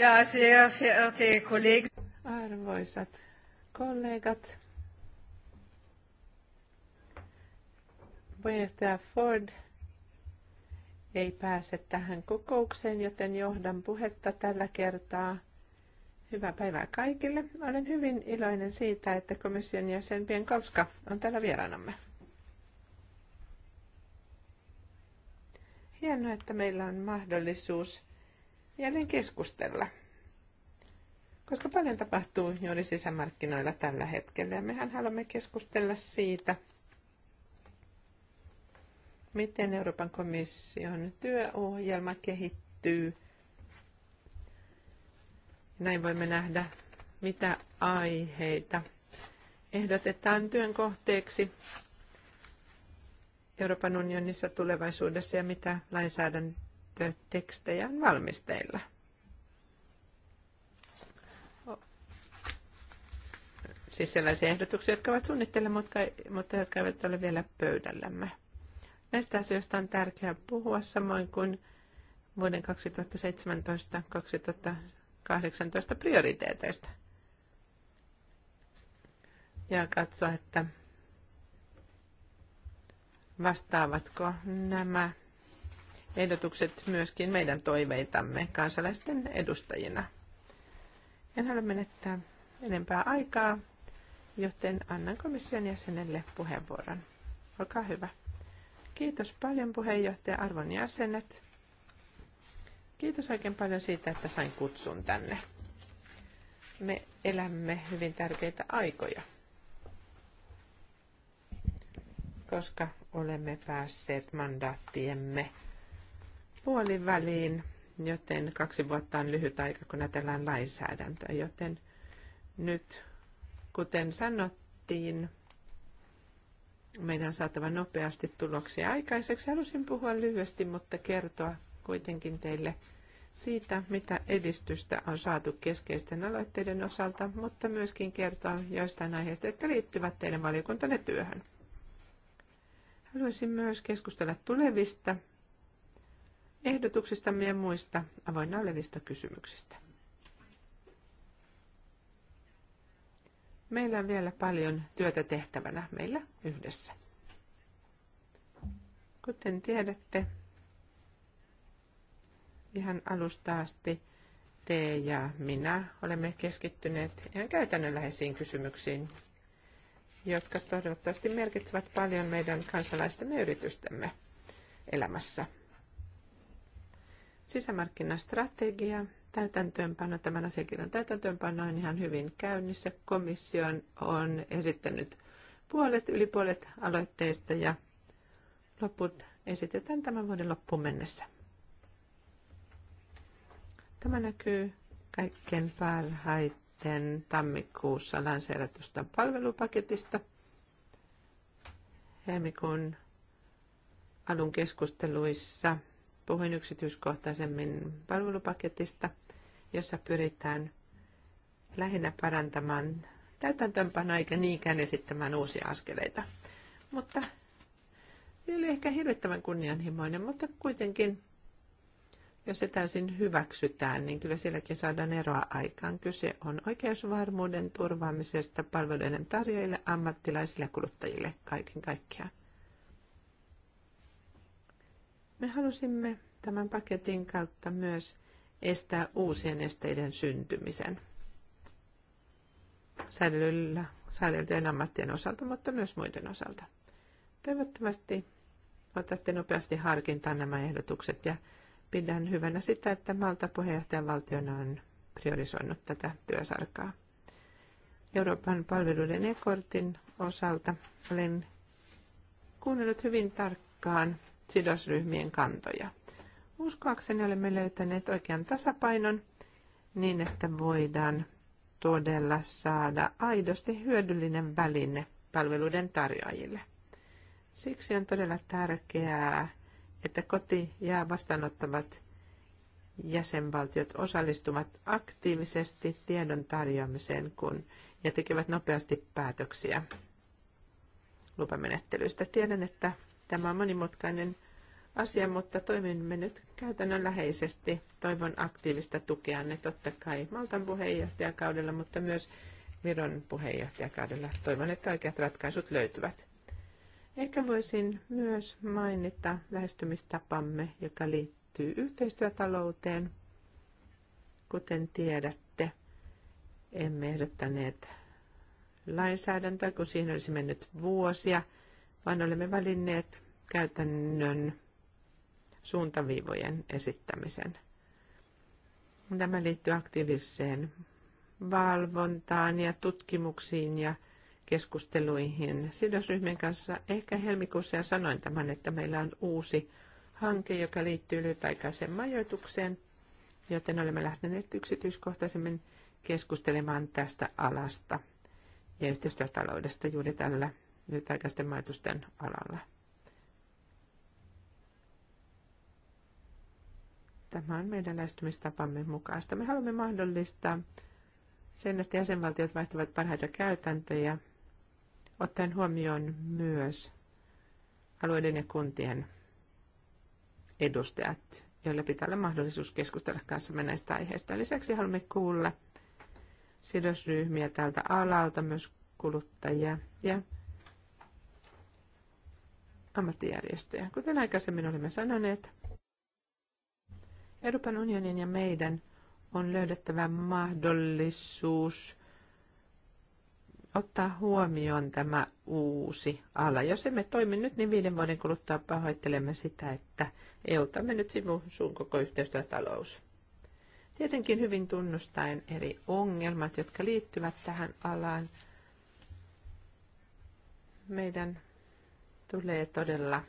Ja, sehr verehrte Kollegen. Arvoisat kollegat. Puheenjohtaja Ford ei pääse tähän kokoukseen, joten johdan puhetta tällä kertaa. Hyvää päivää kaikille. Olen hyvin iloinen siitä, että komission jäsen Pienkowska on täällä vieraanamme. Hienoa, että meillä on mahdollisuus jälleen keskustella – koska paljon tapahtuu juuri sisämarkkinoilla tällä hetkellä. Ja mehän haluamme keskustella siitä, miten Euroopan komission työohjelma kehittyy. Näin voimme nähdä, mitä aiheita ehdotetaan työn kohteeksi Euroopan unionissa tulevaisuudessa ja mitä lainsäädäntötekstejä on valmisteilla. Siis sellaisia ehdotuksia, jotka ovat suunnitteilla, mutta, mutta jotka eivät ole vielä pöydällämme. Näistä asioista on tärkeää puhua, samoin kuin vuoden 2017-2018 prioriteeteista. Ja katsoa, että vastaavatko nämä ehdotukset myöskin meidän toiveitamme kansalaisten edustajina. En halua menettää enempää aikaa joten annan komission jäsenelle puheenvuoron. Olkaa hyvä. Kiitos paljon puheenjohtaja arvon jäsenet. Kiitos oikein paljon siitä, että sain kutsun tänne. Me elämme hyvin tärkeitä aikoja, koska olemme päässeet mandaattiemme puoliväliin, joten kaksi vuotta on lyhyt aika, kun ajatellaan lainsäädäntöä, joten nyt Kuten sanottiin, meidän on saatava nopeasti tuloksia aikaiseksi. Halusin puhua lyhyesti, mutta kertoa kuitenkin teille siitä, mitä edistystä on saatu keskeisten aloitteiden osalta, mutta myöskin kertoa joistain aiheista, jotka liittyvät teidän valiokuntanne työhön. Haluaisin myös keskustella tulevista ehdotuksistamme ja muista avoinna olevista kysymyksistä. Meillä on vielä paljon työtä tehtävänä meillä yhdessä. Kuten tiedätte, ihan alusta asti te ja minä olemme keskittyneet ihan käytännönläheisiin kysymyksiin, jotka toivottavasti merkitsevät paljon meidän kansalaisten yritystemme elämässä. Sisämarkkinastrategia täytäntöönpano, tämän asiakirjan täytäntöönpano on ihan hyvin käynnissä. Komissio on esittänyt puolet, yli puolet aloitteista ja loput esitetään tämän vuoden loppuun mennessä. Tämä näkyy kaikkein parhaiten tammikuussa lanseeratusta palvelupaketista. Helmikuun alun keskusteluissa – Puhuin yksityiskohtaisemmin palvelupaketista, jossa pyritään lähinnä parantamaan täytäntöönpanoa eikä niinkään esittämään uusia askeleita. Mutta se oli ehkä hirvittävän kunnianhimoinen, mutta kuitenkin, jos se täysin hyväksytään, niin kyllä sielläkin saadaan eroa aikaan. Kyse on oikeusvarmuuden turvaamisesta palveluiden tarjoajille, ammattilaisille ja kuluttajille kaiken kaikkiaan. Me halusimme tämän paketin kautta myös estää uusien esteiden syntymisen säädelyllä säädeltyjen ammattien osalta, mutta myös muiden osalta. Toivottavasti otatte nopeasti harkintaan nämä ehdotukset ja pidän hyvänä sitä, että Malta puheenjohtajan valtiona on priorisoinut tätä työsarkaa. Euroopan palveluiden ekortin osalta olen kuunnellut hyvin tarkkaan sidosryhmien kantoja. Uskoakseni olemme löytäneet oikean tasapainon niin, että voidaan todella saada aidosti hyödyllinen väline palveluiden tarjoajille. Siksi on todella tärkeää, että koti- ja vastaanottavat jäsenvaltiot osallistuvat aktiivisesti tiedon tarjoamiseen kun, ja tekevät nopeasti päätöksiä lupamenettelyistä. Tiedän, että Tämä on monimutkainen asia, mutta toimimme nyt käytännönläheisesti. Toivon aktiivista ne totta kai Maltan puheenjohtajakaudella, mutta myös Viron puheenjohtajakaudella. Toivon, että oikeat ratkaisut löytyvät. Ehkä voisin myös mainita lähestymistapamme, joka liittyy yhteistyötalouteen. Kuten tiedätte, emme ehdottaneet lainsäädäntöä, kun siihen olisi mennyt vuosia – vaan olemme valinneet käytännön suuntaviivojen esittämisen. Tämä liittyy aktiiviseen valvontaan ja tutkimuksiin ja keskusteluihin sidosryhmien kanssa. Ehkä helmikuussa ja sanoin tämän, että meillä on uusi hanke, joka liittyy lyhytaikaiseen majoitukseen, joten olemme lähteneet yksityiskohtaisemmin keskustelemaan tästä alasta ja yhteistyötaloudesta juuri tällä lyhytaikaisten majoitusten alalla. Tämä on meidän lähestymistapamme mukaista. Me haluamme mahdollistaa sen, että jäsenvaltiot vaihtavat parhaita käytäntöjä, ottaen huomioon myös alueiden ja kuntien edustajat, joille pitää olla mahdollisuus keskustella kanssamme näistä aiheista. Lisäksi haluamme kuulla sidosryhmiä tältä alalta, myös kuluttajia ja ammattijärjestöjä. Kuten aikaisemmin olemme sanoneet, Euroopan unionin ja meidän on löydettävä mahdollisuus ottaa huomioon tämä uusi ala. Jos emme toimi nyt, niin viiden vuoden kuluttua pahoittelemme sitä, että EUlta nyt sivuun koko yhteistyötalous. Tietenkin hyvin tunnustaen eri ongelmat, jotka liittyvät tähän alaan. Meidän tulee todella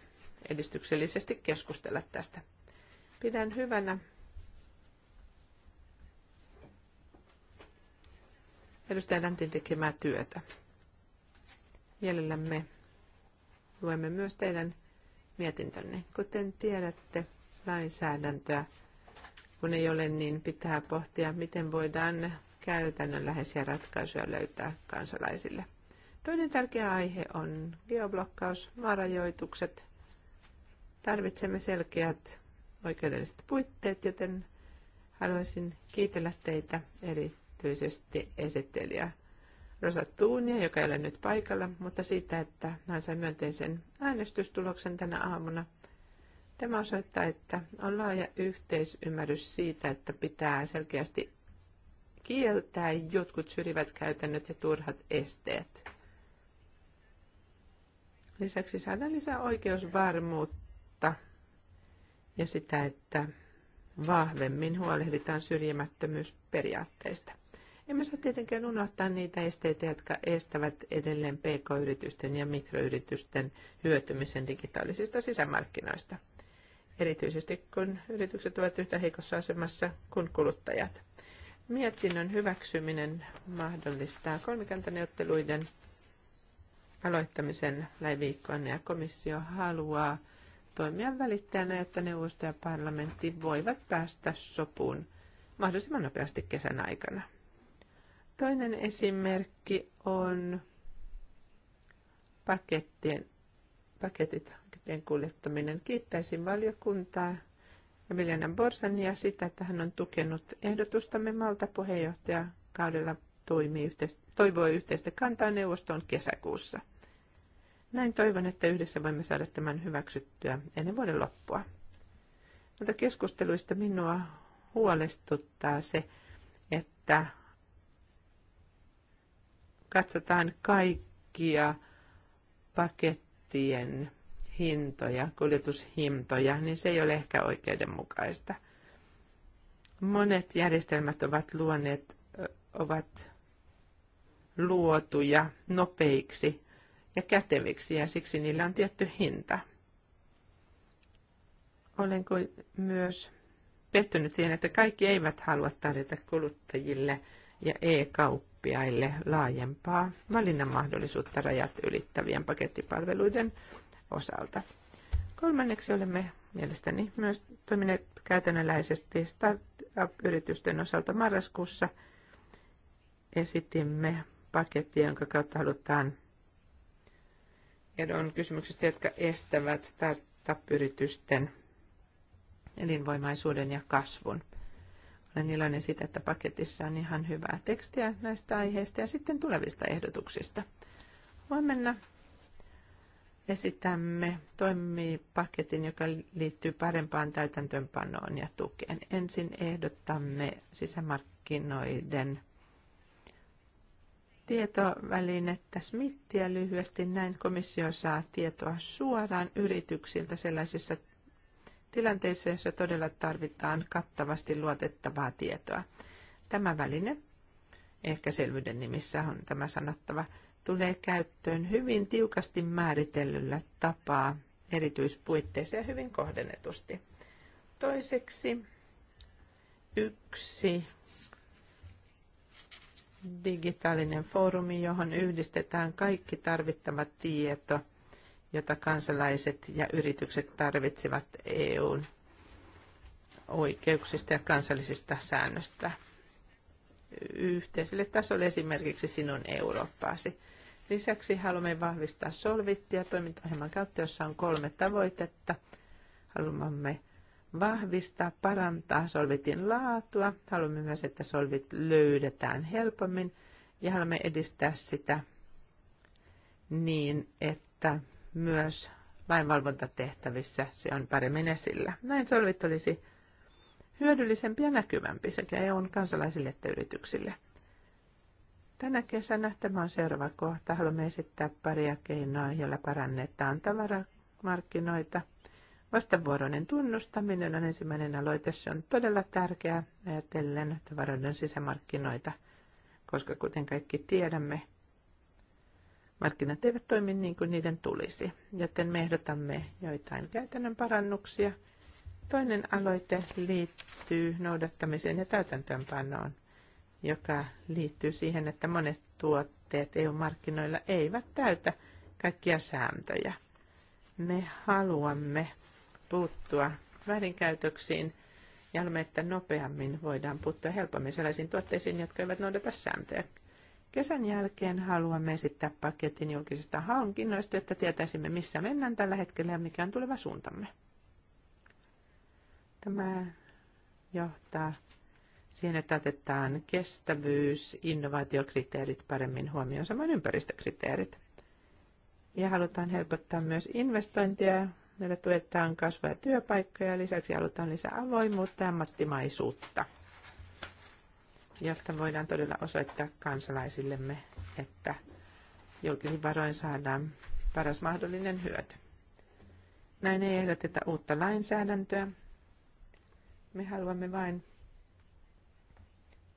edistyksellisesti keskustella tästä. Pidän hyvänä edustaja Läntin tekemää työtä. Mielellämme luemme myös teidän mietintönne. Kuten tiedätte, lainsäädäntöä, kun ei ole, niin pitää pohtia, miten voidaan käytännönläheisiä ratkaisuja löytää kansalaisille. Toinen tärkeä aihe on geoblokkaus, maarajoitukset. Tarvitsemme selkeät oikeudelliset puitteet, joten haluaisin kiitellä teitä erityisesti esittelijä Rosa Tuunia, joka ei ole nyt paikalla, mutta siitä, että hän sai myönteisen äänestystuloksen tänä aamuna. Tämä osoittaa, että on laaja yhteisymmärrys siitä, että pitää selkeästi kieltää jotkut syrjivät käytännöt ja turhat esteet. Lisäksi saadaan lisää oikeusvarmuutta ja sitä, että vahvemmin huolehditaan syrjimättömyysperiaatteista. Emme saa tietenkään unohtaa niitä esteitä, jotka estävät edelleen pk-yritysten ja mikroyritysten hyötymisen digitaalisista sisämarkkinoista. Erityisesti kun yritykset ovat yhtä heikossa asemassa kuin kuluttajat. Mietinnön hyväksyminen mahdollistaa kolmikantaneuvotteluiden aloittamisen lähiviikkoina ja komissio haluaa toimia välittäjänä, että neuvosto ja parlamentti voivat päästä sopuun mahdollisimman nopeasti kesän aikana. Toinen esimerkki on pakettien, paketit, pakettien kuljettaminen. Kiittäisin valiokuntaa ja Miljana Borsan ja sitä, että hän on tukenut ehdotustamme Malta puheenjohtaja kaudella toimii yhteistä toivoi yhteistä kantaa neuvostoon kesäkuussa. Näin toivon, että yhdessä voimme saada tämän hyväksyttyä ennen vuoden loppua. Mutta keskusteluista minua huolestuttaa se, että katsotaan kaikkia pakettien hintoja, kuljetushintoja, niin se ei ole ehkä oikeudenmukaista. Monet järjestelmät ovat luoneet, ovat luotuja nopeiksi ja käteviksi ja siksi niillä on tietty hinta. Olen myös pettynyt siihen, että kaikki eivät halua tarjota kuluttajille ja e-kauppiaille laajempaa valinnanmahdollisuutta rajat ylittävien pakettipalveluiden osalta. Kolmanneksi olemme mielestäni myös toimineet käytännönläheisesti startup-yritysten osalta marraskuussa. Esitimme pakettia, jonka kautta halutaan on kysymyksistä, jotka estävät startup-yritysten elinvoimaisuuden ja kasvun. Olen iloinen siitä, että paketissa on ihan hyvää tekstiä näistä aiheista ja sitten tulevista ehdotuksista. Huomenna esitämme toimipaketin, joka liittyy parempaan täytäntöönpanoon ja tukeen. Ensin ehdottamme sisämarkkinoiden tietovälinettä smittiä lyhyesti. Näin komissio saa tietoa suoraan yrityksiltä sellaisissa tilanteissa, joissa todella tarvitaan kattavasti luotettavaa tietoa. Tämä väline, ehkä selvyyden nimissä on tämä sanottava, tulee käyttöön hyvin tiukasti määritellyllä tapaa erityispuitteissa ja hyvin kohdennetusti. Toiseksi yksi digitaalinen foorumi, johon yhdistetään kaikki tarvittava tieto, jota kansalaiset ja yritykset tarvitsevat EUn oikeuksista ja kansallisista säännöstä yhteiselle tasolle, esimerkiksi sinun Eurooppaasi. Lisäksi haluamme vahvistaa Solvittia toimintaohjelman kautta, jossa on kolme tavoitetta. Haluamme vahvistaa, parantaa solvitin laatua. Haluamme myös, että solvit löydetään helpommin ja haluamme edistää sitä niin, että myös lainvalvontatehtävissä se on paremmin esillä. Näin solvit olisi hyödyllisempi ja näkyvämpi sekä EUn kansalaisille että yrityksille. Tänä kesänä tämä on seuraava kohta. Haluamme esittää paria keinoa, joilla parannetaan tavaramarkkinoita Vastavuoroinen tunnustaminen on ensimmäinen aloite. Se on todella tärkeää ajatellen tavaroiden sisämarkkinoita, koska kuten kaikki tiedämme, markkinat eivät toimi niin kuin niiden tulisi, joten me ehdotamme joitain käytännön parannuksia. Toinen aloite liittyy noudattamiseen ja täytäntöönpanoon, joka liittyy siihen, että monet tuotteet EU-markkinoilla eivät täytä kaikkia sääntöjä. Me haluamme puuttua väärinkäytöksiin ja haluamme, että nopeammin voidaan puuttua helpommin sellaisiin tuotteisiin, jotka eivät noudata sääntöjä. Kesän jälkeen haluamme esittää paketin julkisista hankinnoista, että tietäisimme, missä mennään tällä hetkellä ja mikä on tuleva suuntamme. Tämä johtaa siihen, että otetaan kestävyys, innovaatiokriteerit paremmin huomioon, samoin ympäristökriteerit. Ja halutaan helpottaa myös investointia Meillä tuetaan kasvaa työpaikkoja ja lisäksi halutaan lisää avoimuutta ja ammattimaisuutta, jotta voidaan todella osoittaa kansalaisillemme, että julkisin varoin saadaan paras mahdollinen hyöty. Näin ei ehdoteta uutta lainsäädäntöä. Me haluamme vain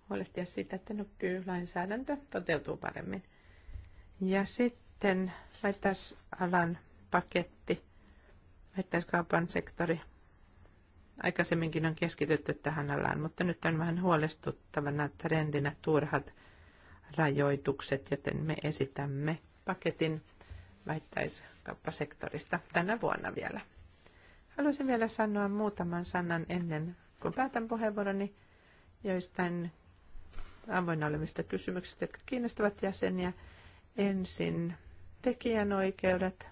huolehtia siitä, että nykylainsäädäntö toteutuu paremmin. Ja sitten vai alan paketti vähittäiskaupan sektori. Aikaisemminkin on keskitytty tähän alaan, mutta nyt on vähän huolestuttavana trendinä turhat rajoitukset, joten me esitämme paketin vähittäiskauppasektorista tänä vuonna vielä. Haluaisin vielä sanoa muutaman sanan ennen kuin päätän puheenvuoroni joistain avoinna olevista kysymyksistä, jotka kiinnostavat jäseniä. Ensin tekijänoikeudet,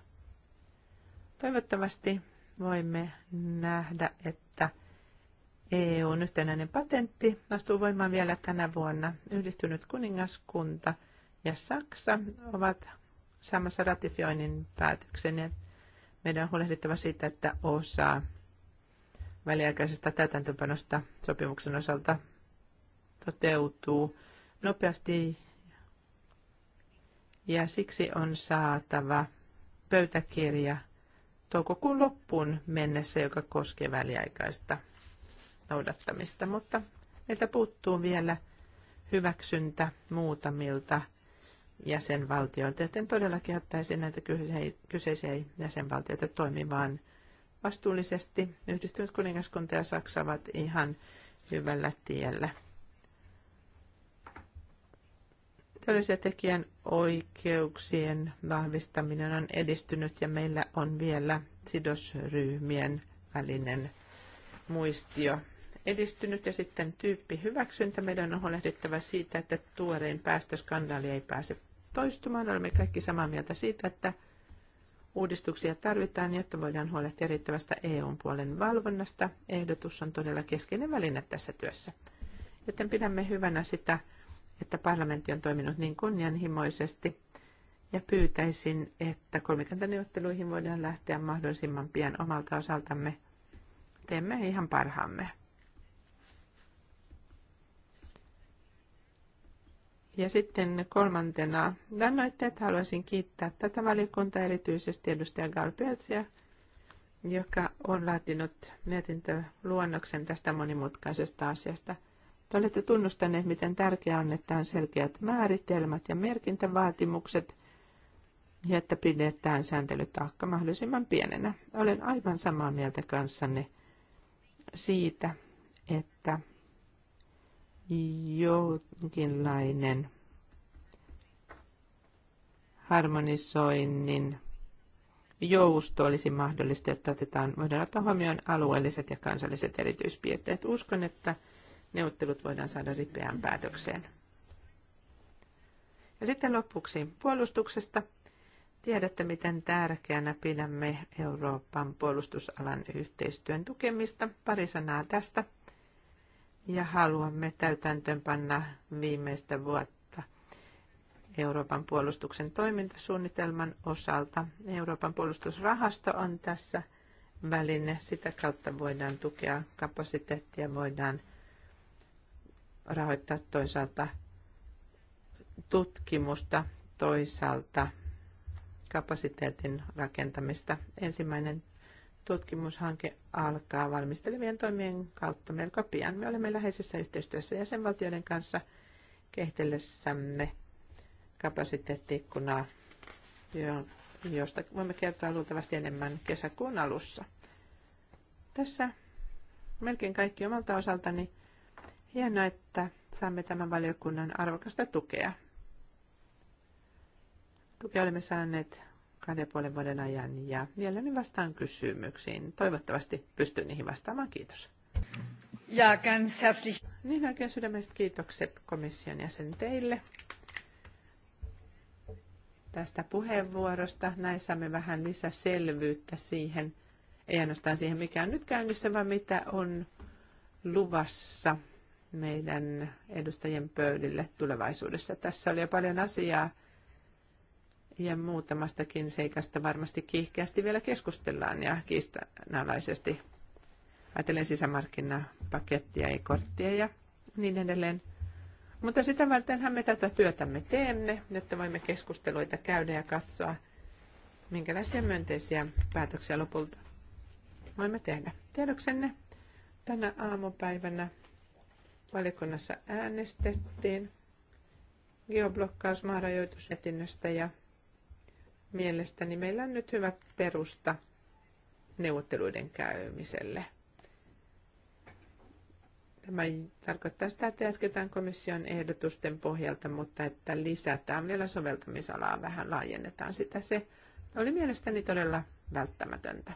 Toivottavasti voimme nähdä, että EUn yhtenäinen patentti astuu voimaan vielä tänä vuonna. Yhdistynyt kuningaskunta ja Saksa ovat saamassa ratifioinnin päätöksen ja meidän on huolehdittava siitä, että osa väliaikaisesta täytäntöpanosta sopimuksen osalta toteutuu nopeasti ja siksi on saatava pöytäkirja – toukokuun loppuun mennessä, joka koskee väliaikaista noudattamista. Mutta meiltä puuttuu vielä hyväksyntä muutamilta jäsenvaltioilta, joten todellakin ottaisin näitä kyseisiä jäsenvaltioita toimimaan vastuullisesti. Yhdistynyt kuningaskunta ja Saksa ovat ihan hyvällä tiellä Teollisen tekijän oikeuksien vahvistaminen on edistynyt ja meillä on vielä sidosryhmien välinen muistio edistynyt ja sitten tyyppi hyväksyntä. Meidän on huolehdittava siitä, että tuorein päästöskandaali ei pääse toistumaan. Olemme kaikki samaa mieltä siitä, että uudistuksia tarvitaan, jotta voidaan huolehtia riittävästä EU-puolen valvonnasta. Ehdotus on todella keskeinen väline tässä työssä. Joten pidämme hyvänä sitä että parlamentti on toiminut niin kunnianhimoisesti ja pyytäisin, että kolmikantaneuvotteluihin voidaan lähteä mahdollisimman pian omalta osaltamme. Teemme ihan parhaamme. Ja sitten kolmantena lannoitte, että haluaisin kiittää tätä valiokuntaa, erityisesti edustaja Galpeltsia, joka on laatinut mietintöluonnoksen tästä monimutkaisesta asiasta – te olette tunnustaneet, miten tärkeää on, että on selkeät määritelmät ja merkintävaatimukset ja että pidetään sääntelytaakka mahdollisimman pienenä. Olen aivan samaa mieltä kanssanne siitä, että jonkinlainen harmonisoinnin jousto olisi mahdollista, että otetaan, voidaan ottaa huomioon alueelliset ja kansalliset erityispiirteet. Uskon, että neuvottelut voidaan saada ripeään päätökseen. Ja sitten lopuksi puolustuksesta. Tiedätte, miten tärkeänä pidämme Euroopan puolustusalan yhteistyön tukemista. Pari sanaa tästä. Ja haluamme täytäntöönpanna viimeistä vuotta Euroopan puolustuksen toimintasuunnitelman osalta. Euroopan puolustusrahasto on tässä väline. Sitä kautta voidaan tukea kapasiteettia, voidaan rahoittaa toisaalta tutkimusta, toisaalta kapasiteetin rakentamista. Ensimmäinen tutkimushanke alkaa valmistelevien toimien kautta melko pian. Me olemme läheisessä yhteistyössä jäsenvaltioiden kanssa kehitellessämme kapasiteettiikkunaa, josta voimme kertoa luultavasti enemmän kesäkuun alussa. Tässä melkein kaikki omalta osaltani. Hienoa, että saamme tämän valiokunnan arvokasta tukea. Tukea olemme saaneet kahden ja puolen vuoden ajan ja mielelläni vastaan kysymyksiin. Toivottavasti pystyn niihin vastaamaan. Kiitos. Ja ganz herzlich. Niin oikein sydämestä kiitokset komission jäsen teille tästä puheenvuorosta. Näin saamme vähän lisäselvyyttä selvyyttä siihen, ei ainoastaan siihen mikä on nyt käynnissä, vaan mitä on luvassa meidän edustajien pöydille tulevaisuudessa. Tässä oli jo paljon asiaa ja muutamastakin seikasta varmasti kiihkeästi vielä keskustellaan ja kiistanalaisesti. Ajattelen sisämarkkinapakettia, ja korttia ja niin edelleen. Mutta sitä vartenhan me tätä työtämme teemme, että voimme keskusteluita käydä ja katsoa, minkälaisia myönteisiä päätöksiä lopulta voimme tehdä. Tiedoksenne tänä aamupäivänä valiokunnassa äänestettiin geoblokkausmaarajoitusetinnöstä ja mielestäni meillä on nyt hyvä perusta neuvotteluiden käymiselle. Tämä tarkoittaa sitä, että jatketaan komission ehdotusten pohjalta, mutta että lisätään vielä soveltamisalaa, vähän laajennetaan sitä. Se oli mielestäni todella välttämätöntä.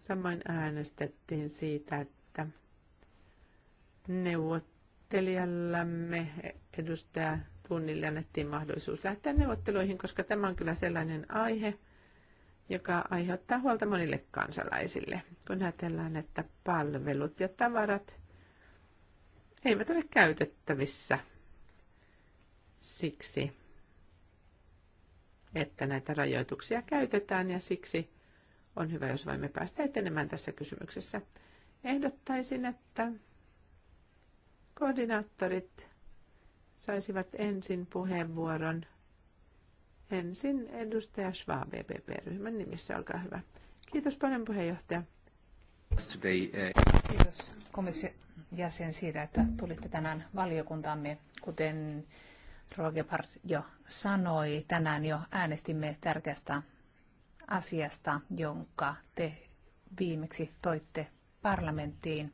Samoin äänestettiin siitä, että että neuvottelijallamme edustaja Tunnille annettiin mahdollisuus lähteä neuvotteluihin, koska tämä on kyllä sellainen aihe, joka aiheuttaa huolta monille kansalaisille, kun ajatellaan, että palvelut ja tavarat eivät ole käytettävissä siksi, että näitä rajoituksia käytetään ja siksi on hyvä, jos voimme päästä etenemään tässä kysymyksessä. Ehdottaisin, että koordinaattorit saisivat ensin puheenvuoron. Ensin edustaja Schwab, bbb e ryhmän nimissä, olkaa hyvä. Kiitos paljon puheenjohtaja. Eh, Kiitos komission jäsen siitä, että tulitte tänään valiokuntaamme, Kuten Rogepard jo sanoi, tänään jo äänestimme tärkeästä asiasta, jonka te viimeksi toitte parlamenttiin.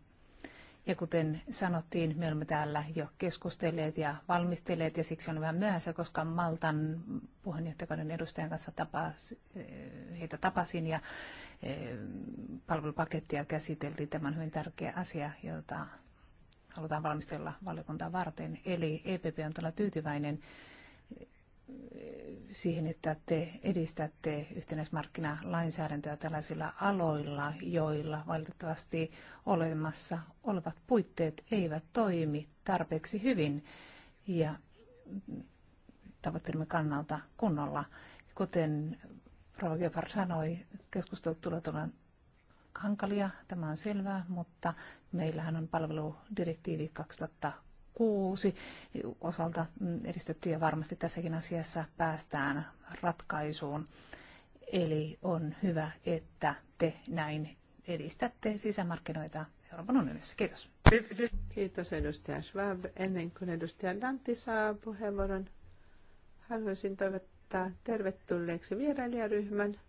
Ja kuten sanottiin, me olemme täällä jo keskustelleet ja valmistelleet ja siksi on vähän myöhässä, koska Maltan puheenjohtajakauden edustajan kanssa tapas, eh, heitä tapasin ja eh, palvelupakettia käsiteltiin. Tämä on hyvin tärkeä asia, jota halutaan valmistella valiokuntaa varten. Eli EPP on todella tyytyväinen siihen, että te edistätte yhtenäismarkkinalainsäädäntöä tällaisilla aloilla, joilla valitettavasti olemassa olevat puitteet eivät toimi tarpeeksi hyvin ja tavoitteemme kannalta kunnolla. Kuten Rova Gebhard sanoi, keskustelut tulevat hankalia, tämä on selvää, mutta meillähän on palveludirektiivi 2000 kuusi osalta mm, edistetty ja varmasti tässäkin asiassa päästään ratkaisuun. Eli on hyvä, että te näin edistätte sisämarkkinoita Euroopan unionissa. Kiitos. Kiitos edustaja Schwab. Ennen kuin edustaja Dantti saa puheenvuoron, haluaisin toivottaa tervetulleeksi vierailijaryhmän.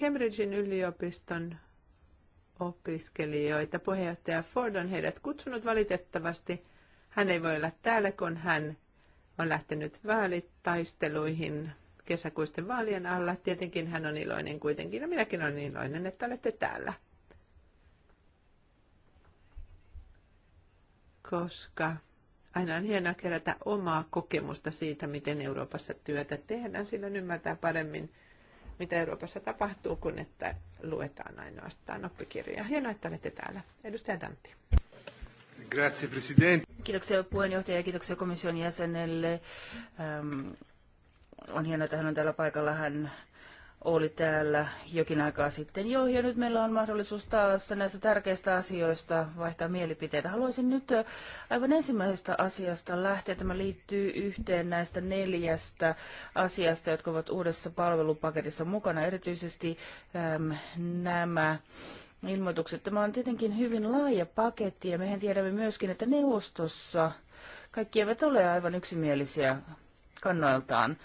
Cambridgein yliopiston opiskelijoita. Puheenjohtaja Ford on heidät kutsunut valitettavasti. Hän ei voi olla täällä, kun hän on lähtenyt vaalitaisteluihin kesäkuisten vaalien alla. Tietenkin hän on iloinen kuitenkin, ja minäkin olen iloinen, että olette täällä. Koska aina on hienoa kerätä omaa kokemusta siitä, miten Euroopassa työtä tehdään. Silloin ymmärtää paremmin, mitä Euroopassa tapahtuu, kun että luetaan ainoastaan oppikirjoja. Hienoa, että olette täällä. Edustaja Dantti. Grazie, president. Kiitoksia puheenjohtaja ja kiitoksia komission jäsenelle. Ähm, on hienoa, että hän on täällä paikalla. Hän oli täällä jokin aikaa sitten jo, ja nyt meillä on mahdollisuus taas näistä tärkeistä asioista vaihtaa mielipiteitä. Haluaisin nyt aivan ensimmäisestä asiasta lähteä. Tämä liittyy yhteen näistä neljästä asiasta, jotka ovat uudessa palvelupaketissa mukana, erityisesti äm, nämä ilmoitukset. Tämä on tietenkin hyvin laaja paketti, ja mehän tiedämme myöskin, että neuvostossa kaikki eivät ole aivan yksimielisiä kannoiltaan.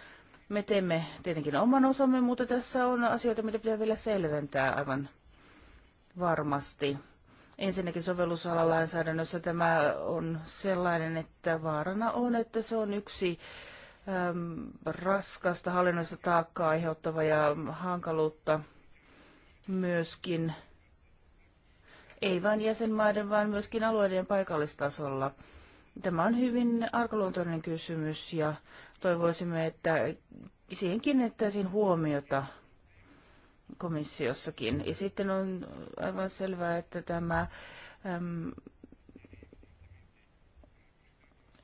Me teemme tietenkin oman osamme, mutta tässä on asioita, mitä pitää vielä selventää aivan varmasti. Ensinnäkin sovellusalalainsäädännössä tämä on sellainen, että vaarana on, että se on yksi äm, raskasta hallinnollista taakkaa aiheuttava ja hankaluutta myöskin, ei vain jäsenmaiden, vaan myöskin alueiden paikallistasolla. Tämä on hyvin arkaluontoinen kysymys ja toivoisimme, että siihen kiinnittäisiin huomiota komissiossakin. Ja sitten on aivan selvää, että tämä äm,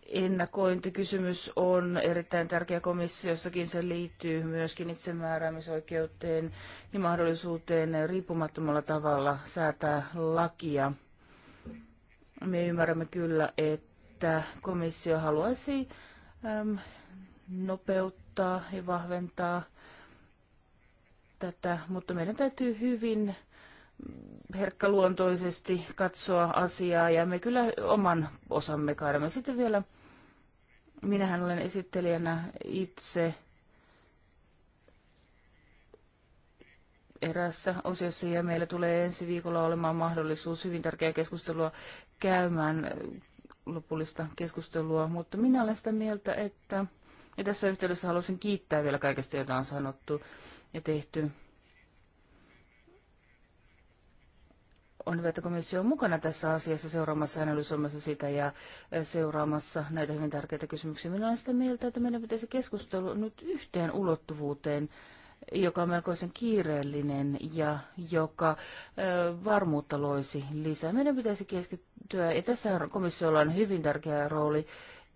ennakointikysymys on erittäin tärkeä komissiossakin. Se liittyy myöskin itsemääräämisoikeuteen ja mahdollisuuteen riippumattomalla tavalla säätää lakia. Me ymmärrämme kyllä, että komissio haluaisi äm, nopeuttaa ja vahventaa tätä, mutta meidän täytyy hyvin herkkäluontoisesti katsoa asiaa ja me kyllä oman osamme kaadamme. Sitten vielä, minähän olen esittelijänä itse erässä osiossa ja meillä tulee ensi viikolla olemaan mahdollisuus hyvin tärkeää keskustelua käymään lopullista keskustelua, mutta minä olen sitä mieltä, että ja tässä yhteydessä haluaisin kiittää vielä kaikesta, jota on sanottu ja tehty. On hyvä, että komissio on mukana tässä asiassa seuraamassa ja analysoimassa sitä ja e, seuraamassa näitä hyvin tärkeitä kysymyksiä. Minä olen sitä mieltä, että meidän pitäisi keskustella nyt yhteen ulottuvuuteen, joka on melkoisen kiireellinen ja joka e, varmuutta loisi lisää. Meidän pitäisi keskittyä, ja tässä komissiolla on hyvin tärkeä rooli,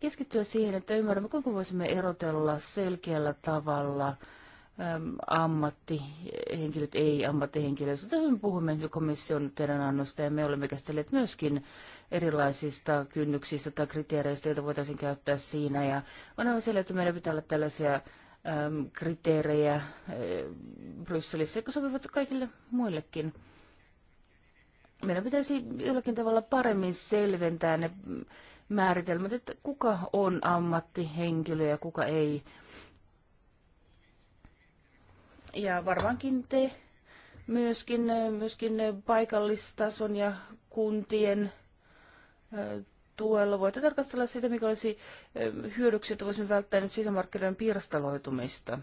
keskittyä siihen, että ymmärrämme, kuinka voisimme erotella selkeällä tavalla ammattihenkilöt, ei ammattihenkilöt. me puhumme komission annosta ja me olemme käsitelleet myöskin erilaisista kynnyksistä tai kriteereistä, joita voitaisiin käyttää siinä. Ja on aivan selvä, että meillä pitää olla tällaisia äm, kriteerejä ä, Brysselissä, jotka sopivat kaikille muillekin. Meidän pitäisi jollakin tavalla paremmin selventää ne määritelmät, että kuka on ammattihenkilö ja kuka ei. Ja varmaankin te myöskin, myöskin paikallistason ja kuntien tuella voitte tarkastella sitä, mikä olisi hyödyksi, että voisimme välttää nyt sisämarkkinoiden pirstaloitumista.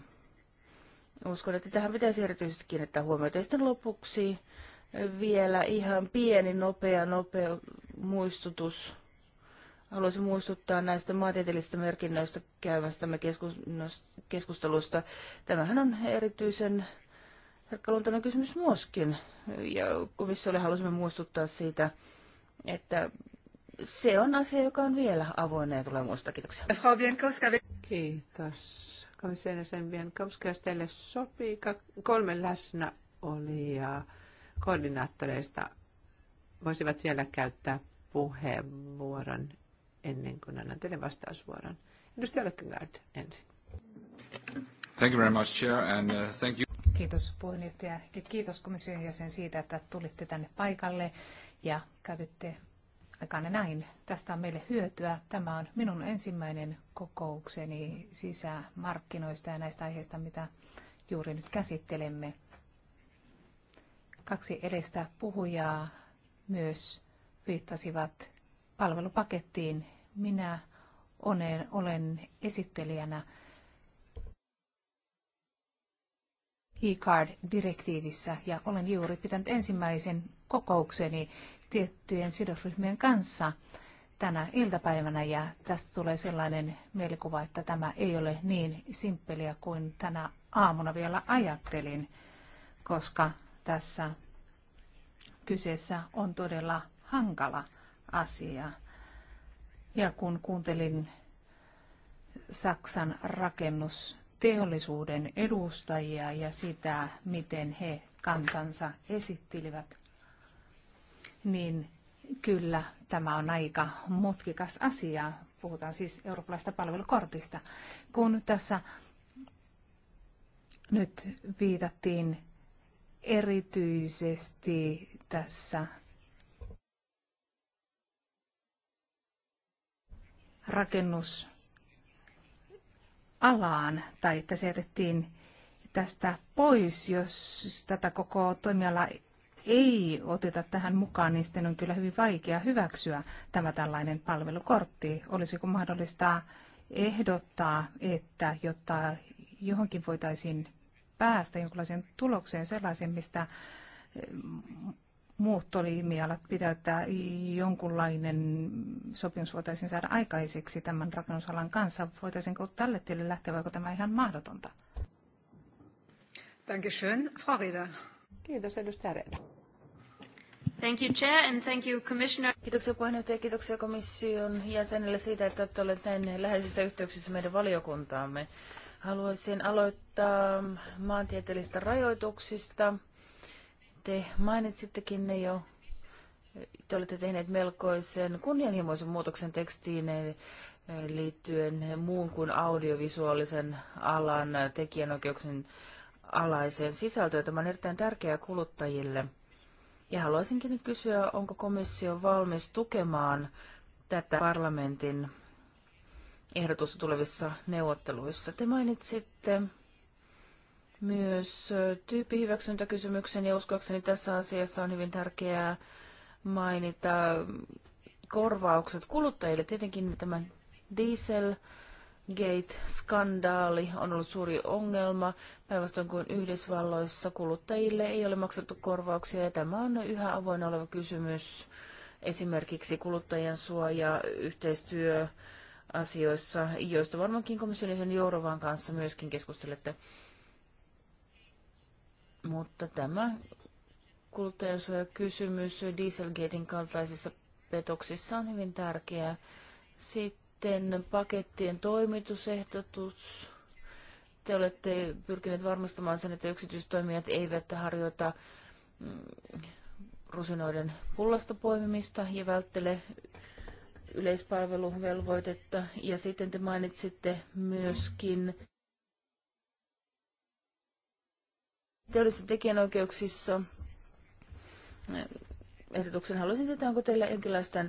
Uskon, että tähän pitäisi erityisesti kiinnittää huomiota. Ja sitten lopuksi vielä ihan pieni, nopea, nopea muistutus Haluaisin muistuttaa näistä maantieteellisistä merkinnöistä käymästämme keskustelusta. Tämähän on erityisen herkkaluontainen kysymys myöskin. Ja komissiolle halusimme muistuttaa siitä, että se on asia, joka on vielä avoinna ja tulee muista. Kiitoksia. Kiitos. Komission jäsen Bienkowska, jos teille sopii, kolme läsnä oli ja koordinaattoreista voisivat vielä käyttää puheenvuoron ennen kuin annan teille vastausvuoron. Edustaja Lökkengard ensin. Thank you very much, Chair, and uh, thank you. Kiitos puheenjohtaja kiitos komission jäsen siitä, että tulitte tänne paikalle ja käytitte aikaan näin. Tästä on meille hyötyä. Tämä on minun ensimmäinen kokoukseni sisämarkkinoista ja näistä aiheista, mitä juuri nyt käsittelemme. Kaksi edestä puhujaa myös viittasivat palvelupakettiin. Minä olen, olen esittelijänä e-card-direktiivissä ja olen juuri pitänyt ensimmäisen kokoukseni tiettyjen sidosryhmien kanssa tänä iltapäivänä ja tästä tulee sellainen mielikuva, että tämä ei ole niin simppeliä kuin tänä aamuna vielä ajattelin, koska tässä kyseessä on todella hankala asia. Ja kun kuuntelin Saksan rakennusteollisuuden edustajia ja sitä, miten he kantansa esittelivät, niin kyllä tämä on aika mutkikas asia. Puhutaan siis eurooppalaista palvelukortista. Kun tässä nyt viitattiin erityisesti tässä rakennusalaan tai että se jätettiin tästä pois, jos tätä koko toimialaa ei oteta tähän mukaan, niin sitten on kyllä hyvin vaikea hyväksyä tämä tällainen palvelukortti. Olisiko mahdollista ehdottaa, että jotta johonkin voitaisiin päästä jonkinlaiseen tulokseen sellaisen, mistä muuttoliimialat pitäyttää jonkunlainen sopimus voitaisiin saada aikaiseksi tämän rakennusalan kanssa. Voitaisiinko tälle tielle lähteä, vaikka tämä ihan mahdotonta? Dankeschön, Frau Reda. Kiitos, edustaja Reda. Thank you, Chair, and thank you, Commissioner. Kiitoksia puheenjohtaja ja kiitoksia komission jäsenille siitä, että olette olleet näin läheisissä yhteyksissä meidän valiokuntaamme. Haluaisin aloittaa maantieteellisistä rajoituksista. Te mainitsittekin ne jo. Te olette tehneet melkoisen kunnianhimoisen muutoksen tekstiin eh, eh, liittyen muun kuin audiovisuaalisen alan eh, tekijänoikeuksien alaiseen sisältöön. Tämä on erittäin tärkeää kuluttajille. Ja haluaisinkin nyt kysyä, onko komissio valmis tukemaan tätä parlamentin ehdotusta tulevissa neuvotteluissa. Te mainitsitte myös tyyppihyväksyntäkysymyksen ja uskoakseni tässä asiassa on hyvin tärkeää mainita korvaukset kuluttajille. Tietenkin tämä dieselgate skandaali on ollut suuri ongelma, päinvastoin kuin Yhdysvalloissa kuluttajille ei ole maksettu korvauksia ja tämä on yhä avoin oleva kysymys esimerkiksi kuluttajien suoja, yhteistyö, asioissa, joista varmaankin komission jäsen kanssa myöskin keskustelette. Mutta tämä kuluttajansuojakysymys Dieselgatein kaltaisissa petoksissa on hyvin tärkeä. Sitten pakettien toimitusehdotus. Te olette pyrkineet varmistamaan sen, että yksityistoimijat eivät harjoita mm, rusinoiden pullasta poimimista ja välttele yleispalveluvelvoitetta. Ja sitten te mainitsitte myöskin teollisissa tekijänoikeuksissa ehdotuksen. Haluaisin tietää, onko teillä jonkinlaista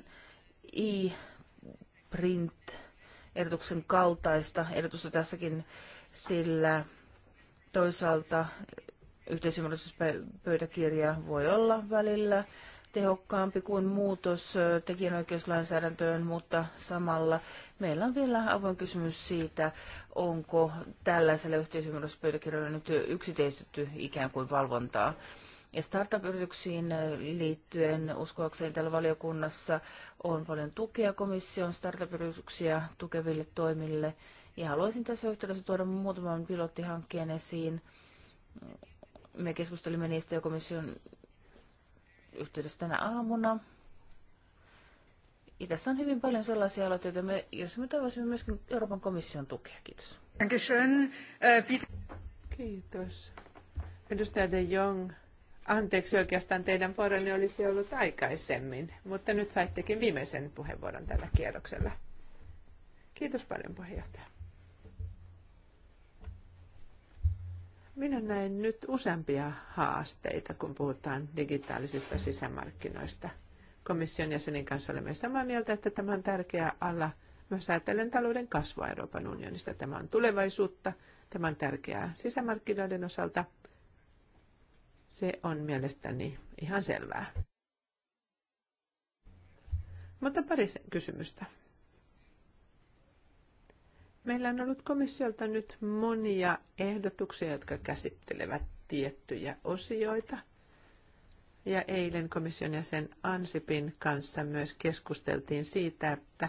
e-print-ehdotuksen kaltaista ehdotusta tässäkin, sillä toisaalta yhteisymmärryspöytäkirja voi olla välillä tehokkaampi kuin muutos tekijänoikeuslainsäädäntöön, mutta samalla Meillä on vielä avoin kysymys siitä, onko tällaisella yhteisymmärryspöytäkirjalla nyt yksiteistetty ikään kuin valvontaa. Ja startup-yrityksiin liittyen uskoakseni täällä valiokunnassa on paljon tukea komission startup-yrityksiä tukeville toimille. Ja haluaisin tässä yhteydessä tuoda muutaman pilottihankkeen esiin. Me keskustelimme niistä jo komission yhteydessä tänä aamuna tässä on hyvin paljon sellaisia aloitteita, joissa me toivoisimme myöskin Euroopan komission tukea. Kiitos. Äh, Kiitos. Edustaja De Jong, anteeksi oikeastaan teidän vuoronne olisi ollut aikaisemmin, mutta nyt saittekin viimeisen puheenvuoron tällä kierroksella. Kiitos paljon puheenjohtaja. Minä näen nyt useampia haasteita, kun puhutaan digitaalisista sisämarkkinoista – komission jäsenen kanssa olemme samaa mieltä, että tämä on tärkeä alla. Mä säätelen talouden kasvua Euroopan unionista. Tämä on tulevaisuutta. Tämä on tärkeää sisämarkkinoiden osalta. Se on mielestäni ihan selvää. Mutta pari kysymystä. Meillä on ollut komissiolta nyt monia ehdotuksia, jotka käsittelevät tiettyjä osioita – ja eilen komission jäsen Ansipin kanssa myös keskusteltiin siitä, että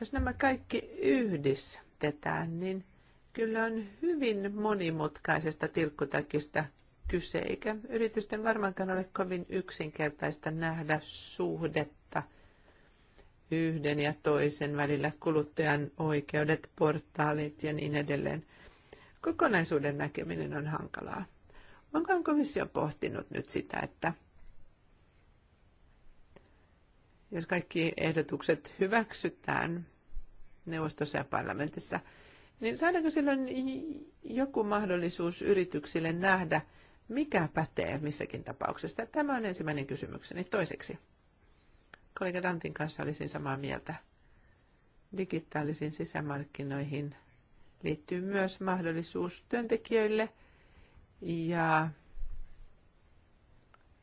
jos nämä kaikki yhdistetään, niin kyllä on hyvin monimutkaisesta tilkkutakista kyse, eikä yritysten varmaankaan ole kovin yksinkertaista nähdä suhdetta yhden ja toisen välillä kuluttajan oikeudet, portaalit ja niin edelleen. Kokonaisuuden näkeminen on hankalaa. Onko komissio pohtinut nyt sitä, että Jos kaikki ehdotukset hyväksytään neuvostossa ja parlamentissa, niin saadaanko silloin joku mahdollisuus yrityksille nähdä, mikä pätee missäkin tapauksessa? Tämä on ensimmäinen kysymykseni. Toiseksi, kollega Dantin kanssa olisin samaa mieltä. Digitaalisiin sisämarkkinoihin liittyy myös mahdollisuus työntekijöille ja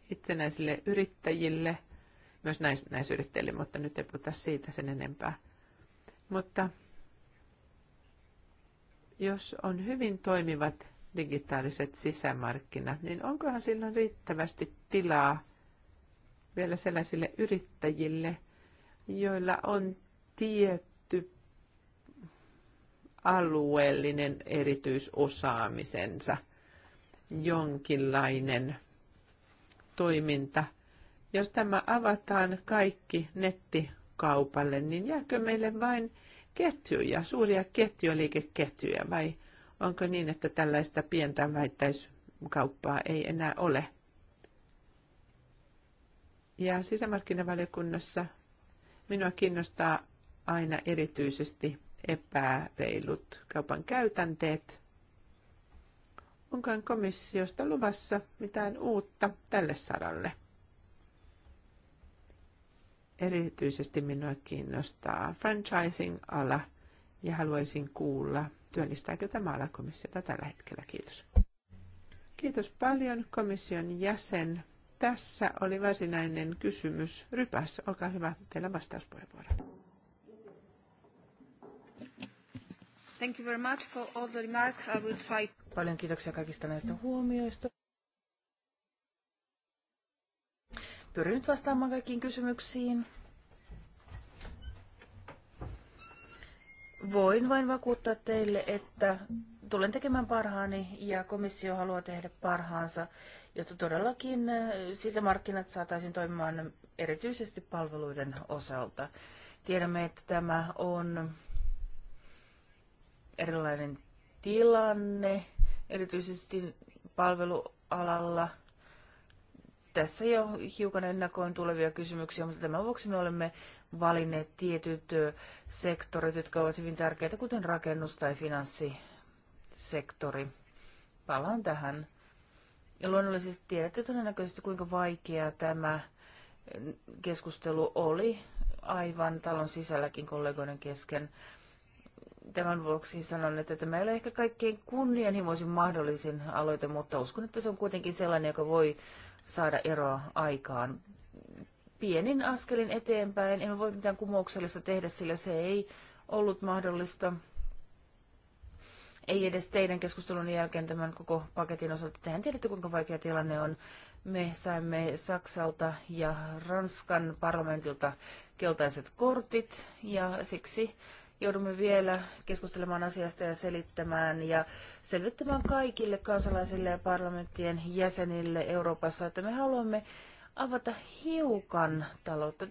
itsenäisille yrittäjille – myös näisyrittäjille, mutta nyt ei puhuta siitä sen enempää. Mutta jos on hyvin toimivat digitaaliset sisämarkkinat, niin onkohan silloin riittävästi tilaa vielä sellaisille yrittäjille, joilla on tietty alueellinen erityisosaamisensa, jonkinlainen toiminta – jos tämä avataan kaikki nettikaupalle, niin jääkö meille vain ketjuja, suuria ketjuliikeketjuja vai onko niin, että tällaista pientä väittäiskauppaa ei enää ole? Ja sisämarkkinavaliokunnassa minua kiinnostaa aina erityisesti epäreilut kaupan käytänteet. Onko komissiosta luvassa mitään uutta tälle saralle? Erityisesti minua kiinnostaa franchising-ala ja haluaisin kuulla, työllistääkö tämä ala komissiota tällä hetkellä. Kiitos. Kiitos paljon komission jäsen. Tässä oli varsinainen kysymys. Rypäs, olkaa hyvä, teillä vastauspuheenvuoro. Thank you very much for all the remarks. I will try... Paljon kiitoksia kaikista näistä huomioista. Pyrin nyt vastaamaan kaikkiin kysymyksiin. Voin vain vakuuttaa teille, että tulen tekemään parhaani ja komissio haluaa tehdä parhaansa, jotta todellakin äh, sisämarkkinat saataisiin toimimaan erityisesti palveluiden osalta. Tiedämme, että tämä on erilainen tilanne, erityisesti palvelualalla – tässä jo hiukan ennakoin tulevia kysymyksiä, mutta tämän vuoksi me olemme valinneet tietyt sektorit, jotka ovat hyvin tärkeitä, kuten rakennus- tai finanssisektori. Palaan tähän. Ja luonnollisesti tiedätte todennäköisesti, kuinka vaikea tämä keskustelu oli aivan talon sisälläkin kollegoiden kesken. Tämän vuoksi sanon, että tämä ei ole ehkä kaikkein kunnianhimoisin mahdollisin aloite, mutta uskon, että se on kuitenkin sellainen, joka voi saada eroa aikaan. Pienin askelin eteenpäin, emme voi mitään kumouksellista tehdä, sillä se ei ollut mahdollista. Ei edes teidän keskustelun jälkeen tämän koko paketin osalta. Tehän tiedätte, kuinka vaikea tilanne on. Me saimme Saksalta ja Ranskan parlamentilta keltaiset kortit ja siksi joudumme vielä keskustelemaan asiasta ja selittämään ja selvittämään kaikille kansalaisille ja parlamenttien jäsenille Euroopassa, että me haluamme avata hiukan taloutta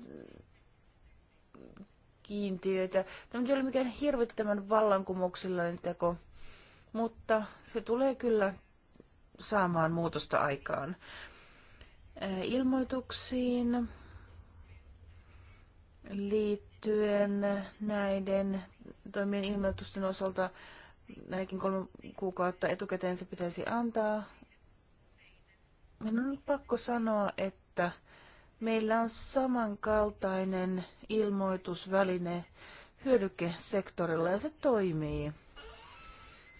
kiintiöitä. Tämä ei ole mikään hirvittävän vallankumouksellinen teko, mutta se tulee kyllä saamaan muutosta aikaan. Äh, ilmoituksiin liittyen liittyen näiden toimien ilmoitusten osalta näinkin kolme kuukautta etukäteen se pitäisi antaa. Minun on pakko sanoa, että meillä on samankaltainen ilmoitusväline hyödykesektorilla ja se toimii.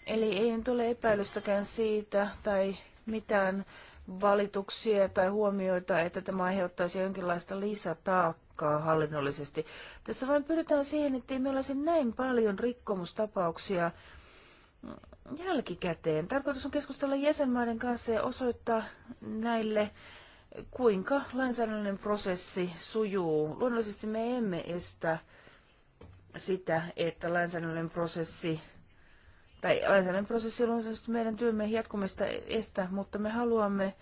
Eli ei nyt ole epäilystäkään siitä tai mitään valituksia tai huomioita, että tämä aiheuttaisi jonkinlaista lisätaakkaa tarkkaa hallinnollisesti. Tässä vain pyritään siihen, ettei meillä olisi näin paljon rikkomustapauksia jälkikäteen. Tarkoitus on keskustella jäsenmaiden kanssa ja osoittaa näille, kuinka lainsäädännöllinen prosessi sujuu. Luonnollisesti me emme estä sitä, että lainsäädännöllinen prosessi tai lainsäädännön prosessi on meidän työmme jatkumista estä, mutta me haluamme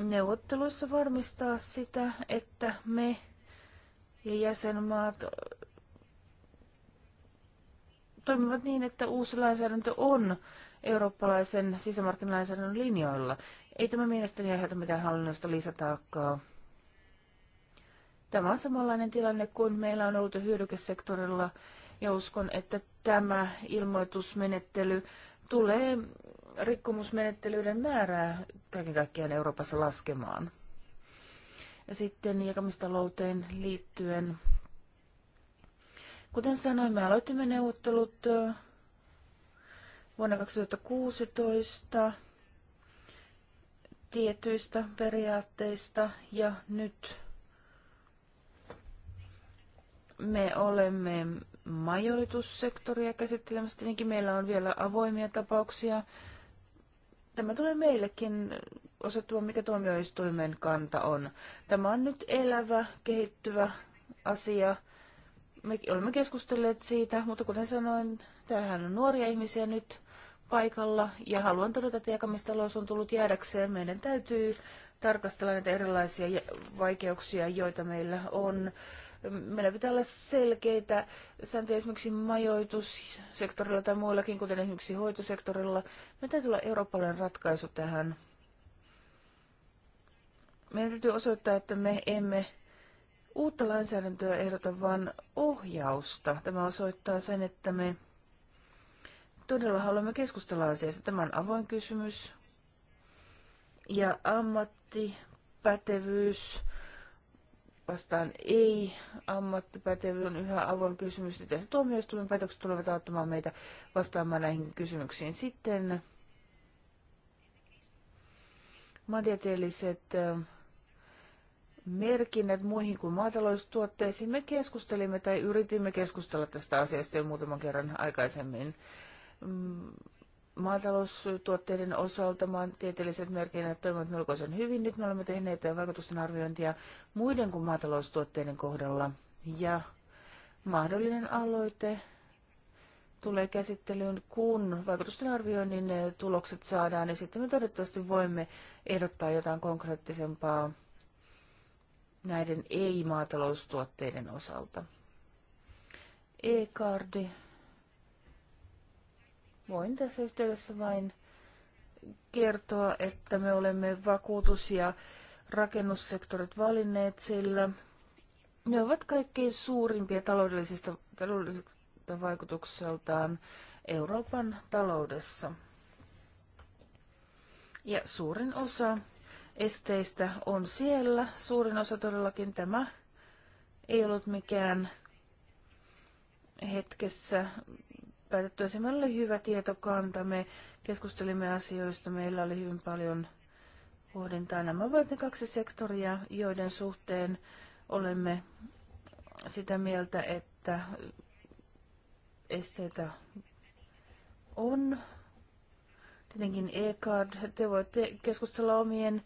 neuvotteluissa varmistaa sitä, että me ja jäsenmaat toimivat niin, että uusi lainsäädäntö on eurooppalaisen sisämarkkinalainsäädännön linjoilla. Ei tämä mielestäni aiheuta mitään hallinnosta lisätaakkaa. Tämä on samanlainen tilanne kuin meillä on ollut hyödykesektorilla ja uskon, että tämä ilmoitusmenettely tulee rikkomusmenettelyiden määrää kaiken kaikkiaan Euroopassa laskemaan. Ja sitten jakamistalouteen liittyen, kuten sanoin, me aloitimme neuvottelut vuonna 2016 tietyistä periaatteista ja nyt me olemme majoitussektoria käsittelemässä. Tietenkin meillä on vielä avoimia tapauksia, tämä tulee meillekin osattua, mikä tuomioistuimen kanta on. Tämä on nyt elävä, kehittyvä asia. Me olemme keskustelleet siitä, mutta kuten sanoin, tämähän on nuoria ihmisiä nyt paikalla ja haluan todeta, että jakamistalous on tullut jäädäkseen. Meidän täytyy tarkastella näitä erilaisia vaikeuksia, joita meillä on Meillä pitää olla selkeitä sääntöjä esimerkiksi majoitussektorilla tai muillakin, kuten esimerkiksi hoitosektorilla. Meidän täytyy olla eurooppalainen ratkaisu tähän. Meidän täytyy osoittaa, että me emme uutta lainsäädäntöä ehdota, vaan ohjausta. Tämä osoittaa sen, että me todella haluamme keskustella asiasta. Tämä on avoin kysymys. Ja ammattipätevyys vastaan ei. Ammattipätevyys on yhä avoin kysymys. Ja tässä tuomioistuimen päätökset tulevat auttamaan meitä vastaamaan näihin kysymyksiin. Sitten maantieteelliset äh, merkinnät muihin kuin maataloustuotteisiin. Me keskustelimme tai yritimme keskustella tästä asiasta jo muutaman kerran aikaisemmin. Mm, maataloustuotteiden osalta maantieteelliset merkinnät toimivat melkoisen hyvin. Nyt me olemme tehneet vaikutusten arviointia muiden kuin maataloustuotteiden kohdalla. Ja mahdollinen aloite tulee käsittelyyn, kun vaikutusten arvioinnin tulokset saadaan, niin sitten me toivottavasti voimme ehdottaa jotain konkreettisempaa näiden ei-maataloustuotteiden osalta. E-kardi Voin tässä yhteydessä vain kertoa, että me olemme vakuutus- ja rakennussektorit valinneet, sillä ne ovat kaikkein suurimpia taloudellisista, taloudellisista vaikutukseltaan Euroopan taloudessa. Ja suurin osa esteistä on siellä. Suurin osa todellakin tämä ei ollut mikään hetkessä päätettyä. Se meillä oli hyvä tietokanta, me keskustelimme asioista, meillä oli hyvin paljon pohdintaa. Nämä ovat ne kaksi sektoria, joiden suhteen olemme sitä mieltä, että esteitä on. Tietenkin e-card, te voitte keskustella omien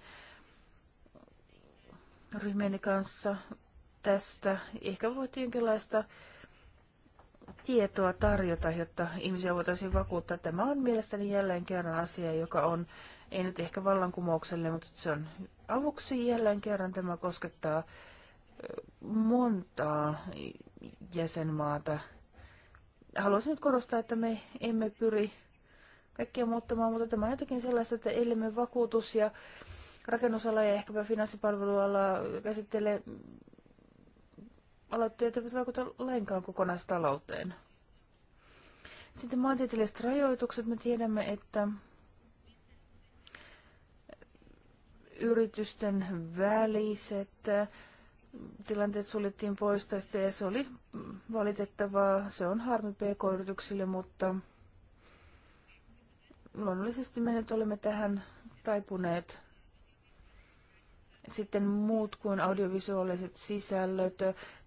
ryhmieni kanssa tästä. Ehkä voitte jonkinlaista tietoa tarjota, jotta ihmisiä voitaisiin vakuuttaa. Tämä on mielestäni jälleen kerran asia, joka on, ei nyt ehkä vallankumoukselle, mutta se on avuksi jälleen kerran. Tämä koskettaa montaa jäsenmaata. Haluaisin nyt korostaa, että me emme pyri kaikkia muuttamaan, mutta tämä on jotenkin sellaista, että ellemme vakuutus ja rakennusala ja ehkäpä finanssipalveluala käsittelee aloitteet eivät vaikuta lainkaan kokonaistalouteen. Sitten maantieteelliset rajoitukset. Me tiedämme, että yritysten väliset tilanteet suljettiin pois tästä ja se oli valitettavaa. Se on harmi pk-yrityksille, mutta luonnollisesti me nyt olemme tähän taipuneet. Sitten muut kuin audiovisuaaliset sisällöt,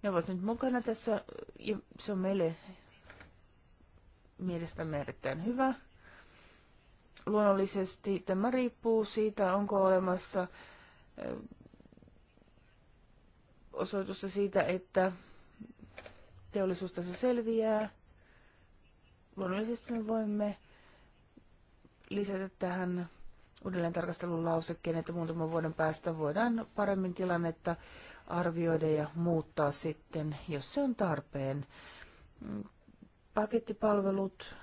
ne ovat nyt mukana tässä ja se on meille mielestämme erittäin hyvä. Luonnollisesti tämä riippuu siitä, onko olemassa osoitusta siitä, että teollisuus tässä selviää. Luonnollisesti me voimme lisätä tähän uudelleen tarkastelun lausekkeen, että muutaman vuoden päästä voidaan paremmin tilannetta arvioida ja muuttaa sitten, jos se on tarpeen. Pakettipalvelut,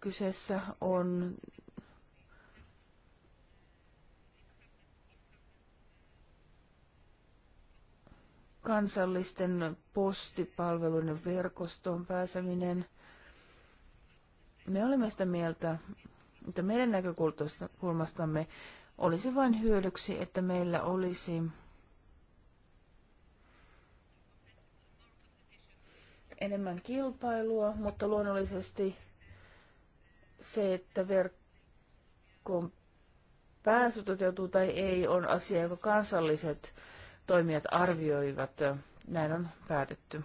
kyseessä on kansallisten postipalveluiden verkostoon pääseminen. Me olemme sitä mieltä, että meidän näkökulmastamme olisi vain hyödyksi, että meillä olisi enemmän kilpailua, mutta luonnollisesti se, että verkkoon pääsy toteutuu tai ei, on asia, joka kansalliset toimijat arvioivat. Näin on päätetty.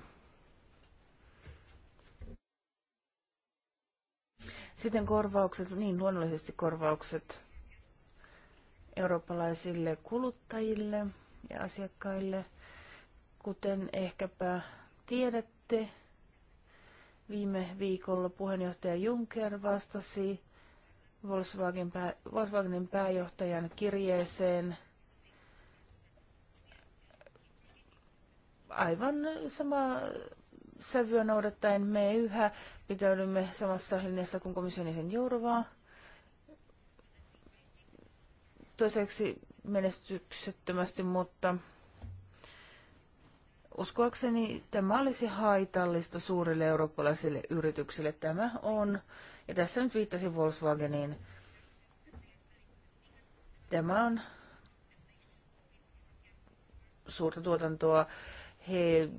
Sitten korvaukset, niin luonnollisesti korvaukset eurooppalaisille kuluttajille ja asiakkaille. Kuten ehkäpä tiedätte, viime viikolla puheenjohtaja Juncker vastasi Volkswagen pää, Volkswagenin pääjohtajan kirjeeseen aivan sama sävyä noudattaen me yhä pitäydymme samassa linjassa kuin komission jäsen Jourovaa. Toiseksi menestyksettömästi, mutta uskoakseni tämä olisi haitallista suurille eurooppalaisille yrityksille. Tämä on, ja tässä nyt viittasin Volkswageniin, tämä on suurta tuotantoa. He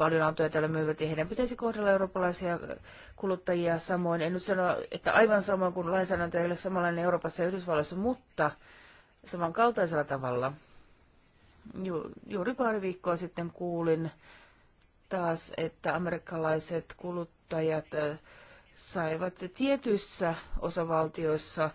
paljon autoja täällä myyvät ja heidän pitäisi kohdella eurooppalaisia kuluttajia samoin. En nyt sano, että aivan samoin kuin lainsäädäntö ei ole samanlainen Euroopassa ja Yhdysvalloissa, mutta samankaltaisella tavalla. Ju- juuri pari viikkoa sitten kuulin taas, että amerikkalaiset kuluttajat äh, saivat tietyissä osavaltioissa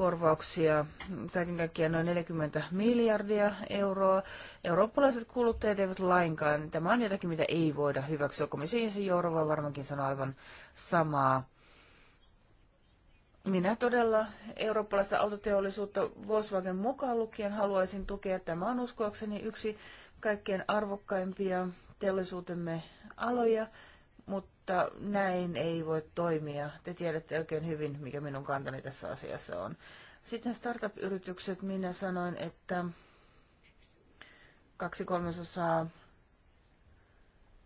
korvauksia, kaiken kaikkiaan noin 40 miljardia euroa. Eurooppalaiset kuluttajat eivät lainkaan. Tämä on jotakin, mitä ei voida hyväksyä. Komission se Jourova varmaankin sanoo aivan samaa. Minä todella eurooppalaista autoteollisuutta Volkswagen mukaan lukien haluaisin tukea. Tämä on uskoakseni yksi kaikkein arvokkaimpia teollisuutemme aloja mutta näin ei voi toimia. Te tiedätte oikein hyvin, mikä minun kantani tässä asiassa on. Sitten startup-yritykset, minä sanoin, että kaksi kolmasosaa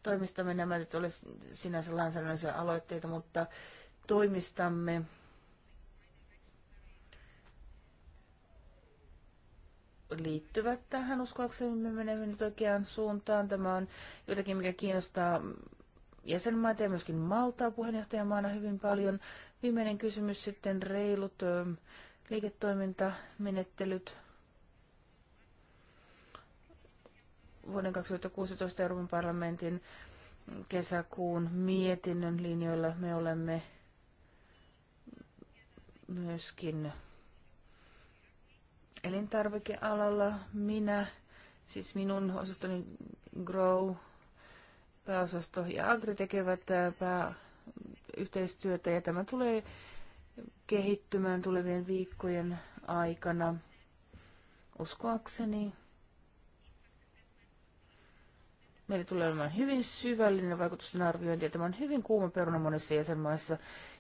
toimistamme, nämä nyt olisi sinänsä lainsäädännöllisiä aloitteita, mutta toimistamme liittyvät tähän. Uskoakseni me menemme nyt oikeaan suuntaan. Tämä on jotakin, mikä kiinnostaa jäsenmaita ja myöskin Maltaa puheenjohtajamaana hyvin paljon. Viimeinen kysymys sitten reilut liiketoimintamenettelyt. Vuoden 2016 Euroopan parlamentin kesäkuun mietinnön linjoilla me olemme myöskin elintarvikealalla. Minä, siis minun osastoni Grow pääosasto ja Agri tekevät äh, pääyhteistyötä ja tämä tulee kehittymään tulevien viikkojen aikana. Uskoakseni meillä tulee olemaan hyvin syvällinen vaikutusten arviointi ja tämä on hyvin kuuma peruna monissa jäsenmaissa,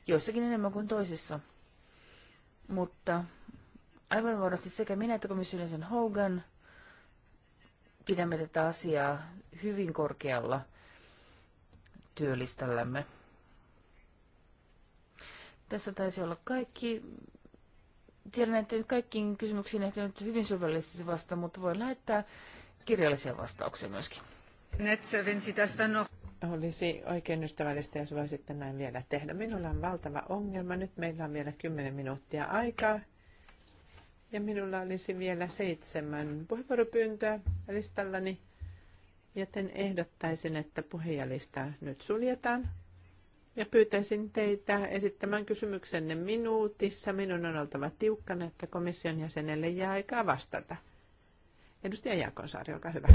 joissakin enemmän kuin toisissa. Mutta aivan varmasti sekä minä että komission jäsen Hogan pidämme tätä asiaa hyvin korkealla – työliställämme. Tässä taisi olla kaikki. Tiedän, että nyt kaikkiin kysymyksiin ehtinyt hyvin syvällisesti vasta, mutta voi lähettää kirjallisia vastauksia myöskin. no. Olisi oikein ystävällistä, jos voisitte näin vielä tehdä. Minulla on valtava ongelma. Nyt meillä on vielä 10 minuuttia aikaa. Ja minulla olisi vielä seitsemän puheenvuoropyyntöä listallani. Joten ehdottaisin, että puhujalista nyt suljetaan. Ja pyytäisin teitä esittämään kysymyksenne minuutissa. Minun on oltava tiukkana, että komission jäsenelle jää aikaa vastata. Edustaja Jaakonsaari, olkaa hyvä.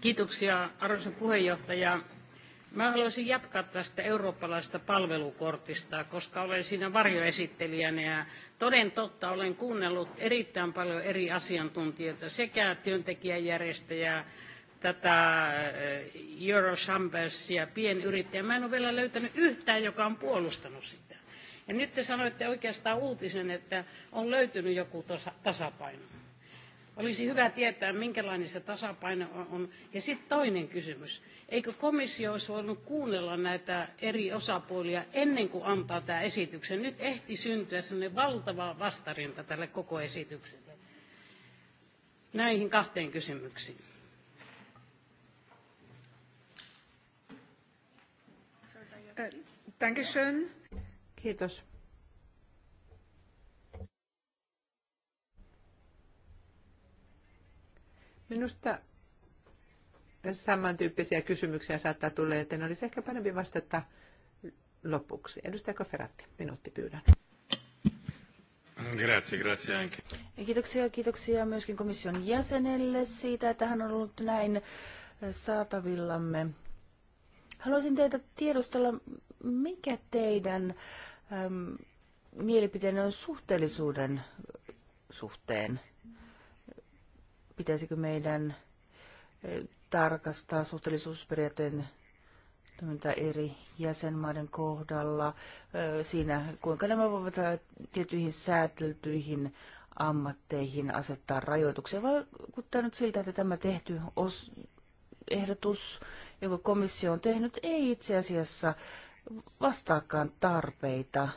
Kiitoksia, arvoisa puheenjohtaja. Mä haluaisin jatkaa tästä eurooppalaista palvelukortista, koska olen siinä varjoesittelijänä ja toden totta olen kuunnellut erittäin paljon eri asiantuntijoita sekä työntekijäjärjestöjä, tätä eh, Euro Chambersia, pienyrittäjä. Mä en ole vielä löytänyt yhtään, joka on puolustanut sitä. Ja nyt te sanoitte oikeastaan uutisen, että on löytynyt joku tasapaino. Olisi hyvä tietää, minkälainen se tasapaino on. Ja sitten toinen kysymys. Eikö komissio olisi voinut kuunnella näitä eri osapuolia ennen kuin antaa tämä esityksen? Nyt ehti syntyä sellainen valtava vastarinta tälle koko esitykselle. Näihin kahteen kysymyksiin. Dankeschön. Kiitos. Minusta samantyyppisiä kysymyksiä saattaa tulla, joten olisi ehkä parempi vastata lopuksi. Edustaja Koferatti, minuutti pyydän. Grazie, grazie anche. Kiitoksia, kiitoksia myöskin komission jäsenelle siitä, että hän on ollut näin saatavillamme. Haluaisin teitä tiedustella, mikä teidän äm, mielipiteenne on suhteellisuuden suhteen? Pitäisikö meidän tarkastaa suhteellisuusperiaatteen eri jäsenmaiden kohdalla siinä, kuinka nämä voivat tiettyihin sääteltyihin ammatteihin asettaa rajoituksia. Vaikuttaa nyt siltä, että tämä tehty os- ehdotus, jonka komissio on tehnyt, ei itse asiassa vastaakaan tarpeita.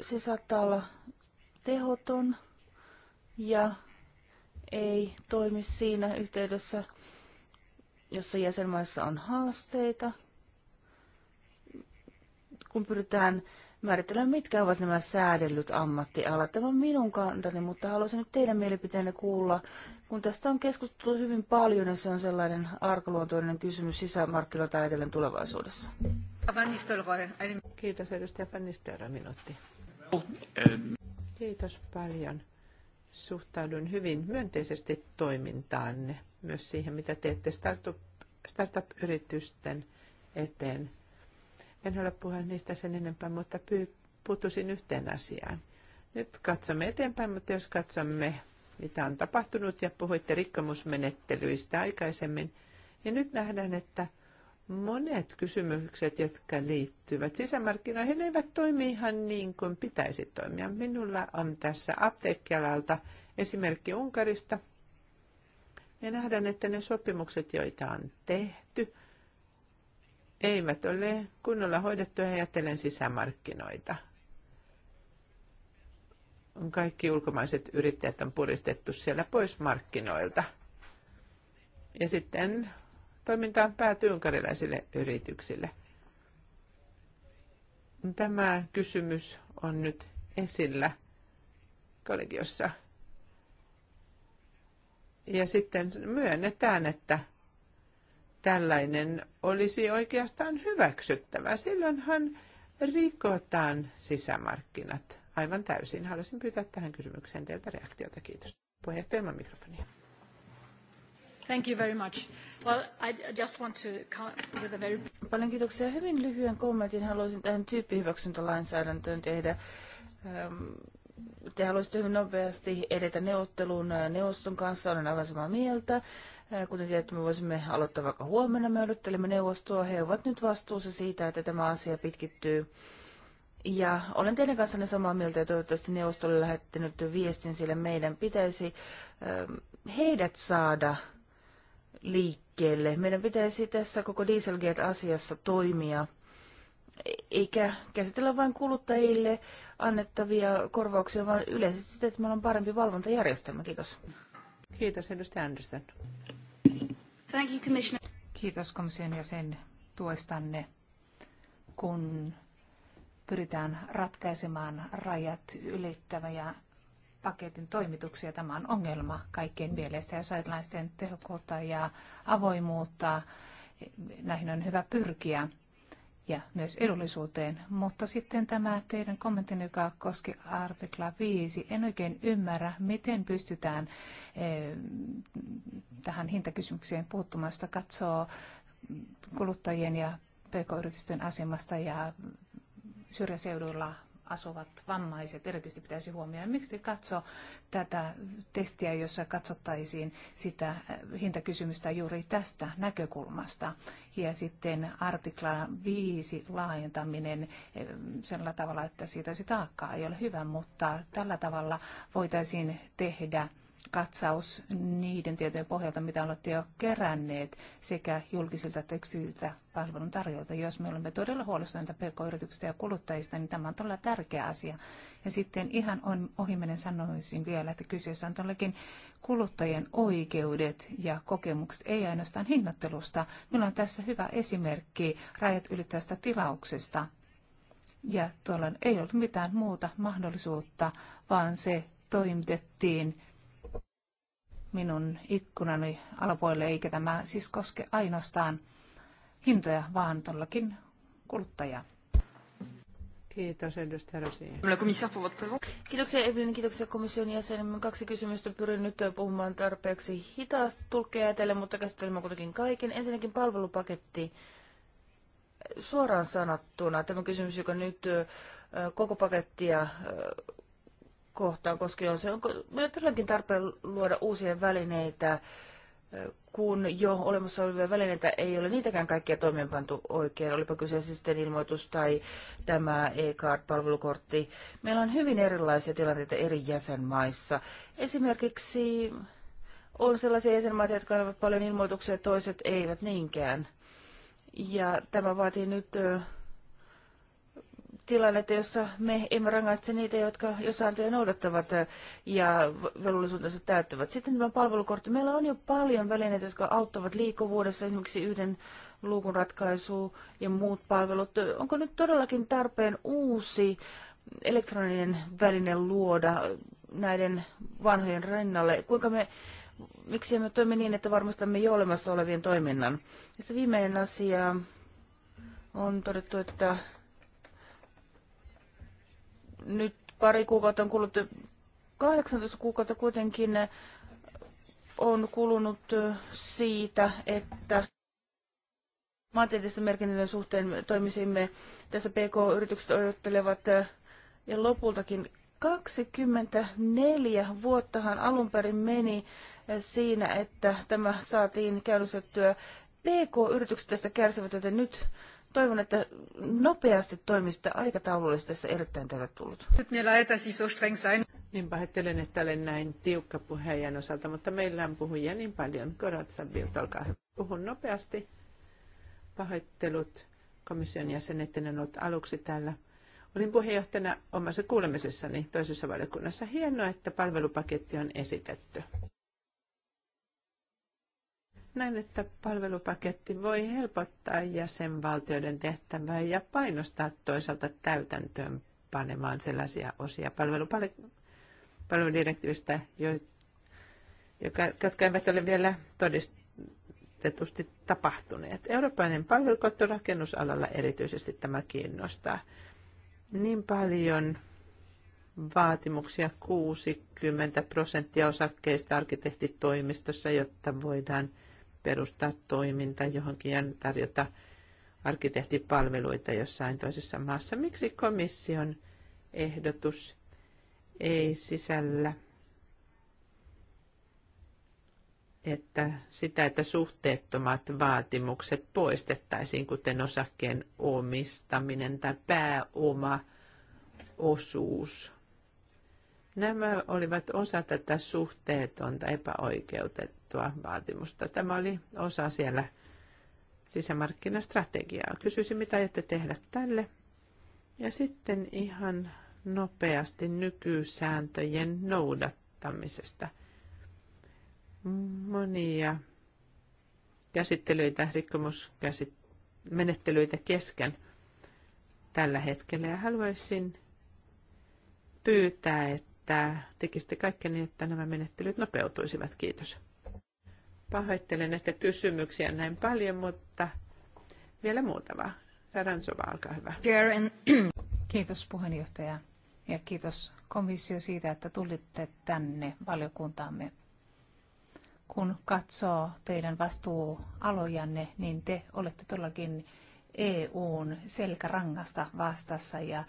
Se saattaa olla tehoton ja ei toimi siinä yhteydessä, jossa jäsenmaissa on haasteita. Kun pyritään määritellään, mitkä ovat nämä säädellyt ammattialat. Tämä on minun kantani, mutta haluaisin nyt teidän mielipiteenne kuulla, kun tästä on keskusteltu hyvin paljon ja se on sellainen arkaluontoinen kysymys sisämarkkinoita ajatellen tulevaisuudessa. Kiitos edustaja Pannisterö, minuutti. Kiitos paljon. Suhtaudun hyvin myönteisesti toimintaanne, myös siihen mitä teette startup-yritysten eteen – en halua puhua niistä sen enempää, mutta putusin yhteen asiaan. Nyt katsomme eteenpäin, mutta jos katsomme, mitä on tapahtunut ja puhuitte rikkomusmenettelyistä aikaisemmin, niin nyt nähdään, että monet kysymykset, jotka liittyvät sisämarkkinoihin, eivät toimi ihan niin kuin pitäisi toimia. Minulla on tässä apteekkialalta esimerkki Unkarista. Ja nähdään, että ne sopimukset, joita on tehty, eivät ole kunnolla hoidettuja ajatellen sisämarkkinoita. Kaikki ulkomaiset yrittäjät on puristettu siellä pois markkinoilta. Ja sitten toiminta on pääty unkarilaisille yrityksille. Tämä kysymys on nyt esillä kollegiossa. Ja sitten myönnetään, että tällainen olisi oikeastaan hyväksyttävä. Silloinhan rikotaan sisämarkkinat aivan täysin. Haluaisin pyytää tähän kysymykseen teiltä reaktiota. Kiitos. Puheenjohtaja ilman mikrofonia. Thank you very much. Well, I just want to with a very... Paljon kiitoksia. Hyvin lyhyen kommentin haluaisin tähän tyyppihyväksyntälainsäädäntöön tehdä. Te haluaisitte hyvin nopeasti edetä neuvotteluun neuvoston kanssa, olen aivan samaa mieltä. Äh, kuten tiedätte, me voisimme aloittaa vaikka huomenna. Me odottelemme neuvostoa. He ovat nyt vastuussa siitä, että tämä asia pitkittyy. Ja olen teidän kanssanne samaa mieltä ja toivottavasti neuvostolle lähettänyt viestin, sillä meidän pitäisi ähm, heidät saada liikkeelle. Meidän pitäisi tässä koko Dieselgate-asiassa toimia, eikä käsitellä vain kuluttajille annettavia korvauksia, vaan yleisesti sitä, että meillä on parempi valvontajärjestelmä. Kiitos. Kiitos, edustaja Andersson. Thank you, Commissioner. Kiitos komission jäsen tuestanne, kun pyritään ratkaisemaan rajat ylittäviä paketin toimituksia. Tämä on ongelma kaikkien mielestä, ja ajatellaan tehokkuutta ja avoimuutta. Näihin on hyvä pyrkiä ja myös edullisuuteen. Mutta sitten tämä teidän kommentti, joka koski artikla 5. En oikein ymmärrä, miten pystytään eh, tähän hintakysymykseen puuttumaan, katsoa katsoo kuluttajien ja pk-yritysten asemasta ja syrjäseudulla asuvat vammaiset erityisesti pitäisi huomioida. Miksi katso tätä testiä, jossa katsottaisiin sitä hintakysymystä juuri tästä näkökulmasta? Ja sitten artikla 5 laajentaminen eh, sellaisella tavalla, että siitä olisi taakkaa ei ole hyvä, mutta tällä tavalla voitaisiin tehdä katsaus niiden tietojen pohjalta, mitä olette jo keränneet sekä julkisilta että yksityisiltä palveluntarjoajilta. Jos me olemme todella huolestuneita pk-yrityksistä ja kuluttajista, niin tämä on todella tärkeä asia. Ja sitten ihan on, ohimenen sanoisin vielä, että kyseessä on todellakin kuluttajien oikeudet ja kokemukset, ei ainoastaan hinnoittelusta. Meillä on tässä hyvä esimerkki rajat ylittävästä tilauksesta. Ja tuolla ei ollut mitään muuta mahdollisuutta, vaan se toimitettiin minun ikkunani alapuolelle, eikä tämä siis koske ainoastaan hintoja, vaan todellakin kuluttajaa. Kiitos edustaja Rosia. Kiitoksia Evelyn, kiitoksia komission jäsenen. Kaksi kysymystä pyrin nyt puhumaan tarpeeksi hitaasti tulkkeja teille, mutta käsittelemme kuitenkin kaiken. Ensinnäkin palvelupaketti suoraan sanottuna. Tämä kysymys, joka nyt koko pakettia kohtaan koska on se, onko meillä todellakin tarpeen luoda uusia välineitä, kun jo olemassa olevia välineitä ei ole niitäkään kaikkia toimeenpantu oikein, olipa kyseessä siis sitten ilmoitus tai tämä e-card-palvelukortti. Meillä on hyvin erilaisia tilanteita eri jäsenmaissa. Esimerkiksi on sellaisia jäsenmaita, jotka ovat paljon ilmoituksia, toiset eivät niinkään. Ja tämä vaatii nyt tilannetta, jossa me emme rangaista niitä, jotka jo sääntöjä noudattavat ja velvollisuutensa täyttävät. Sitten tämä palvelukortti. Meillä on jo paljon välineitä, jotka auttavat liikkuvuudessa, esimerkiksi yhden luukun ratkaisu ja muut palvelut. Onko nyt todellakin tarpeen uusi elektroninen väline luoda näiden vanhojen rinnalle? Kuinka me miksi emme toimi niin, että varmistamme jo olemassa olevien toiminnan. Ja viimeinen asia on todettu, että nyt pari kuukautta on kulunut, 18 kuukautta kuitenkin on kulunut siitä, että maantieteellisen merkintöjen suhteen toimisimme. Tässä PK-yritykset odottelevat ja lopultakin 24 vuottahan alun perin meni siinä, että tämä saatiin käynnistettyä. PK-yritykset tästä kärsivät, joten nyt toivon, että nopeasti toimisitte aikataulullisesti tässä erittäin tervetullut. Niin pahoittelen, että olen näin tiukka puheenjohtajan osalta, mutta meillä on puhujia niin paljon. Koratsa Bilt, olkaa hyvä. Puhun nopeasti. Pahoittelut komission jäsenet, en ollut aluksi täällä. Olin puheenjohtajana omassa kuulemisessani toisessa valiokunnassa. Hienoa, että palvelupaketti on esitetty. Näin, että palvelupaketti voi helpottaa jäsenvaltioiden tehtävää ja painostaa toisaalta täytäntöön panemaan sellaisia osia palveludirektiivistä, jotka eivät ole vielä todistetusti tapahtuneet. Eurooppalainen palvelukotto rakennusalalla erityisesti tämä kiinnostaa. Niin paljon vaatimuksia 60 prosenttia osakkeista arkkitehtitoimistossa, jotta voidaan – perustaa toiminta johonkin ja tarjota arkkitehtipalveluita jossain toisessa maassa. Miksi komission ehdotus ei sisällä että sitä, että suhteettomat vaatimukset poistettaisiin, kuten osakkeen omistaminen tai pääoma osuus. Nämä olivat osa tätä suhteetonta epäoikeutta asetettua vaatimusta. Tämä oli osa siellä sisämarkkinastrategiaa. Kysyisin, mitä aiotte tehdä tälle. Ja sitten ihan nopeasti nykysääntöjen noudattamisesta. Monia käsittelyitä, rikkomusmenettelyitä kesken tällä hetkellä. Ja haluaisin pyytää, että tekisitte kaikkeni, että nämä menettelyt nopeutuisivat. Kiitos. Pahoittelen, että kysymyksiä näin paljon, mutta vielä muutama. Ransova, alkaa hyvä. Kiitos puheenjohtaja ja kiitos komissio siitä, että tulitte tänne valiokuntaamme. Kun katsoo teidän vastuualojanne, niin te olette todellakin EUn selkärangasta vastassa ja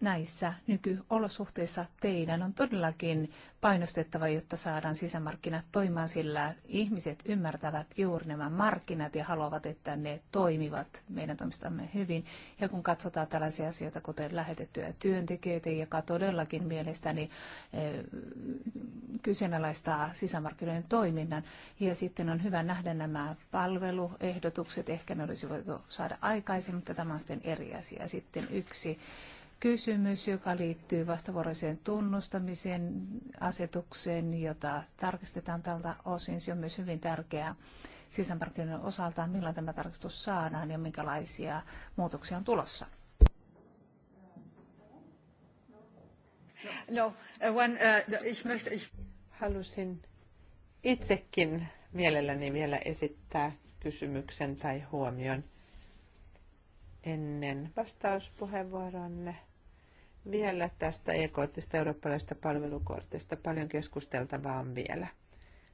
näissä nykyolosuhteissa teidän on todellakin painostettava, jotta saadaan sisämarkkinat toimimaan, sillä ihmiset ymmärtävät juuri nämä markkinat ja haluavat, että ne toimivat meidän toimistamme hyvin. Ja kun katsotaan tällaisia asioita, kuten lähetettyjä työntekijöitä, joka todellakin mielestäni eh, kyseenalaistaa sisämarkkinoiden toiminnan, ja sitten on hyvä nähdä nämä palveluehdotukset, ehkä ne olisi voitu saada aikaisemmin, mutta tämä on sitten eri asia. Sitten yksi kysymys, joka liittyy vastavuoroiseen tunnustamiseen asetukseen, jota tarkistetaan tältä osin. Se on myös hyvin tärkeää sisämarkkinoiden osalta, milloin tämä tarkistus saadaan ja minkälaisia muutoksia on tulossa. No, when, uh, uh no, ich möchte, ich... Halusin itsekin mielelläni vielä esittää kysymyksen tai huomion ennen vastauspuheenvuoronne. Vielä tästä e-kortista, eurooppalaisesta palvelukortista. Paljon keskusteltavaa on vielä.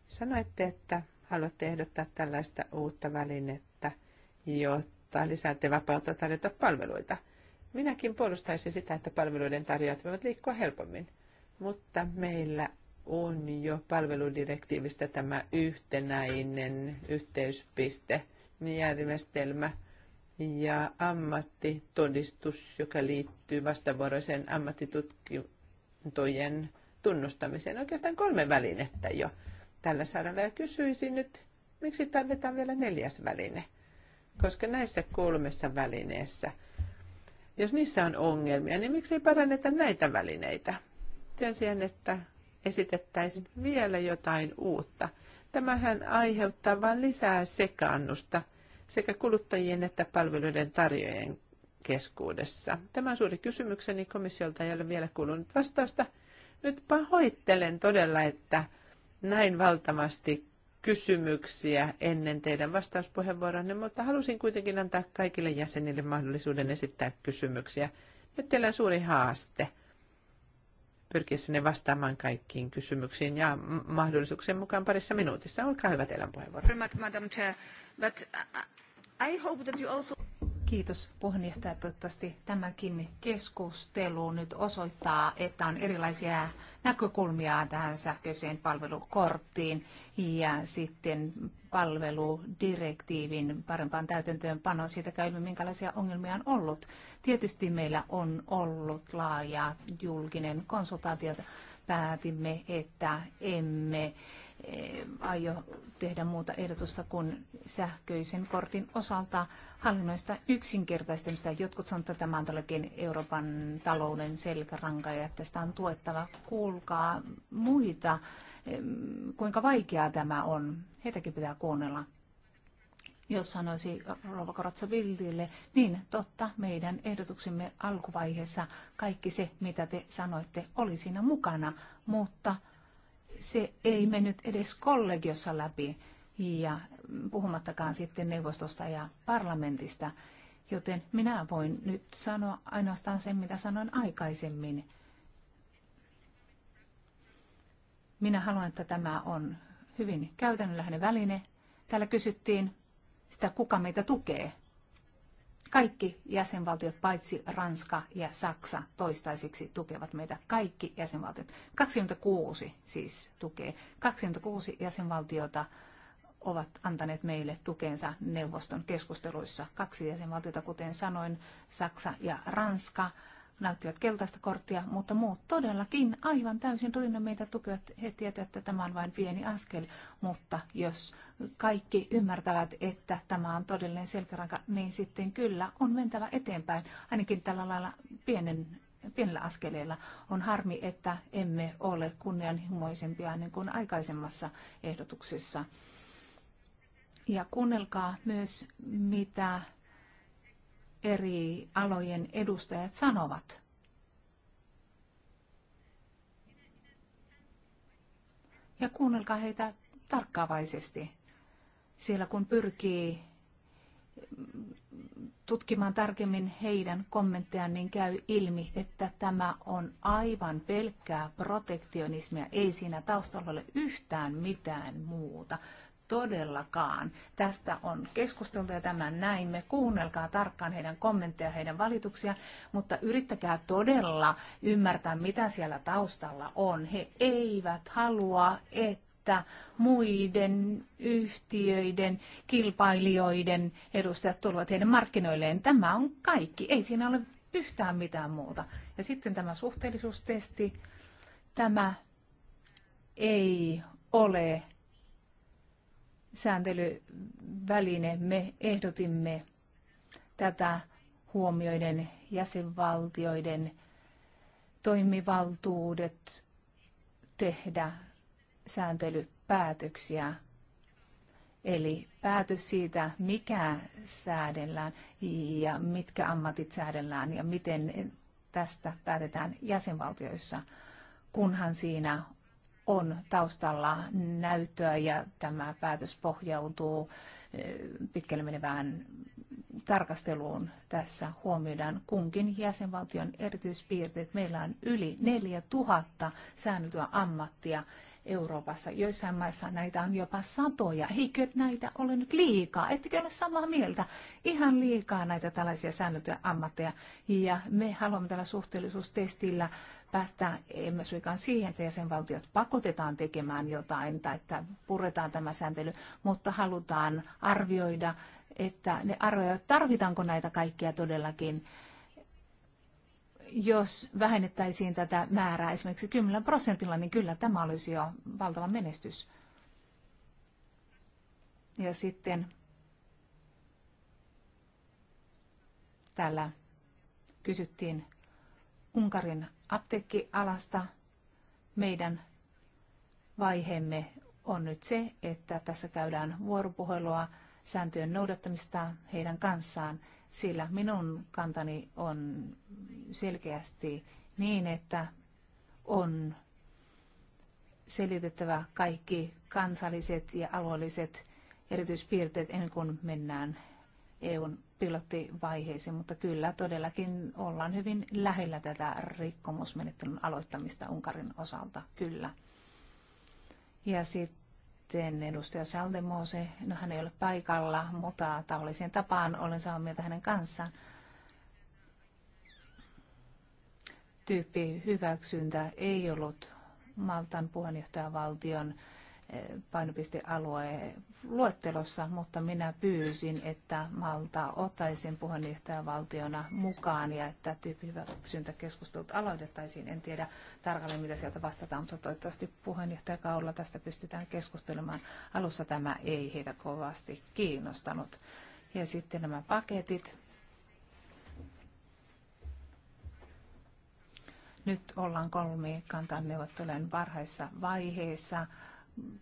Sanoitte, että haluatte ehdottaa tällaista uutta välinettä, jotta lisäätte vapautta tarjota palveluita. Minäkin puolustaisin sitä, että palveluiden tarjoajat voivat liikkua helpommin, mutta meillä on jo palveludirektiivistä tämä yhtenäinen yhteyspiste järjestelmä – ja ammattitodistus, joka liittyy vastavuoroisen ammattitutkintojen tunnustamiseen. Oikeastaan kolme välinettä jo tällä saralla. Ja kysyisin nyt, miksi tarvitaan vielä neljäs väline? Koska näissä kolmessa välineessä, jos niissä on ongelmia, niin miksi ei paranneta näitä välineitä? Sen sijaan, että esitettäisiin vielä jotain uutta. Tämähän aiheuttaa vain lisää sekaannusta sekä kuluttajien että palveluiden tarjoajien keskuudessa. Tämä on suuri kysymykseni. Komissiolta ei ole vielä kuulunut vastausta. Nyt pahoittelen todella, että näin valtavasti kysymyksiä ennen teidän vastauspuheenvuoronne, mutta halusin kuitenkin antaa kaikille jäsenille mahdollisuuden esittää kysymyksiä. Nyt teillä on suuri haaste pyrkiä sinne vastaamaan kaikkiin kysymyksiin ja mahdollisuuksien mukaan parissa minuutissa. Olkaa hyvä teidän puheenvuoro. I hope that you also... Kiitos puheenjohtaja. Toivottavasti tämäkin keskustelu nyt osoittaa, että on erilaisia näkökulmia tähän sähköiseen palvelukorttiin ja sitten palveludirektiivin parempaan täytäntöönpanoon. Siitä käymme, minkälaisia ongelmia on ollut. Tietysti meillä on ollut laaja julkinen konsultaatio. Päätimme, että emme Eh, aio tehdä muuta ehdotusta kuin sähköisen kortin osalta hallinnoista yksinkertaistamista. Jotkut sanovat, että tämä on todellakin Euroopan talouden selkäranka ja että sitä on tuettava. Kuulkaa muita, kuinka vaikeaa tämä on. Heitäkin pitää kuunnella. Jos sanoisi Rova Korotsovildille, niin totta, meidän ehdotuksemme alkuvaiheessa kaikki se, mitä te sanoitte, oli siinä mukana, mutta – se ei mennyt edes kollegiossa läpi, ja puhumattakaan sitten neuvostosta ja parlamentista. Joten minä voin nyt sanoa ainoastaan sen, mitä sanoin aikaisemmin. Minä haluan, että tämä on hyvin käytännönläheinen väline. Täällä kysyttiin sitä, kuka meitä tukee. Kaikki jäsenvaltiot, paitsi Ranska ja Saksa, toistaiseksi tukevat meitä. Kaikki jäsenvaltiot. 26 siis tukee. 26 jäsenvaltiota ovat antaneet meille tukensa neuvoston keskusteluissa. Kaksi jäsenvaltiota, kuten sanoin, Saksa ja Ranska, näyttivät keltaista korttia, mutta muut todellakin aivan täysin rinna meitä tukevat. He tietävät, että tämä on vain pieni askel, mutta jos kaikki ymmärtävät, että tämä on todellinen selkäranka, niin sitten kyllä on mentävä eteenpäin, ainakin tällä lailla pienen pienellä askeleella. On harmi, että emme ole kunnianhimoisempia niin kuin aikaisemmassa ehdotuksessa. Ja kuunnelkaa myös, mitä eri alojen edustajat sanovat. Ja kuunnelkaa heitä tarkkaavaisesti siellä, kun pyrkii tutkimaan tarkemmin heidän kommenttejaan, niin käy ilmi, että tämä on aivan pelkkää protektionismia. Ei siinä taustalla ole yhtään mitään muuta todellakaan. Tästä on keskusteltu ja tämän näimme. Kuunnelkaa tarkkaan heidän kommentteja, heidän valituksia, mutta yrittäkää todella ymmärtää, mitä siellä taustalla on. He eivät halua, että että muiden yhtiöiden, kilpailijoiden edustajat tulevat heidän markkinoilleen. Tämä on kaikki. Ei siinä ole yhtään mitään muuta. Ja sitten tämä suhteellisuustesti, tämä ei ole sääntelyväline. Me ehdotimme tätä huomioiden jäsenvaltioiden toimivaltuudet tehdä sääntelypäätöksiä. Eli päätös siitä, mikä säädellään ja mitkä ammatit säädellään ja miten tästä päätetään jäsenvaltioissa, kunhan siinä on taustalla näyttöä ja tämä päätös pohjautuu eh, pitkälle menevään tarkasteluun tässä huomioidaan kunkin jäsenvaltion erityispiirteet. Meillä on yli 4000 säännötyä ammattia Euroopassa. Joissain maissa näitä on jopa satoja. Eikö näitä ole nyt liikaa? Ettekö ole samaa mieltä? Ihan liikaa näitä tällaisia säännötyä ammatteja. Ja me haluamme tällä suhteellisuustestillä päästä, emme suikaan siihen, että jäsenvaltiot pakotetaan tekemään jotain tai että puretaan tämä sääntely, mutta halutaan arvioida että ne arvoja tarvitaanko näitä kaikkia todellakin, jos vähennettäisiin tätä määrää esimerkiksi 10 prosentilla, niin kyllä tämä olisi jo valtava menestys. Ja sitten täällä kysyttiin Unkarin apteekkialasta. Meidän vaiheemme on nyt se, että tässä käydään vuoropuhelua sääntöjen noudattamista heidän kanssaan, sillä minun kantani on selkeästi niin, että on selitettävä kaikki kansalliset ja alueelliset erityispiirteet ennen kuin mennään EUn pilottivaiheeseen, mutta kyllä todellakin ollaan hyvin lähellä tätä rikkomusmenettelyn aloittamista Unkarin osalta, kyllä. Ja sitten sitten edustaja Saldemose, no hän ei ole paikalla, mutta tavalliseen tapaan olen saanut mieltä hänen kanssaan. Tyyppi hyväksyntä ei ollut Maltan puheenjohtajavaltion valtion painopistealue luettelossa, mutta minä pyysin, että Malta ottaisin puheenjohtajavaltiona mukaan ja että tyyppihyväksyntäkeskustelut aloitettaisiin. En tiedä tarkalleen, mitä sieltä vastataan, mutta toivottavasti puheenjohtajakaudella tästä pystytään keskustelemaan. Alussa tämä ei heitä kovasti kiinnostanut. Ja sitten nämä paketit. Nyt ollaan kolmikantaneuvottelujen varhaisessa vaiheessa.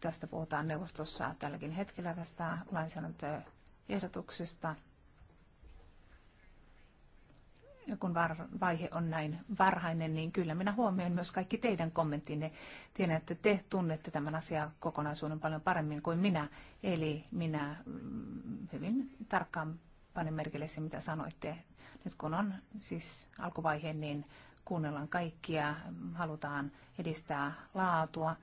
Tästä puhutaan neuvostossa tälläkin hetkellä tästä lainsäädäntöehdotuksesta. Ja kun var- vaihe on näin varhainen, niin kyllä minä huomioin myös kaikki teidän kommenttinne. Tiedän, että te tunnette tämän asian kokonaisuuden paljon paremmin kuin minä. Eli minä mm, hyvin tarkkaan panen merkille se, mitä sanoitte. Nyt kun on siis alkuvaihe, niin kuunnellaan kaikkia, halutaan edistää laatua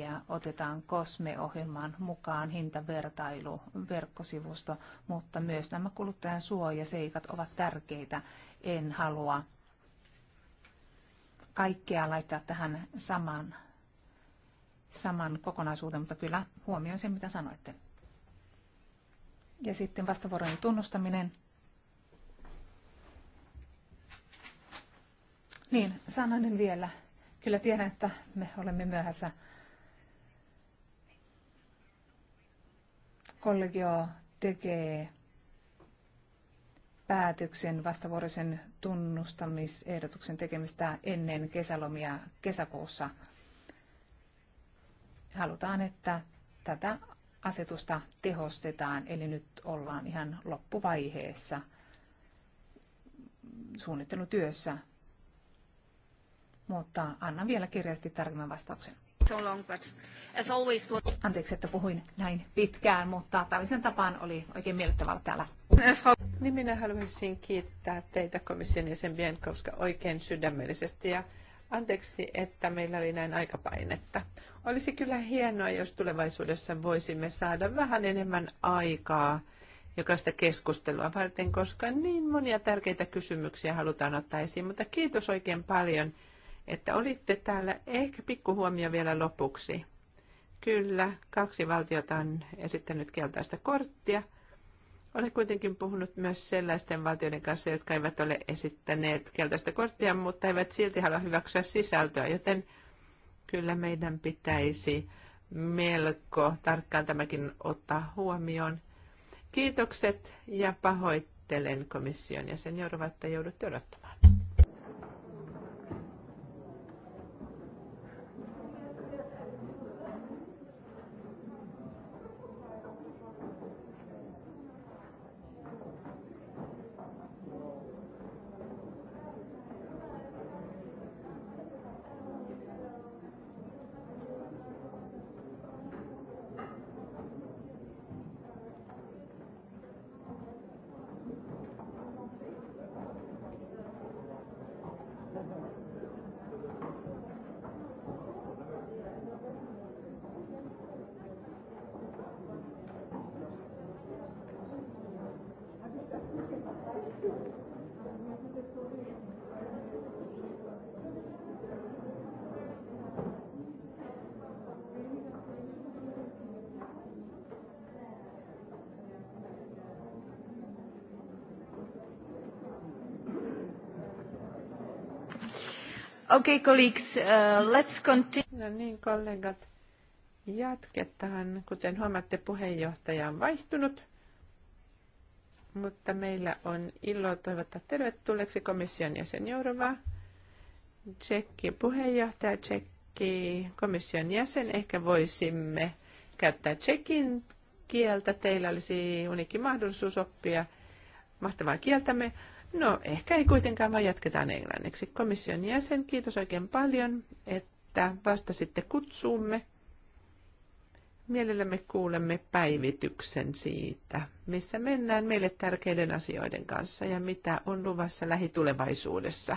ja otetaan COSME-ohjelmaan mukaan hintavertailu, verkkosivusto, mutta myös nämä kuluttajan suojaseikat ovat tärkeitä. En halua kaikkea laittaa tähän saman, saman kokonaisuuteen, mutta kyllä huomioin sen, mitä sanoitte. Ja sitten vastavuoroinen tunnustaminen. Niin, sananen vielä Kyllä tiedän, että me olemme myöhässä. Kollegio tekee päätöksen vastavuorisen tunnustamisehdotuksen tekemistä ennen kesälomia kesäkuussa. Halutaan, että tätä asetusta tehostetaan, eli nyt ollaan ihan loppuvaiheessa suunnittelutyössä mutta annan vielä kirjallisesti tarkemman vastauksen. So long, but as always... Anteeksi, että puhuin näin pitkään, mutta tavallisen tapaan oli oikein miellyttävää täällä. Niin minä haluaisin kiittää teitä komission jäsen Bienkovska oikein sydämellisesti ja anteeksi, että meillä oli näin aikapainetta. Olisi kyllä hienoa, jos tulevaisuudessa voisimme saada vähän enemmän aikaa jokaista keskustelua varten, koska niin monia tärkeitä kysymyksiä halutaan ottaa esiin. Mutta kiitos oikein paljon että olitte täällä. Ehkä huomio vielä lopuksi. Kyllä, kaksi valtiota on esittänyt keltaista korttia. Olen kuitenkin puhunut myös sellaisten valtioiden kanssa, jotka eivät ole esittäneet keltaista korttia, mutta eivät silti halua hyväksyä sisältöä, joten kyllä meidän pitäisi melko tarkkaan tämäkin ottaa huomioon. Kiitokset ja pahoittelen komission jäsen joudun, että joudutte odottamaan. Okay, colleagues, uh, let's continue. No niin, kollegat, jatketaan. Kuten huomaatte, puheenjohtaja on vaihtunut, mutta meillä on ilo toivottaa tervetulleeksi komission jäsen Jourova, Tsekki puheenjohtaja, Tsekki komission jäsen. Ehkä voisimme käyttää Tsekin kieltä. Teillä olisi unikin mahdollisuus oppia mahtavaa kieltämme. No, ehkä ei kuitenkaan, vaan jatketaan englanniksi. Komission jäsen, kiitos oikein paljon, että vastasitte kutsuumme. Mielellämme kuulemme päivityksen siitä, missä mennään meille tärkeiden asioiden kanssa ja mitä on luvassa lähitulevaisuudessa.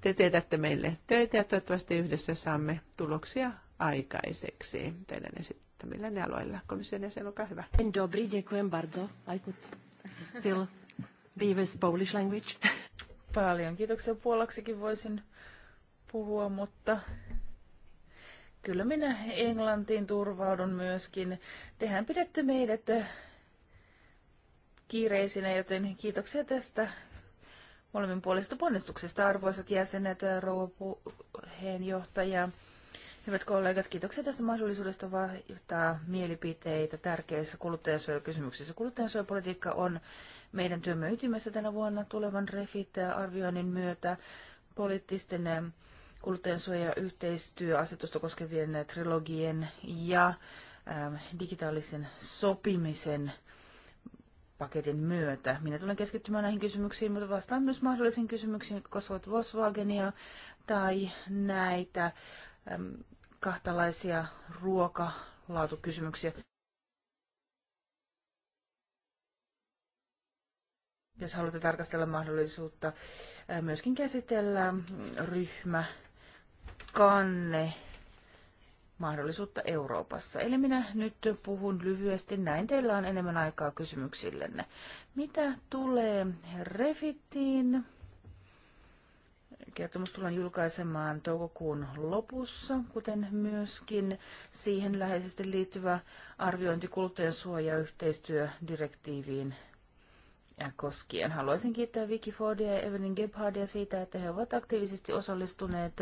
Te teetätte meille töitä ja toivottavasti yhdessä saamme tuloksia aikaiseksi teidän esittämillänne aloilla. Komission jäsen, olkaa hyvä. Dobri, bardzo. still be Polish language. Paljon kiitoksia. Puolaksikin voisin puhua, mutta kyllä minä Englantiin turvaudun myöskin. Tehän pidätte meidät kiireisinä, joten kiitoksia tästä puolesta ponnistuksesta, arvoisat jäsenet, rouva puheenjohtaja. Hyvät kollegat, kiitoksia tästä mahdollisuudesta vaihtaa mielipiteitä tärkeissä kuluttajansuojakysymyksissä. Kuluttajansuojapolitiikka on meidän työmme ytimessä tänä vuonna tulevan REFIT-arvioinnin myötä poliittisten yhteistyöasetusta koskevien trilogien ja ähm, digitaalisen sopimisen paketin myötä. Minä tulen keskittymään näihin kysymyksiin, mutta vastaan myös mahdollisiin kysymyksiin, jotka koskevat Volkswagenia tai näitä ähm, kahtalaisia ruokalaatukysymyksiä. jos haluatte tarkastella mahdollisuutta myöskin käsitellä ryhmä kanne mahdollisuutta Euroopassa. Eli minä nyt puhun lyhyesti, näin teillä on enemmän aikaa kysymyksillenne. Mitä tulee Refitiin? Kertomus tullaan julkaisemaan toukokuun lopussa, kuten myöskin siihen läheisesti liittyvä arviointi kuluttajansuojayhteistyödirektiiviin koskien. Haluaisin kiittää Vicky Fordia ja Evelyn Gebhardia siitä, että he ovat aktiivisesti osallistuneet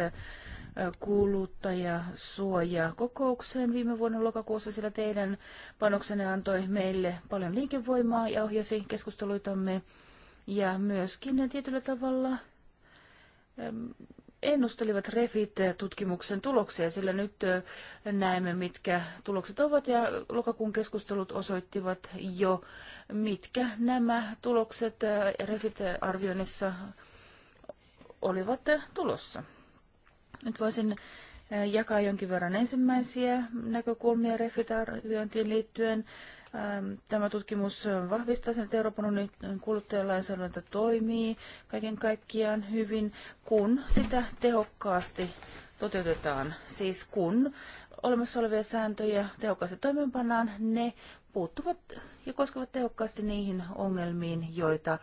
kuuluttajasuojaa kokoukseen viime vuonna lokakuussa, sillä teidän panoksenne antoi meille paljon liikevoimaa ja ohjasi keskusteluitamme ja myöskin tietyllä tavalla ennustelivat REFIT-tutkimuksen tuloksia, sillä nyt näemme, mitkä tulokset ovat, ja lokakuun keskustelut osoittivat jo, mitkä nämä tulokset REFIT-arvioinnissa olivat tulossa. Nyt voisin jakaa jonkin verran ensimmäisiä näkökulmia REFIT-arviointiin liittyen. Ähm, tämä tutkimus vahvistaa sen, että Euroopan unionin kuluttajalainsäädäntö toimii kaiken kaikkiaan hyvin, kun sitä tehokkaasti toteutetaan. Siis kun olemassa olevia sääntöjä tehokkaasti toimeenpannaan, ne puuttuvat ja koskevat tehokkaasti niihin ongelmiin, joita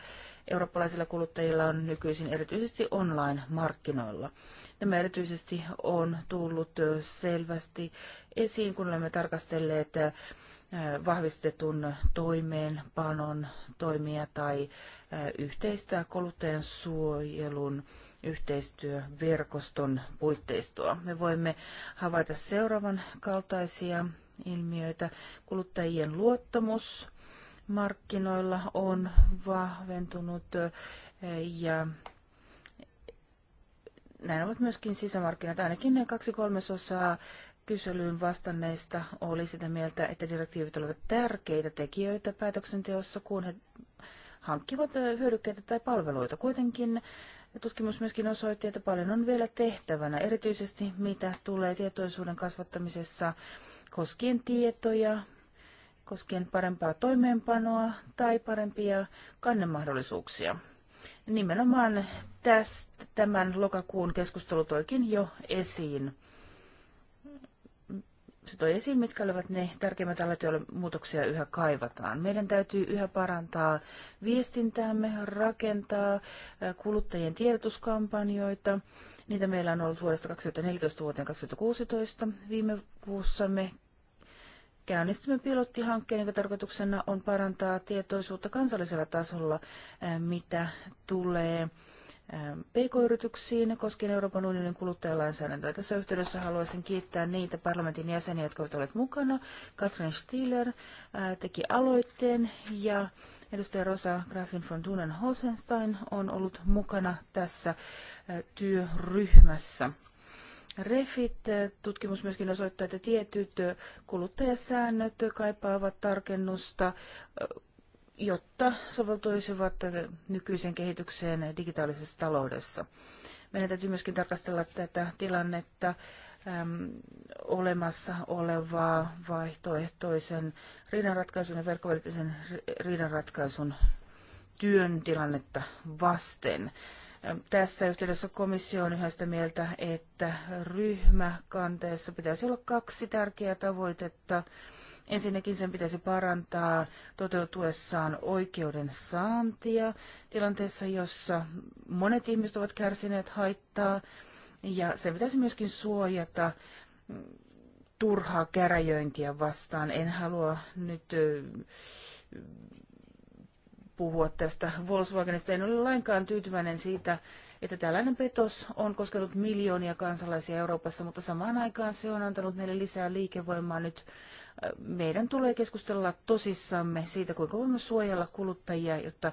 eurooppalaisilla kuluttajilla on nykyisin erityisesti online-markkinoilla. Tämä erityisesti on tullut selvästi esiin, kun olemme tarkastelleet vahvistetun toimeenpanon toimia tai yhteistä kuluttajan suojelun yhteistyöverkoston puitteistoa. Me voimme havaita seuraavan kaltaisia ilmiöitä. Kuluttajien luottamus markkinoilla on vahventunut ja näin ovat myöskin sisämarkkinat. Ainakin kaksi kolmasosaa kyselyyn vastanneista oli sitä mieltä, että direktiivit olivat tärkeitä tekijöitä päätöksenteossa, kun he hankkivat hyödykkeitä tai palveluita. Kuitenkin tutkimus myöskin osoitti, että paljon on vielä tehtävänä, erityisesti mitä tulee tietoisuuden kasvattamisessa koskien tietoja, koskien parempaa toimeenpanoa tai parempia kannemahdollisuuksia. Nimenomaan tästä tämän lokakuun keskustelu toikin jo esiin se toi esiin, mitkä olivat ne tärkeimmät alat, joilla muutoksia yhä kaivataan. Meidän täytyy yhä parantaa viestintäämme, rakentaa äh, kuluttajien tiedotuskampanjoita. Niitä meillä on ollut vuodesta 2014 vuoteen 2016. Viime kuussa me käynnistimme pilottihankkeen, jonka tarkoituksena on parantaa tietoisuutta kansallisella tasolla, äh, mitä tulee Ähm, PK-yrityksiin koskien Euroopan unionin kuluttajalainsäädäntöä. Tässä yhteydessä haluaisin kiittää niitä parlamentin jäseniä, jotka ovat olleet mukana. Katrin Stieler äh, teki aloitteen ja edustaja Rosa Grafin von dunen Hosenstein on ollut mukana tässä äh, työryhmässä. REFIT-tutkimus äh, myöskin osoittaa, että tietyt kuluttajasäännöt kaipaavat tarkennusta jotta soveltuisivat nykyiseen kehitykseen digitaalisessa taloudessa. Meidän täytyy myöskin tarkastella tätä tilannetta äm, olemassa olevaa vaihtoehtoisen riidanratkaisun ja verkkovälitteisen riidanratkaisun työn tilannetta vasten. Tässä yhteydessä komissio on yhä mieltä, että ryhmäkanteessa pitäisi olla kaksi tärkeää tavoitetta. Ensinnäkin sen pitäisi parantaa toteutuessaan oikeuden saantia tilanteessa, jossa monet ihmiset ovat kärsineet haittaa. Ja sen pitäisi myöskin suojata mm, turhaa käräjöintiä vastaan. En halua nyt puhua tästä Volkswagenista. En ole lainkaan tyytyväinen siitä, että tällainen petos on koskenut miljoonia kansalaisia Euroopassa, mutta samaan aikaan se on antanut meille lisää liikevoimaa nyt meidän tulee keskustella tosissamme siitä, kuinka voimme suojella kuluttajia, jotta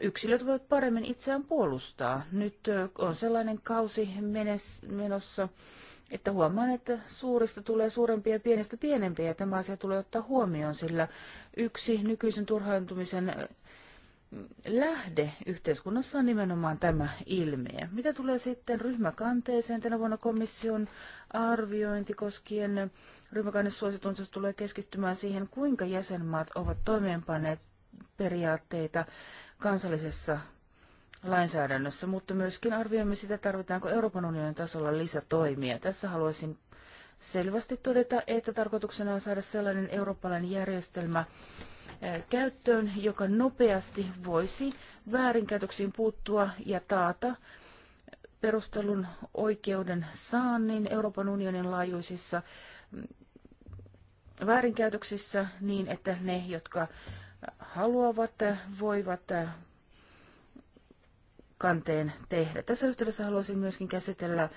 yksilöt voivat paremmin itseään puolustaa. Nyt on sellainen kausi menossa, että huomaan, että suurista tulee suurempia ja pienestä pienempiä. Ja tämä asia tulee ottaa huomioon, sillä yksi nykyisen turhaantumisen lähde yhteiskunnassa on nimenomaan tämä ilmiö. Mitä tulee sitten ryhmäkanteeseen? Tänä vuonna komission arviointi koskien ryhmäkannesuositunsa tulee keskittymään siihen, kuinka jäsenmaat ovat toimeenpaneet periaatteita kansallisessa lainsäädännössä, mutta myöskin arvioimme sitä, tarvitaanko Euroopan unionin tasolla lisätoimia. Tässä haluaisin selvästi todeta, että tarkoituksena on saada sellainen eurooppalainen järjestelmä eh, käyttöön, joka nopeasti voisi väärinkäytöksiin puuttua ja taata perustelun oikeuden saannin Euroopan unionin laajuisissa väärinkäytöksissä niin, että ne, jotka haluavat, voivat kanteen tehdä. Tässä yhteydessä haluaisin myöskin käsitellä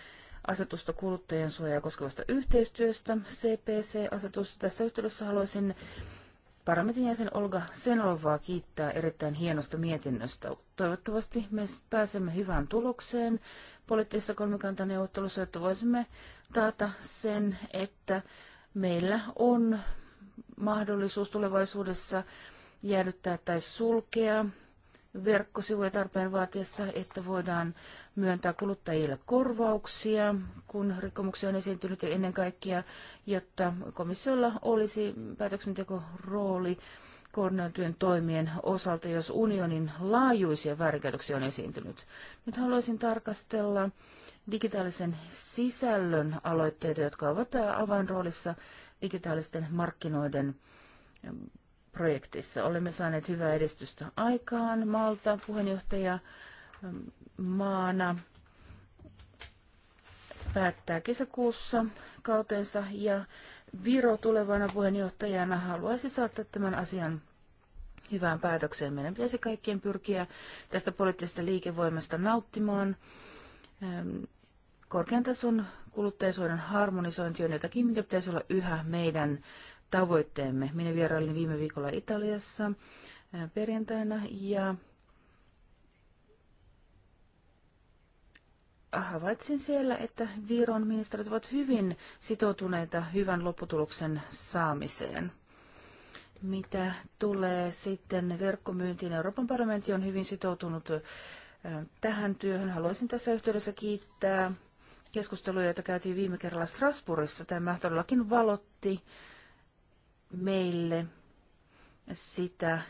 asetusta kuluttajansuojaa koskevasta yhteistyöstä, CPC-asetusta. Tässä yhteydessä haluaisin parlamentin jäsen Olga Senlovaa kiittää erittäin hienosta mietinnöstä. Toivottavasti me pääsemme hyvään tulokseen poliittisessa kolmikantaneuvottelussa, jotta voisimme taata sen, että meillä on mahdollisuus tulevaisuudessa jäädyttää tai sulkea verkkosivuja tarpeen vaatiessa, että voidaan myöntää kuluttajille korvauksia, kun rikkomuksia on esiintynyt ja ennen kaikkea, jotta komissiolla olisi päätöksentekorooli koordinoitujen toimien osalta, jos unionin laajuisia väärinkäytöksiä on esiintynyt. Nyt haluaisin tarkastella digitaalisen sisällön aloitteita, jotka ovat avainroolissa digitaalisten markkinoiden projekteissa. Olemme saaneet hyvää edistystä aikaan. Malta puheenjohtaja ähm, maana päättää kesäkuussa kautensa ja Viro tulevana puheenjohtajana haluaisi saattaa tämän asian hyvään päätökseen. Meidän pitäisi kaikkien pyrkiä tästä poliittisesta liikevoimasta nauttimaan. Ähm, korkean tason kuluttajasuojan harmonisointi on jotakin, mikä pitäisi olla yhä meidän tavoitteemme. Minä vierailin viime viikolla Italiassa perjantaina ja havaitsin siellä, että Viron ministerit ovat hyvin sitoutuneita hyvän lopputuloksen saamiseen. Mitä tulee sitten verkkomyyntiin, Euroopan parlamentti on hyvin sitoutunut tähän työhön. Haluaisin tässä yhteydessä kiittää keskusteluja, joita käytiin viime kerralla Strasbourgissa. Tämä todellakin valotti äh, meille sitä,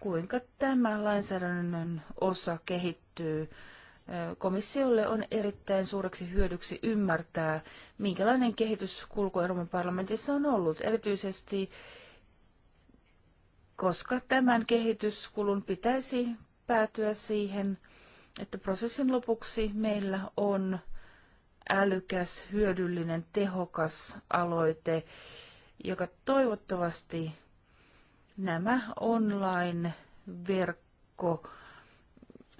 kuinka tämä lainsäädännön osa kehittyy. Komissiolle on erittäin suureksi hyödyksi ymmärtää, minkälainen kehityskulku Euroopan parlamentissa on ollut, erityisesti koska tämän kehityskulun pitäisi päätyä siihen, että prosessin lopuksi meillä on älykäs, hyödyllinen, tehokas aloite, joka toivottavasti nämä online-verkko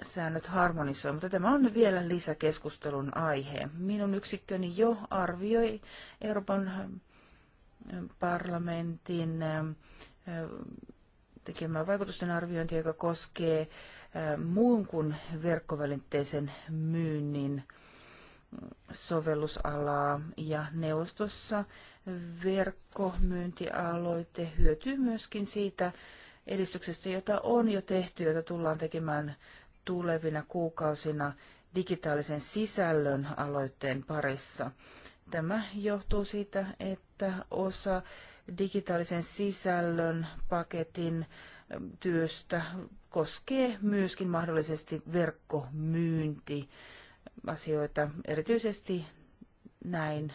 säännöt harmonisoi, mutta tämä on vielä lisäkeskustelun aihe. Minun yksikköni jo arvioi Euroopan äh, parlamentin äh, tekemään vaikutusten arviointia, joka koskee äh, muun kuin verkkovälitteisen myynnin sovellusalaa ja neuvostossa verkkomyyntialoite hyötyy myöskin siitä edistyksestä, jota on jo tehty, jota tullaan tekemään tulevina kuukausina digitaalisen sisällön aloitteen parissa. Tämä johtuu siitä, että osa digitaalisen sisällön paketin työstä koskee myöskin mahdollisesti verkkomyyntiasioita, erityisesti näin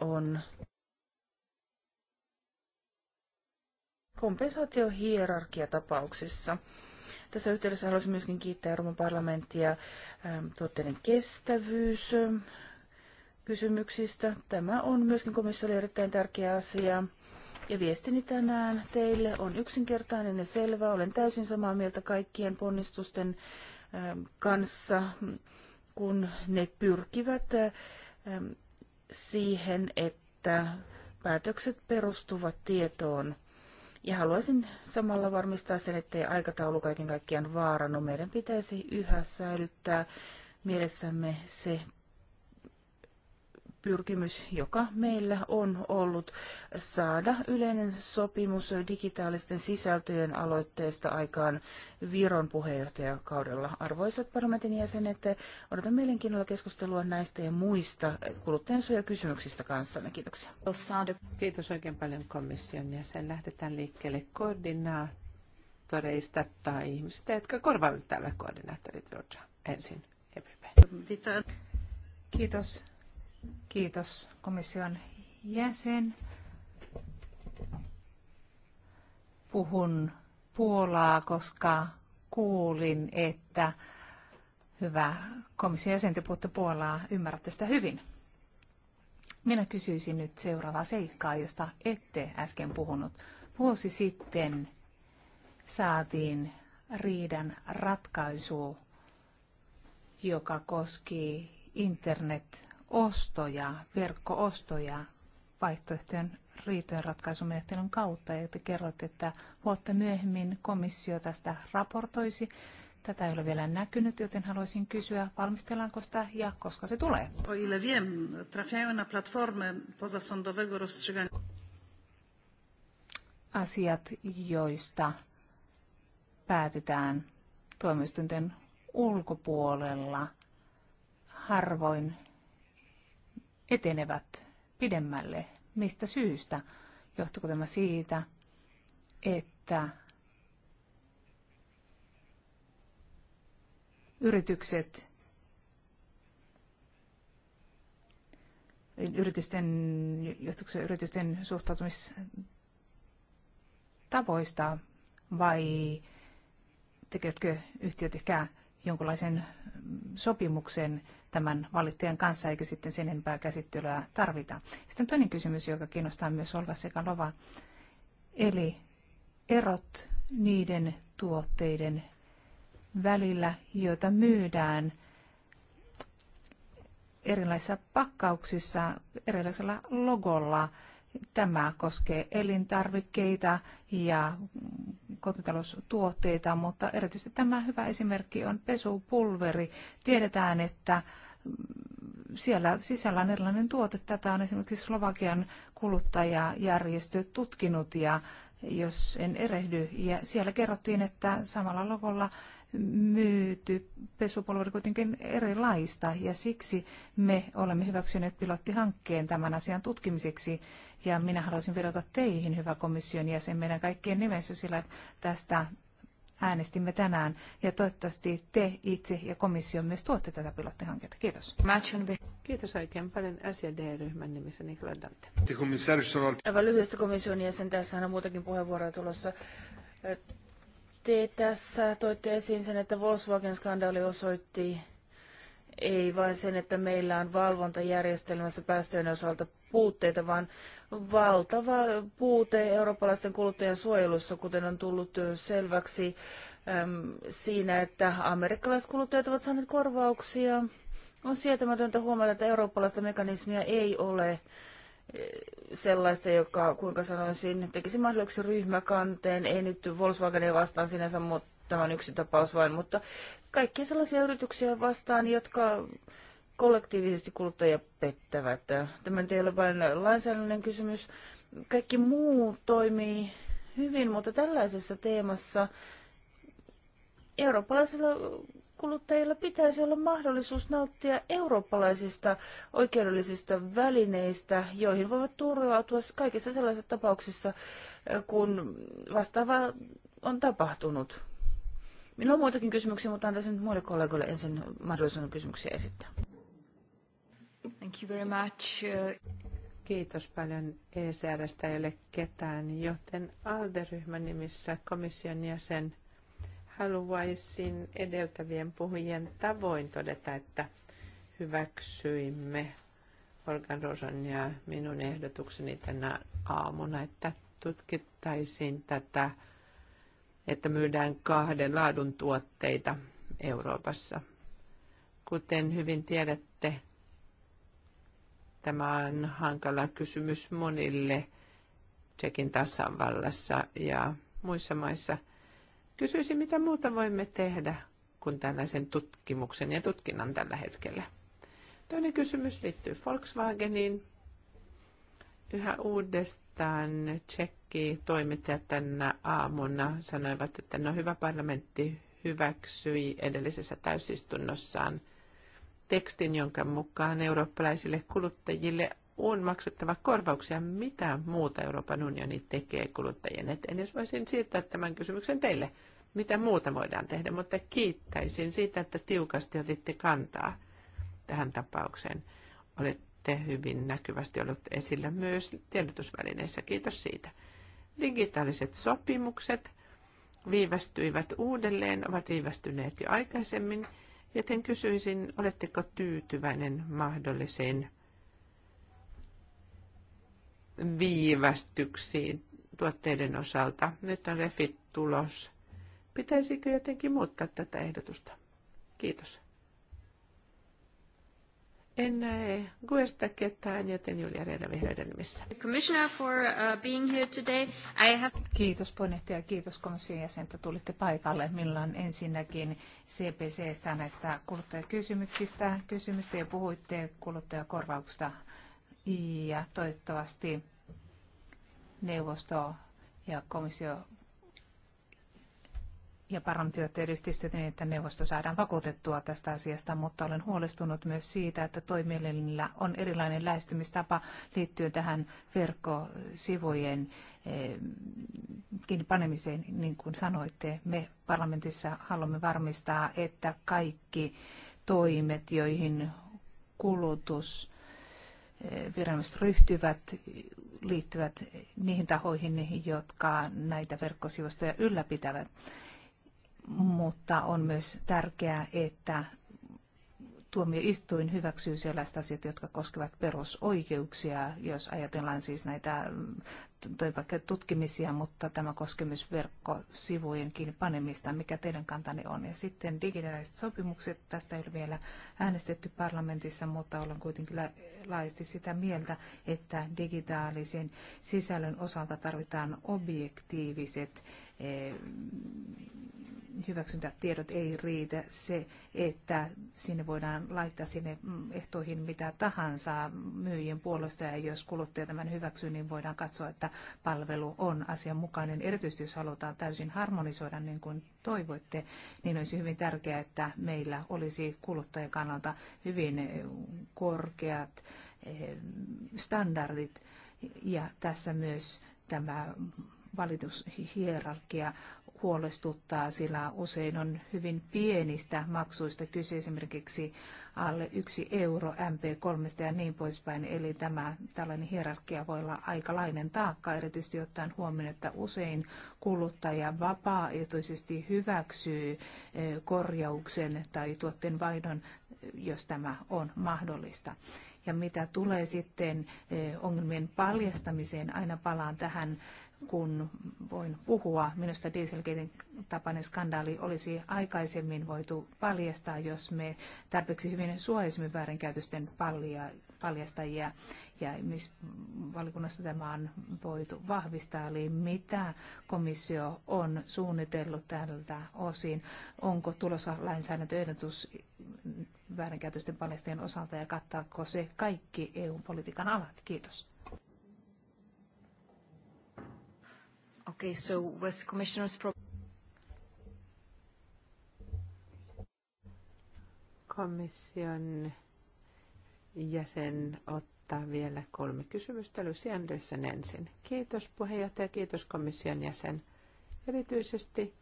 on kompensaatiohierarkiatapauksissa. Tässä yhteydessä haluaisin myöskin kiittää Euroopan parlamenttia ähm, tuotteiden kestävyys ähm, kysymyksistä. Tämä on myöskin komissiolle erittäin tärkeä asia. Ja viestini tänään teille on yksinkertainen ja selvä. Olen täysin samaa mieltä kaikkien ponnistusten ähm, kanssa, kun ne pyrkivät siihen, että päätökset perustuvat tietoon. Ja haluaisin samalla varmistaa sen, ettei aikataulu kaiken kaikkiaan vaarannu. Meidän pitäisi yhä säilyttää mielessämme se pyrkimys, joka meillä on ollut saada yleinen sopimus digitaalisten sisältöjen aloitteesta aikaan Viron puheenjohtajakaudella. Arvoisat parlamentin jäsenet, odotan mielenkiinnolla keskustelua näistä ja muista kuluttajansuojakysymyksistä kanssanne. Kiitoksia. Kiitos oikein paljon komission jäsen. Lähdetään liikkeelle koordinaattoreista tai ihmistä, jotka korvaavat täällä koordinaattorit ensin. E Kiitos Kiitos komission jäsen. Puhun Puolaa, koska kuulin, että hyvä komission jäsen, te puhutte Puolaa, ymmärrätte sitä hyvin. Minä kysyisin nyt seuraavaa seikkaa, josta ette äsken puhunut. Vuosi sitten saatiin riidan ratkaisu, joka koski internet ostoja, verkkoostoja vaihtoehtojen riitojen ratkaisumenettelyn kautta. Ja te kerroitte, että vuotta myöhemmin komissio tästä raportoisi. Tätä ei ole vielä näkynyt, joten haluaisin kysyä, valmistellaanko sitä ja koska se tulee? O ile wiem, trafiają na platformę pozasądowego rozstrzygania. Asiat, joista päätetään tuomioistuinten ulkopuolella harvoin etenevät pidemmälle. Mistä syystä? Johtuuko tämä siitä, että yritykset, yritysten, johtuuko yritysten suhtautumistavoista vai tekevätkö yhtiöt ehkä jonkinlaisen sopimuksen tämän valittajan kanssa, eikä sitten sen enempää käsittelyä tarvita. Sitten toinen kysymys, joka kiinnostaa myös Olga Sekalova, eli erot niiden tuotteiden välillä, joita myydään erilaisissa pakkauksissa, erilaisella logolla – Tämä koskee elintarvikkeita ja kotitaloustuotteita, mutta erityisesti tämä hyvä esimerkki on pesupulveri. Tiedetään, että mm, siellä sisällä on erilainen tuote. Tätä on esimerkiksi Slovakian kuluttajajärjestö tutkinut ja jos en erehdy. Ja siellä kerrottiin, että samalla logolla myyty pesupulveri erilaista ja siksi me olemme hyväksyneet pilottihankkeen tämän asian tutkimiseksi ja minä haluaisin vedota teihin, hyvä komission jäsen, meidän kaikkien nimessä, sillä tästä äänestimme tänään ja toivottavasti te itse ja komissio myös tuotte tätä pilottihanketta. Kiitos. Kiitos oikein paljon SJD-ryhmän nimissä Nikola Dante. Aivan lyhyesti komission jäsen, tässä on muutakin puheenvuoroja tulossa te tässä toitte esiin sen, että Volkswagen-skandaali osoitti ei vain sen, että meillä on valvontajärjestelmässä päästöjen osalta puutteita, vaan valtava puute eurooppalaisten kuluttajien suojelussa, kuten on tullut selväksi äm, siinä, että amerikkalaiset kuluttajat ovat saaneet korvauksia. On sietämätöntä huomata, että eurooppalaista mekanismia ei ole sellaista, joka, kuinka sanoisin, tekisi mahdolliseksi ryhmäkanteen, ei nyt Volkswagenia vastaan sinänsä, mutta tämä on yksi tapaus vain, mutta kaikkia sellaisia yrityksiä vastaan, jotka kollektiivisesti kuluttajia pettävät. Tämä ei ole vain Lainsäädännön kysymys. Kaikki muu toimii hyvin, mutta tällaisessa teemassa eurooppalaisella kuluttajilla pitäisi olla mahdollisuus nauttia eurooppalaisista oikeudellisista välineistä, joihin voivat turvautua kaikissa sellaisissa tapauksissa, eh, kun vastaava on tapahtunut. Minulla on muitakin kysymyksiä, mutta antaisin nyt muille kollegoille ensin mahdollisuuden kysymyksiä esittää. Thank you very much. Kiitos paljon ECRstä ei ole ketään, joten ALDE-ryhmän nimissä komission jäsen – haluaisin edeltävien puhujien tavoin todeta, että hyväksyimme Olkan Rosan ja minun ehdotukseni tänä aamuna, että tutkittaisiin tätä, että myydään kahden laadun tuotteita Euroopassa. Kuten hyvin tiedätte, tämä on hankala kysymys monille Tsekin tasavallassa ja muissa maissa – Kysyisin, mitä muuta voimme tehdä kuin tällaisen tutkimuksen ja tutkinnan tällä hetkellä. Toinen kysymys liittyy Volkswageniin. Yhä uudestaan tsekki toimittajat tänä aamuna sanoivat, että no hyvä parlamentti hyväksyi edellisessä täysistunnossaan tekstin, jonka mukaan eurooppalaisille kuluttajille on maksettava korvauksia. Mitä muuta Euroopan unioni tekee kuluttajien eteen? Jos voisin siirtää tämän kysymyksen teille, mitä muuta voidaan tehdä, mutta kiittäisin siitä, että tiukasti otitte kantaa tähän tapaukseen. Olette hyvin näkyvästi ollut esillä myös tiedotusvälineissä. Kiitos siitä. Digitaaliset sopimukset viivästyivät uudelleen, ovat viivästyneet jo aikaisemmin, joten kysyisin, oletteko tyytyväinen mahdolliseen viivästyksiin tuotteiden osalta. Nyt on refit tulos. Pitäisikö jotenkin muuttaa tätä ehdotusta? Kiitos. En näe Guesta ketään, joten Julia Reina vihreiden nimissä. Commissioner for uh, being here today. I have... Kiitos puheenjohtaja, kiitos komission jäsen, että tulitte paikalle. Minulla on ensinnäkin CPCstä näistä kuluttajakysymyksistä kysymystä ja puhuitte kuluttajakorvauksista ja toivottavasti neuvosto ja komissio ja parlamentin yhteistyötä niin, että neuvosto saadaan vakuutettua tästä asiasta, mutta olen huolestunut myös siitä, että toimielimillä on erilainen lähestymistapa liittyen tähän verkkosivujen eh, panemiseen, niin kuin sanoitte. Me parlamentissa haluamme varmistaa, että kaikki toimet, joihin kulutus viranomaiset ryhtyvät, liittyvät niihin tahoihin, jotka näitä verkkosivustoja ylläpitävät. Mutta on myös tärkeää, että tuomioistuin hyväksyy sellaiset asiat, jotka koskevat perusoikeuksia, jos ajatellaan siis näitä mm, tutkimisia, mutta tämä koskee myös verkkosivujen kiinni panemista, mikä teidän kantanne on. Ja sitten digitaaliset sopimukset, tästä ei ole vielä äänestetty parlamentissa, mutta olen kuitenkin laajasti sitä mieltä, että digitaalisen sisällön osalta tarvitaan objektiiviset eh, hyväksyntätiedot ei riitä se, että sinne voidaan laittaa sinne ehtoihin mitä tahansa myyjien puolesta ja jos kuluttaja tämän hyväksyy, niin voidaan katsoa, että palvelu on asianmukainen. Erityisesti jos halutaan täysin harmonisoida niin kuin toivoitte, niin olisi hyvin tärkeää, että meillä olisi kuluttajan kannalta hyvin korkeat eh, standardit ja tässä myös tämä valitushierarkia huolestuttaa, sillä usein on hyvin pienistä maksuista kyse esimerkiksi alle yksi euro MP3 ja niin poispäin. Eli tämä tällainen hierarkia voi olla aikalainen taakka, erityisesti ottaen huomioon, että usein kuluttaja vapaaehtoisesti hyväksyy eh, korjauksen tai tuotteen vaihdon, eh, jos tämä on mahdollista. Ja mitä tulee sitten eh, ongelmien paljastamiseen, aina palaan tähän kun voin puhua. Minusta Dieselgaten tapainen skandaali olisi aikaisemmin voitu paljastaa, jos me tarpeeksi hyvin suojaisimme väärinkäytösten pallia, paljastajia. Ja missä valikunnassa tämä on voitu vahvistaa, eli mitä komissio on suunnitellut tältä osin. Onko tulossa lainsäädäntöehdotus väärinkäytösten paljastajien osalta ja kattaako se kaikki EU-politiikan alat? Kiitos. Okay, so was Commissioner's pro- Komission jäsen ottaa vielä kolme kysymystä. Lucy Andersen ensin. Kiitos puheenjohtaja, kiitos komission jäsen. Erityisesti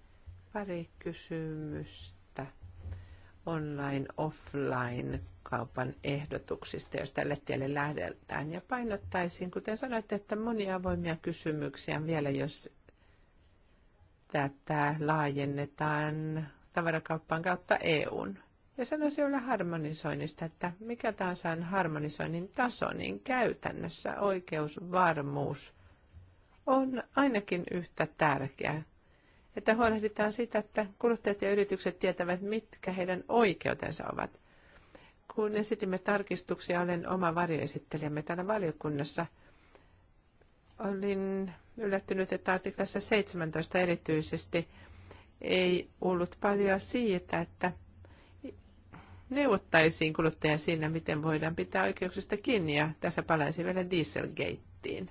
pari kysymystä online-offline kaupan ehdotuksista, jos tälle tielle lähdetään. Ja painottaisin, kuten sanoitte, että monia avoimia kysymyksiä on vielä, jos tätä laajennetaan tavarakauppaan kautta EUn. Ja sanoisin olla harmonisoinnista, että mikä tahansa on harmonisoinnin taso, niin käytännössä oikeusvarmuus on ainakin yhtä tärkeä. Että huolehditaan sitä, että kuluttajat ja yritykset tietävät, mitkä heidän oikeutensa ovat. Kun esitimme tarkistuksia, olen oma varjoesittelijämme täällä valiokunnassa – Olin yllättynyt, että artiklassa 17 erityisesti ei ollut paljon siitä, että neuvottaisiin kuluttajan siinä, miten voidaan pitää oikeuksista kiinni, ja tässä palaisi vielä Dieselgateen.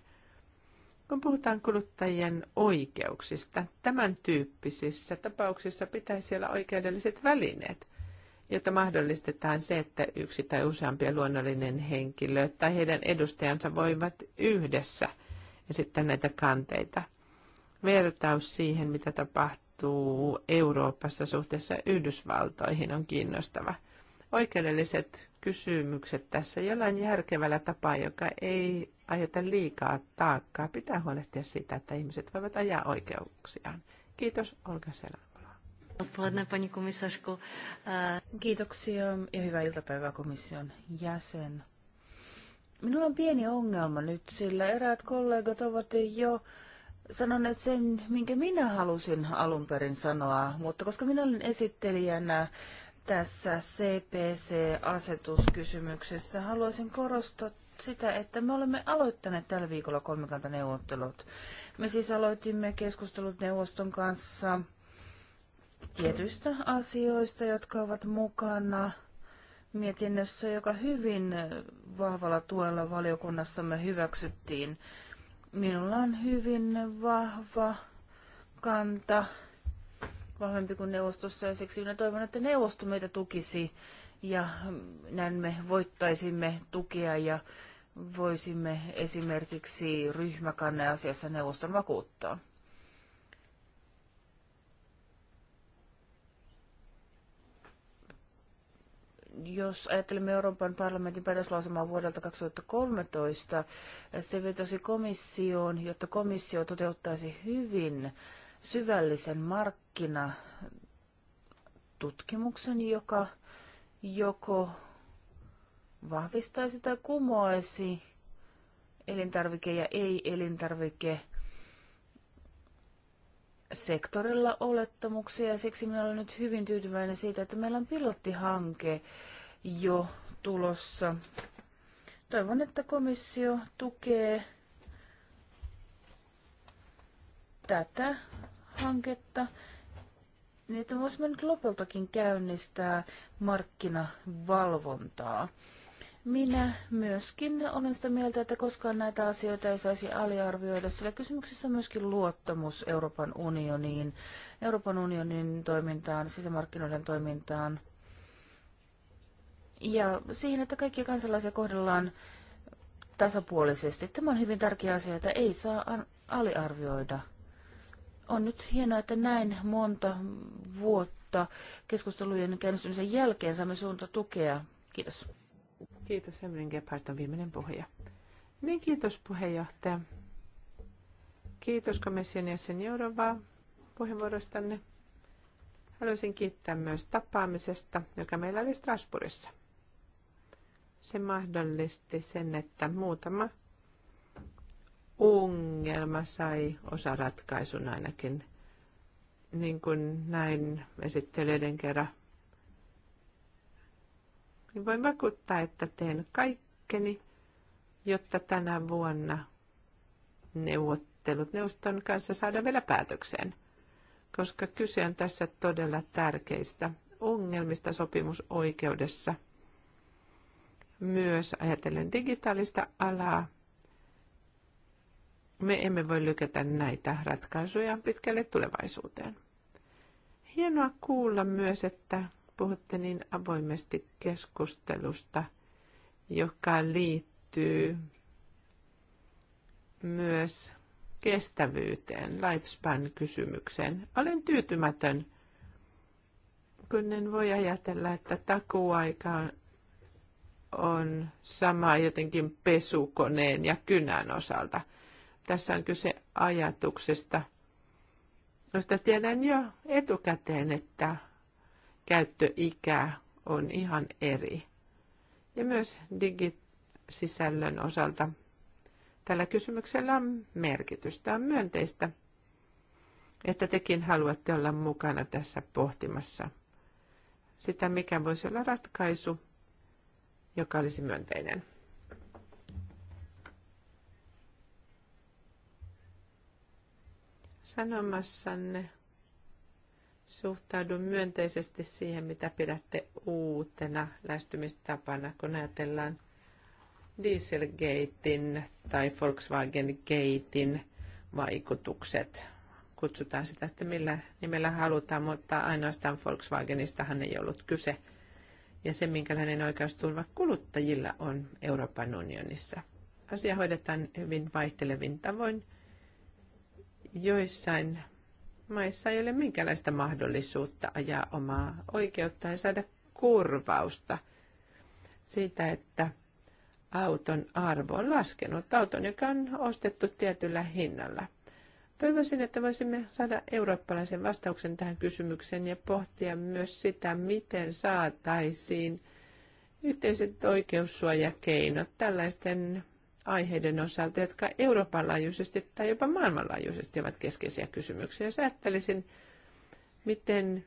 Kun puhutaan kuluttajien oikeuksista, tämän tyyppisissä tapauksissa pitäisi olla oikeudelliset välineet, jotta mahdollistetaan se, että yksi tai useampi luonnollinen henkilö tai heidän edustajansa voivat yhdessä – ja sitten näitä kanteita. Vertaus siihen, mitä tapahtuu Euroopassa suhteessa Yhdysvaltoihin, on kiinnostava. Oikeudelliset kysymykset tässä jollain järkevällä tapaa, joka ei aiheuta liikaa taakkaa. Pitää huolehtia siitä, että ihmiset voivat ajaa oikeuksiaan. Kiitos, Olga Selankola. Kiitoksia ja hyvää iltapäivää komission jäsen. Minulla on pieni ongelma nyt, sillä eräät kollegat ovat jo sanoneet sen, minkä minä halusin alun perin sanoa, mutta koska minä olen esittelijänä tässä CPC-asetuskysymyksessä, haluaisin korostaa sitä, että me olemme aloittaneet tällä viikolla kolmikantaneuvottelut. Me siis aloitimme keskustelut neuvoston kanssa tietyistä asioista, jotka ovat mukana – mietinnössä, joka hyvin vahvalla tuella valiokunnassamme hyväksyttiin. Minulla on hyvin vahva kanta, vahvempi kuin neuvostossa, ja siksi minä toivon, että neuvosto meitä tukisi, ja näin me voittaisimme tukea ja voisimme esimerkiksi ryhmäkanneasiassa neuvoston vakuuttaa. jos ajattelemme Euroopan parlamentin päätöslausumaa vuodelta 2013, se vetosi komissioon, jotta komissio toteuttaisi hyvin syvällisen markkinatutkimuksen, joka joko vahvistaisi tai kumoaisi elintarvike- ja ei-elintarvike sektorilla olettamuksia ja siksi minä olen nyt hyvin tyytyväinen siitä, että meillä on pilottihanke jo tulossa. Toivon, että komissio tukee tätä hanketta, niin että voisimme nyt lopultakin käynnistää markkinavalvontaa. Minä myöskin olen sitä mieltä, että koskaan näitä asioita ei saisi aliarvioida, sillä kysymyksessä on myöskin luottamus Euroopan unioniin, Euroopan unionin toimintaan, sisämarkkinoiden toimintaan ja siihen, että kaikkia kansalaisia kohdellaan tasapuolisesti. Tämä on hyvin tärkeä asia, jota ei saa aliarvioida. On nyt hienoa, että näin monta vuotta keskustelujen käynnistymisen jälkeen saamme suunta tukea. Kiitos. Kiitos, Evelyn Gebhardt on viimeinen puhuja. Niin, kiitos puheenjohtaja. Kiitos komission ja seniorovaa puheenvuorostanne. Haluaisin kiittää myös tapaamisesta, joka meillä oli Strasbourgissa. Se mahdollisti sen, että muutama ongelma sai osa ratkaisun ainakin. Niin kuin näin esittelyiden kerran niin voin vakuuttaa, että teen kaikkeni, jotta tänä vuonna neuvottelut neuvoston kanssa saadaan vielä päätökseen, koska kyse on tässä todella tärkeistä ongelmista sopimusoikeudessa. Myös ajatellen digitaalista alaa, me emme voi lykätä näitä ratkaisuja pitkälle tulevaisuuteen. Hienoa kuulla myös, että puhutte niin avoimesti keskustelusta, joka liittyy myös kestävyyteen, lifespan-kysymykseen. Olen tyytymätön, kun en voi ajatella, että takuaika on, on sama jotenkin pesukoneen ja kynän osalta. Tässä on kyse ajatuksesta, josta tiedän jo etukäteen, että käyttöikä on ihan eri. Ja myös digisisällön osalta tällä kysymyksellä on merkitystä. On myönteistä, että tekin haluatte olla mukana tässä pohtimassa sitä, mikä voisi olla ratkaisu, joka olisi myönteinen. Sanomassanne suhtaudun myönteisesti siihen, mitä pidätte uutena lähestymistapana, kun ajatellaan Dieselgatein tai Volkswagen Gatein vaikutukset. Kutsutaan sitä sitten millä nimellä halutaan, mutta ainoastaan Volkswagenistahan ei ollut kyse. Ja se, minkälainen oikeusturva kuluttajilla on Euroopan unionissa. Asia hoidetaan hyvin vaihtelevin tavoin. Joissain maissa ei ole minkäänlaista mahdollisuutta ajaa omaa oikeutta ja saada kurvausta siitä, että auton arvo on laskenut, auton, joka on ostettu tietyllä hinnalla. Toivoisin, että voisimme saada eurooppalaisen vastauksen tähän kysymykseen ja pohtia myös sitä, miten saataisiin yhteiset oikeussuojakeinot tällaisten aiheiden osalta, jotka Euroopan laajuisesti tai jopa maailmanlaajuisesti ovat keskeisiä kysymyksiä. Jos ajattelisin, miten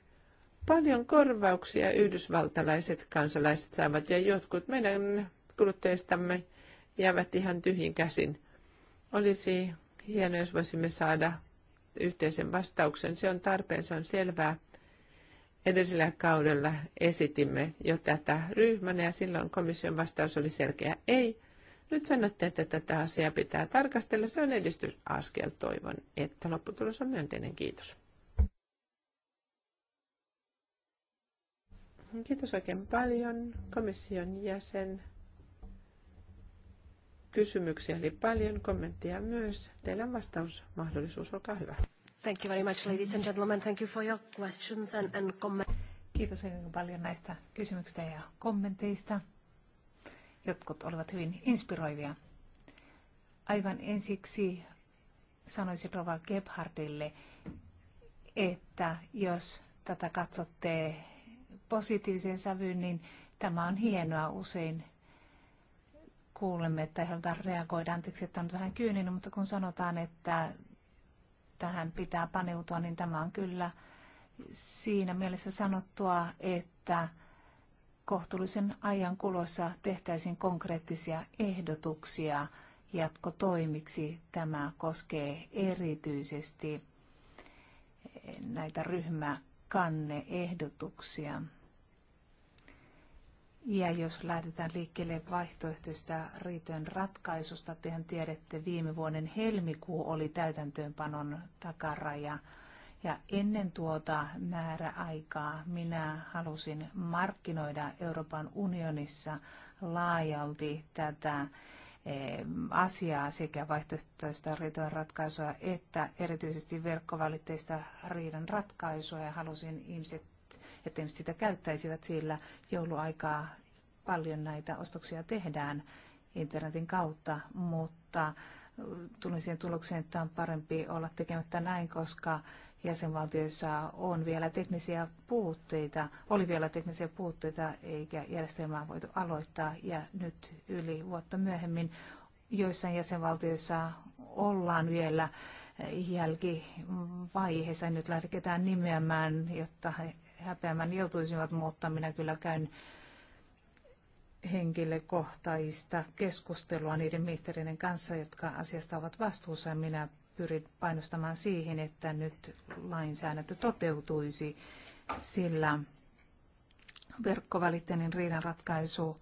paljon korvauksia yhdysvaltalaiset kansalaiset saavat ja jotkut meidän kuluttajistamme jäävät ihan tyhjin käsin. Olisi hienoa, jos voisimme saada yhteisen vastauksen. Se on tarpeen, se on selvää. Edellisellä kaudella esitimme jo tätä ryhmänä ja silloin komission vastaus oli selkeä ei. Nyt sanotte, että tätä asiaa pitää tarkastella. Se on edistysaskel. Toivon, että lopputulos on myönteinen. Kiitos. Kiitos oikein paljon komission jäsen. Kysymyksiä oli paljon, kommentteja myös. Teillä on vastausmahdollisuus, olkaa hyvä. Thank you very much, ladies and gentlemen. Thank you for your questions and, and comments. Kiitos oikein paljon näistä kysymyksistä ja kommenteista. Jotkut olivat hyvin inspiroivia. Aivan ensiksi sanoisin Rova Gebhardille, että jos tätä katsotte positiiviseen sävyyn, niin tämä on hienoa usein kuulemme, että heiltä reagoida. Anteeksi, että on vähän kyyninen, mutta kun sanotaan, että tähän pitää paneutua, niin tämä on kyllä siinä mielessä sanottua, että kohtuullisen ajan kulossa tehtäisiin konkreettisia ehdotuksia jatkotoimiksi. Tämä koskee erityisesti näitä ryhmäkanneehdotuksia. Ja jos lähdetään liikkeelle vaihtoehtoista riitojen ratkaisusta, tehän tiedätte, viime vuoden helmikuu oli täytäntöönpanon takaraja ja ennen tuota määräaikaa minä halusin markkinoida Euroopan unionissa laajalti tätä eh, asiaa sekä vaihtoehtoista riitojen ratkaisua että erityisesti verkkovalitteista riidan ratkaisua ja halusin ihmiset, että ihmiset sitä käyttäisivät sillä jouluaikaa paljon näitä ostoksia tehdään internetin kautta, mutta tulin siihen tulokseen, että on parempi olla tekemättä näin, koska jäsenvaltioissa on vielä teknisiä puutteita, oli vielä teknisiä puutteita eikä järjestelmää voitu aloittaa ja nyt yli vuotta myöhemmin joissain jäsenvaltioissa ollaan vielä jälkivaiheessa. nyt lähdetään nimeämään, jotta häpeämään joutuisivat, mutta minä kyllä käyn henkilökohtaista keskustelua niiden ministerien kanssa, jotka asiasta ovat vastuussa. Minä pyrin painostamaan siihen, että nyt lainsäädäntö toteutuisi, sillä verkkovälitteinen riidanratkaisu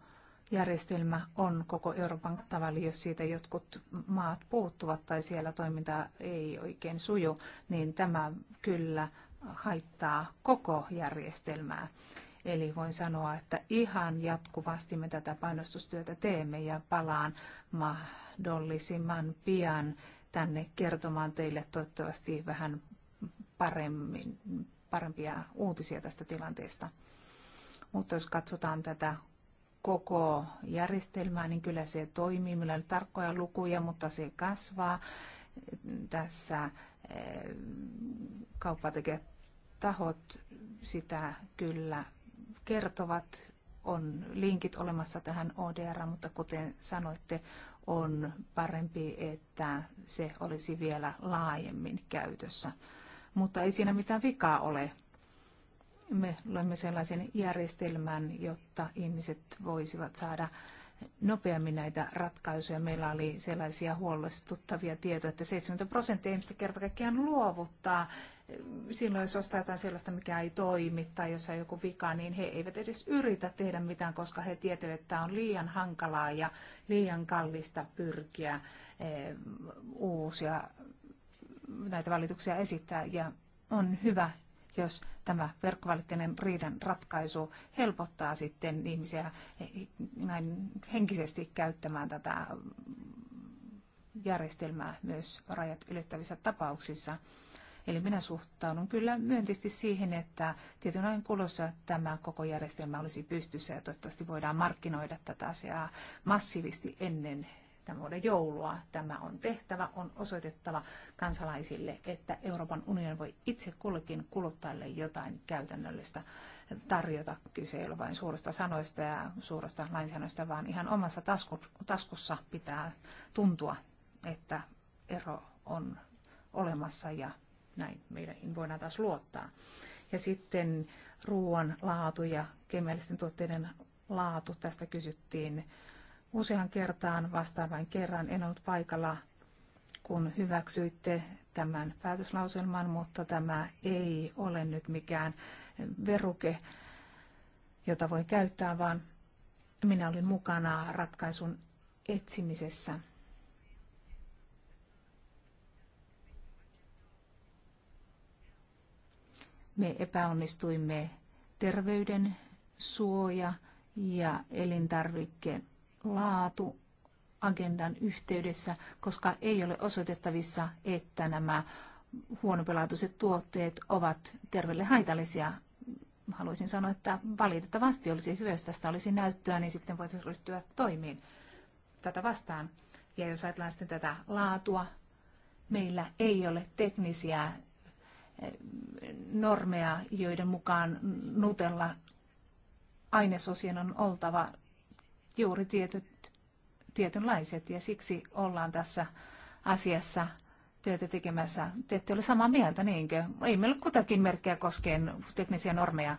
järjestelmä on koko Euroopan tavalli, jos siitä jotkut maat puuttuvat tai siellä toiminta ei oikein suju, niin tämä kyllä haittaa koko järjestelmää. Eli voin sanoa, että ihan jatkuvasti me tätä painostustyötä teemme ja palaan mahdollisimman pian tänne kertomaan teille toivottavasti vähän paremmin, parempia uutisia tästä tilanteesta. Mutta jos katsotaan tätä koko järjestelmää, niin kyllä se toimii. Meillä on tarkkoja lukuja, mutta se kasvaa. Tässä eh, kauppatekijät tahot sitä kyllä kertovat, on linkit olemassa tähän ODR, mutta kuten sanoitte, on parempi, että se olisi vielä laajemmin käytössä. Mutta ei siinä mitään vikaa ole. Me luemme sellaisen järjestelmän, jotta ihmiset voisivat saada nopeammin näitä ratkaisuja. Meillä oli sellaisia huolestuttavia tietoja, että 70 prosenttia ihmistä kerta kaikkiaan luovuttaa silloin jos ostaa jotain sellaista, mikä ei toimi tai jos on joku vika, niin he eivät edes yritä tehdä mitään, koska he tietävät, että tämä on liian hankalaa ja liian kallista pyrkiä eh, uusia näitä valituksia esittää ja on hyvä, jos tämä verkkovälitteinen riidan ratkaisu helpottaa sitten ihmisiä eh, näin henkisesti käyttämään tätä järjestelmää myös rajat ylittävissä tapauksissa. Eli minä suhtaudun kyllä myönteisesti siihen, että tietyn ajan kulussa tämä koko järjestelmä olisi pystyssä ja toivottavasti voidaan markkinoida tätä asiaa massiivisesti ennen tämän vuoden joulua. Tämä on tehtävä, on osoitettava kansalaisille, että Euroopan unioni voi itse kullekin kuluttajille jotain käytännöllistä tarjota. Kyse ei ole vain suurista sanoista ja suurista lainsäädännöstä, vaan ihan omassa taskussa pitää tuntua, että ero on olemassa ja näin meihin voidaan taas luottaa. Ja sitten ruoan laatu ja kemiallisten tuotteiden laatu, tästä kysyttiin usean kertaan, vastaan vain kerran. En ollut paikalla, kun hyväksyitte tämän päätöslauselman, mutta tämä ei ole nyt mikään veruke, jota voi käyttää, vaan minä olin mukana ratkaisun etsimisessä. Me epäonnistuimme terveyden suoja ja elintarvikkeen laatu agendan yhteydessä, koska ei ole osoitettavissa, että nämä huonopelaatuiset tuotteet ovat terveelle haitallisia. Haluaisin sanoa, että valitettavasti olisi hyvä, jos tästä olisi näyttöä, niin sitten voitaisiin ryhtyä toimiin tätä vastaan. Ja jos ajatellaan sitten tätä laatua, meillä ei ole teknisiä normeja, joiden mukaan nutella ainesosien on oltava juuri tietyt, tietynlaiset ja siksi ollaan tässä asiassa työtä tekemässä. Te ette ole samaa mieltä, niinkö? Ei meillä kutakin merkkejä koskien teknisiä normeja.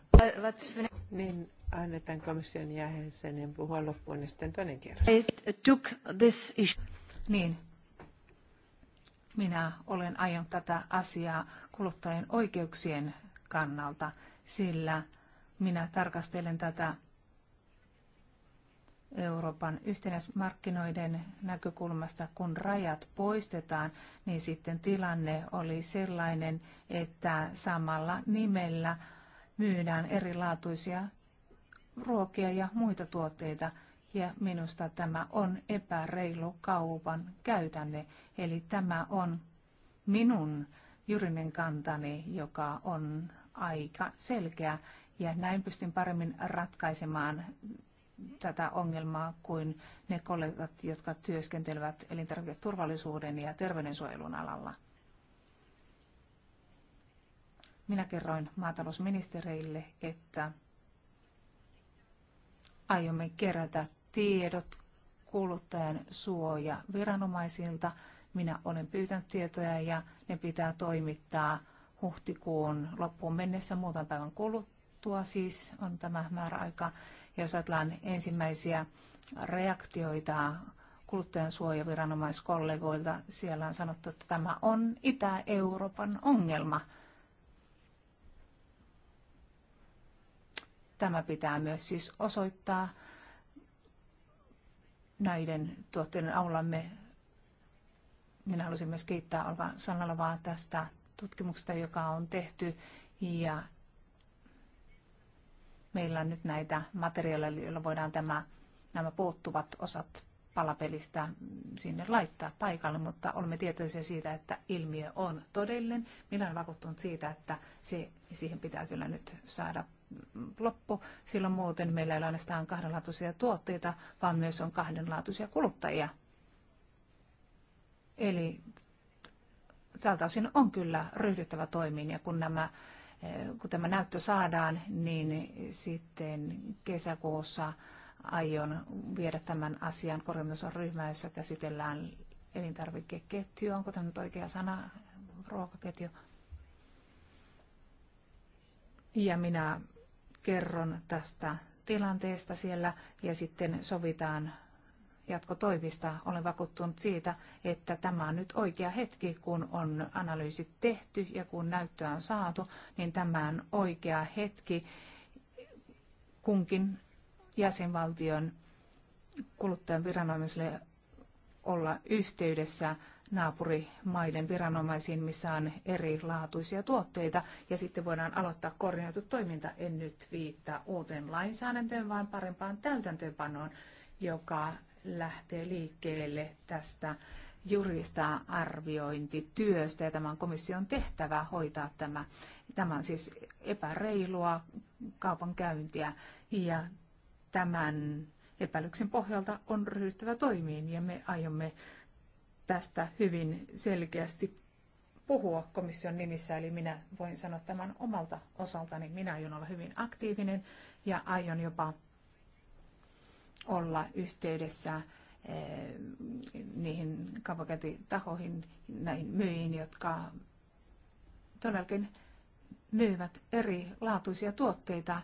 Niin, annetaan komission jäsenen puhua loppuun ja niin sitten toinen kierros. Took this issue. Niin, minä olen ajanut tätä asiaa kuluttajien oikeuksien kannalta, sillä minä tarkastelen tätä Euroopan yhtenäismarkkinoiden näkökulmasta, kun rajat poistetaan, niin sitten tilanne oli sellainen, että samalla nimellä myydään erilaatuisia ruokia ja muita tuotteita ja minusta tämä on epäreilu kaupan käytänne. Eli tämä on minun juridinen kantani, joka on aika selkeä ja näin pystyn paremmin ratkaisemaan tätä ongelmaa kuin ne kollegat, jotka työskentelevät elintarviketurvallisuuden ja terveydensuojelun alalla. Minä kerroin maatalousministereille, että aiomme kerätä tiedot kuluttajan suoja viranomaisilta. Minä olen pyytänyt tietoja ja ne pitää toimittaa huhtikuun loppuun mennessä muutaman päivän kuluttua siis on tämä määräaika. Ja jos ajatellaan ensimmäisiä reaktioita kuluttajan suojaviranomaiskollegoilta, siellä on sanottu, että tämä on Itä-Euroopan ongelma. Tämä pitää myös siis osoittaa näiden tuotteiden avulla me, minä halusin myös kiittää Olva Sanalovaa tästä tutkimuksesta, joka on tehty ja meillä on nyt näitä materiaaleja, joilla voidaan tämä, nämä puuttuvat osat palapelistä sinne laittaa paikalle, mutta olemme tietoisia siitä, että ilmiö on todellinen. Minä olen vakuuttunut siitä, että se, siihen pitää kyllä nyt saada loppu, silloin muuten meillä ei ole ainoastaan kahdenlaatuisia tuotteita, vaan myös on kahdenlaatuisia kuluttajia. Eli tältä osin on kyllä ryhdyttävä toimiin ja kun nämä eh, kun tämä näyttö saadaan, niin sitten kesäkuussa aion viedä tämän asian korkeatason ryhmään, jossa käsitellään elintarvikeketju, onko tämä nyt oikea sana, ruokaketju. Ja minä kerron tästä tilanteesta siellä ja sitten sovitaan jatkotoimista. Olen vakuuttunut siitä, että tämä on nyt oikea hetki, kun on analyysit tehty ja kun näyttöä on saatu, niin tämä on oikea hetki kunkin jäsenvaltion kuluttajan viranomaisille olla yhteydessä naapurimaiden viranomaisiin, missä on erilaatuisia tuotteita, ja sitten voidaan aloittaa koordinoitu toiminta. En nyt viittaa uuteen lainsäädäntöön, vaan parempaan täytäntöönpanoon, joka lähtee liikkeelle tästä jurista arviointityöstä ja tämän komission tehtävä hoitaa tämä. Tämä on siis epäreilua kaupankäyntiä ja tämän epäilyksen pohjalta on ryhtyvä toimiin ja me aiomme tästä hyvin selkeästi puhua komission nimissä, eli minä voin sanoa tämän omalta osaltani. Minä aion olla hyvin aktiivinen ja aion jopa olla yhteydessä eh, niihin kaupankäyntitahoihin, näihin myyjiin, jotka todellakin myyvät eri laatuisia tuotteita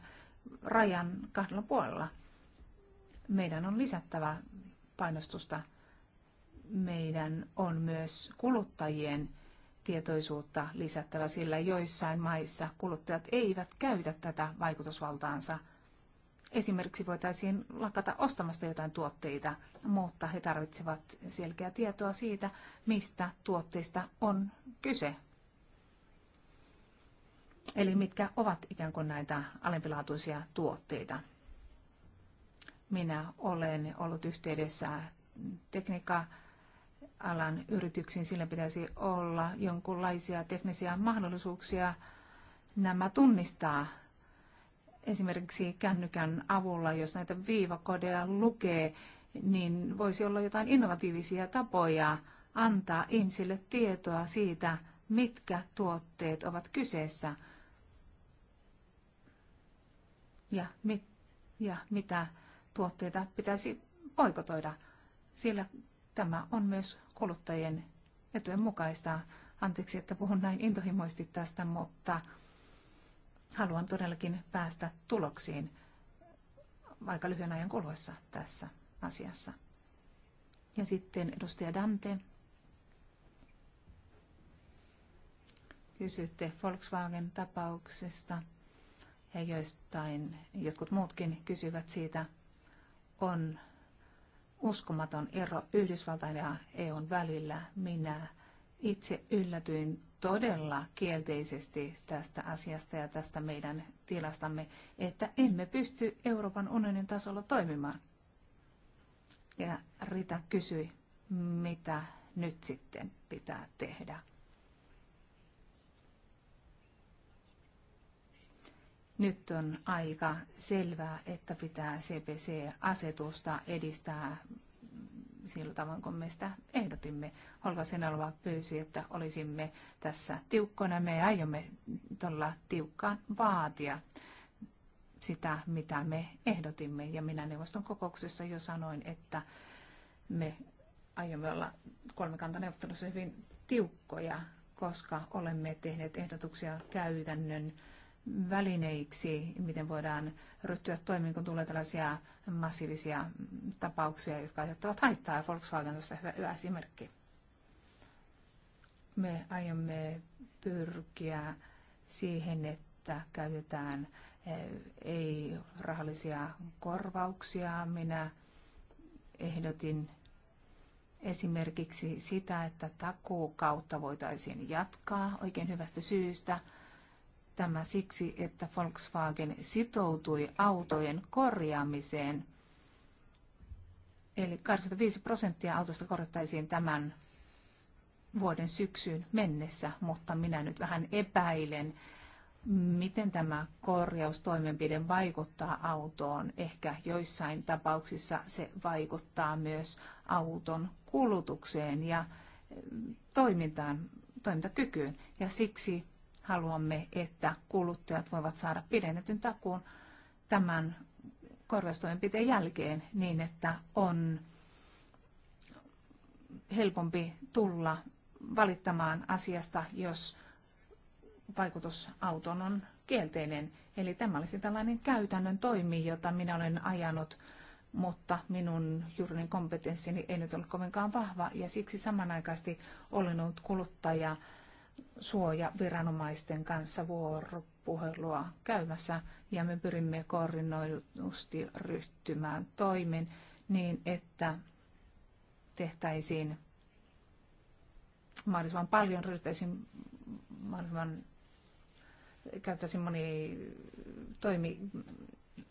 rajan kahdella puolella. Meidän on lisättävä painostusta meidän on myös kuluttajien tietoisuutta lisättävä, sillä joissain maissa kuluttajat eivät käytä tätä vaikutusvaltaansa. Esimerkiksi voitaisiin lakata ostamasta jotain tuotteita, mutta he tarvitsevat selkeää tietoa siitä, mistä tuotteista on kyse. Eli mitkä ovat ikään kuin näitä alempilaatuisia tuotteita. Minä olen ollut yhteydessä tekniikka alan yrityksiin, sillä pitäisi olla jonkunlaisia teknisiä mahdollisuuksia nämä tunnistaa. Esimerkiksi kännykän avulla, jos näitä viivakodeja lukee, niin voisi olla jotain innovatiivisia tapoja antaa ihmisille tietoa siitä, mitkä tuotteet ovat kyseessä ja, mit, ja mitä tuotteita pitäisi poikotoida, sillä tämä on myös kuluttajien etujen mukaista. Anteeksi, että puhun näin intohimoisesti tästä, mutta haluan todellakin päästä tuloksiin aika lyhyen ajan kuluessa tässä asiassa. Ja sitten edustaja Dante. Kysytte Volkswagen-tapauksesta ja joistain jotkut muutkin kysyvät siitä. On uskomaton ero Yhdysvaltain ja EUn välillä. Minä itse yllätyin todella kielteisesti tästä asiasta ja tästä meidän tilastamme, että emme pysty Euroopan unionin tasolla toimimaan. Ja Rita kysyi, mitä nyt sitten pitää tehdä. Nyt on aika selvää, että pitää CPC-asetusta edistää sillä tavoin kun me sitä ehdotimme. Holka Senalva pyysi, että olisimme tässä tiukkoina. Me aiomme tuolla tiukkaan vaatia sitä, mitä me ehdotimme. Ja minä neuvoston kokouksessa jo sanoin, että me aiomme olla kolmikantaneuvottelussa hyvin tiukkoja, koska olemme tehneet ehdotuksia käytännön välineiksi, miten voidaan ryhtyä toimiin, kun tulee tällaisia massiivisia tapauksia, jotka aiheuttavat haittaa. Volkswagen on hyvä, hyvä esimerkki. Me aiomme pyrkiä siihen, että käytetään eh, ei-rahallisia korvauksia. Minä ehdotin esimerkiksi sitä, että takuu kautta voitaisiin jatkaa oikein hyvästä syystä – Tämä siksi, että Volkswagen sitoutui autojen korjaamiseen. Eli 85 prosenttia autosta korjattaisiin tämän vuoden syksyyn mennessä, mutta minä nyt vähän epäilen, miten tämä korjaustoimenpide vaikuttaa autoon. Ehkä joissain tapauksissa se vaikuttaa myös auton kulutukseen ja eh, toimintaan, toimintakykyyn. Ja siksi haluamme, että kuluttajat voivat saada pidennetyn takuun tämän korjaustoimenpiteen jälkeen niin, että on helpompi tulla valittamaan asiasta, jos vaikutus auton on kielteinen. Eli tämä olisi tällainen käytännön toimi, jota minä olen ajanut, mutta minun juridinen kompetenssini ei nyt ole kovinkaan vahva ja siksi samanaikaisesti olen ollut kuluttaja suojaviranomaisten kanssa vuoropuhelua käymässä ja me pyrimme koordinoidusti ryhtymään toimin niin, että tehtäisiin mahdollisimman paljon, ryhtäisiin mahdollisimman, käyttäisiin moni toimi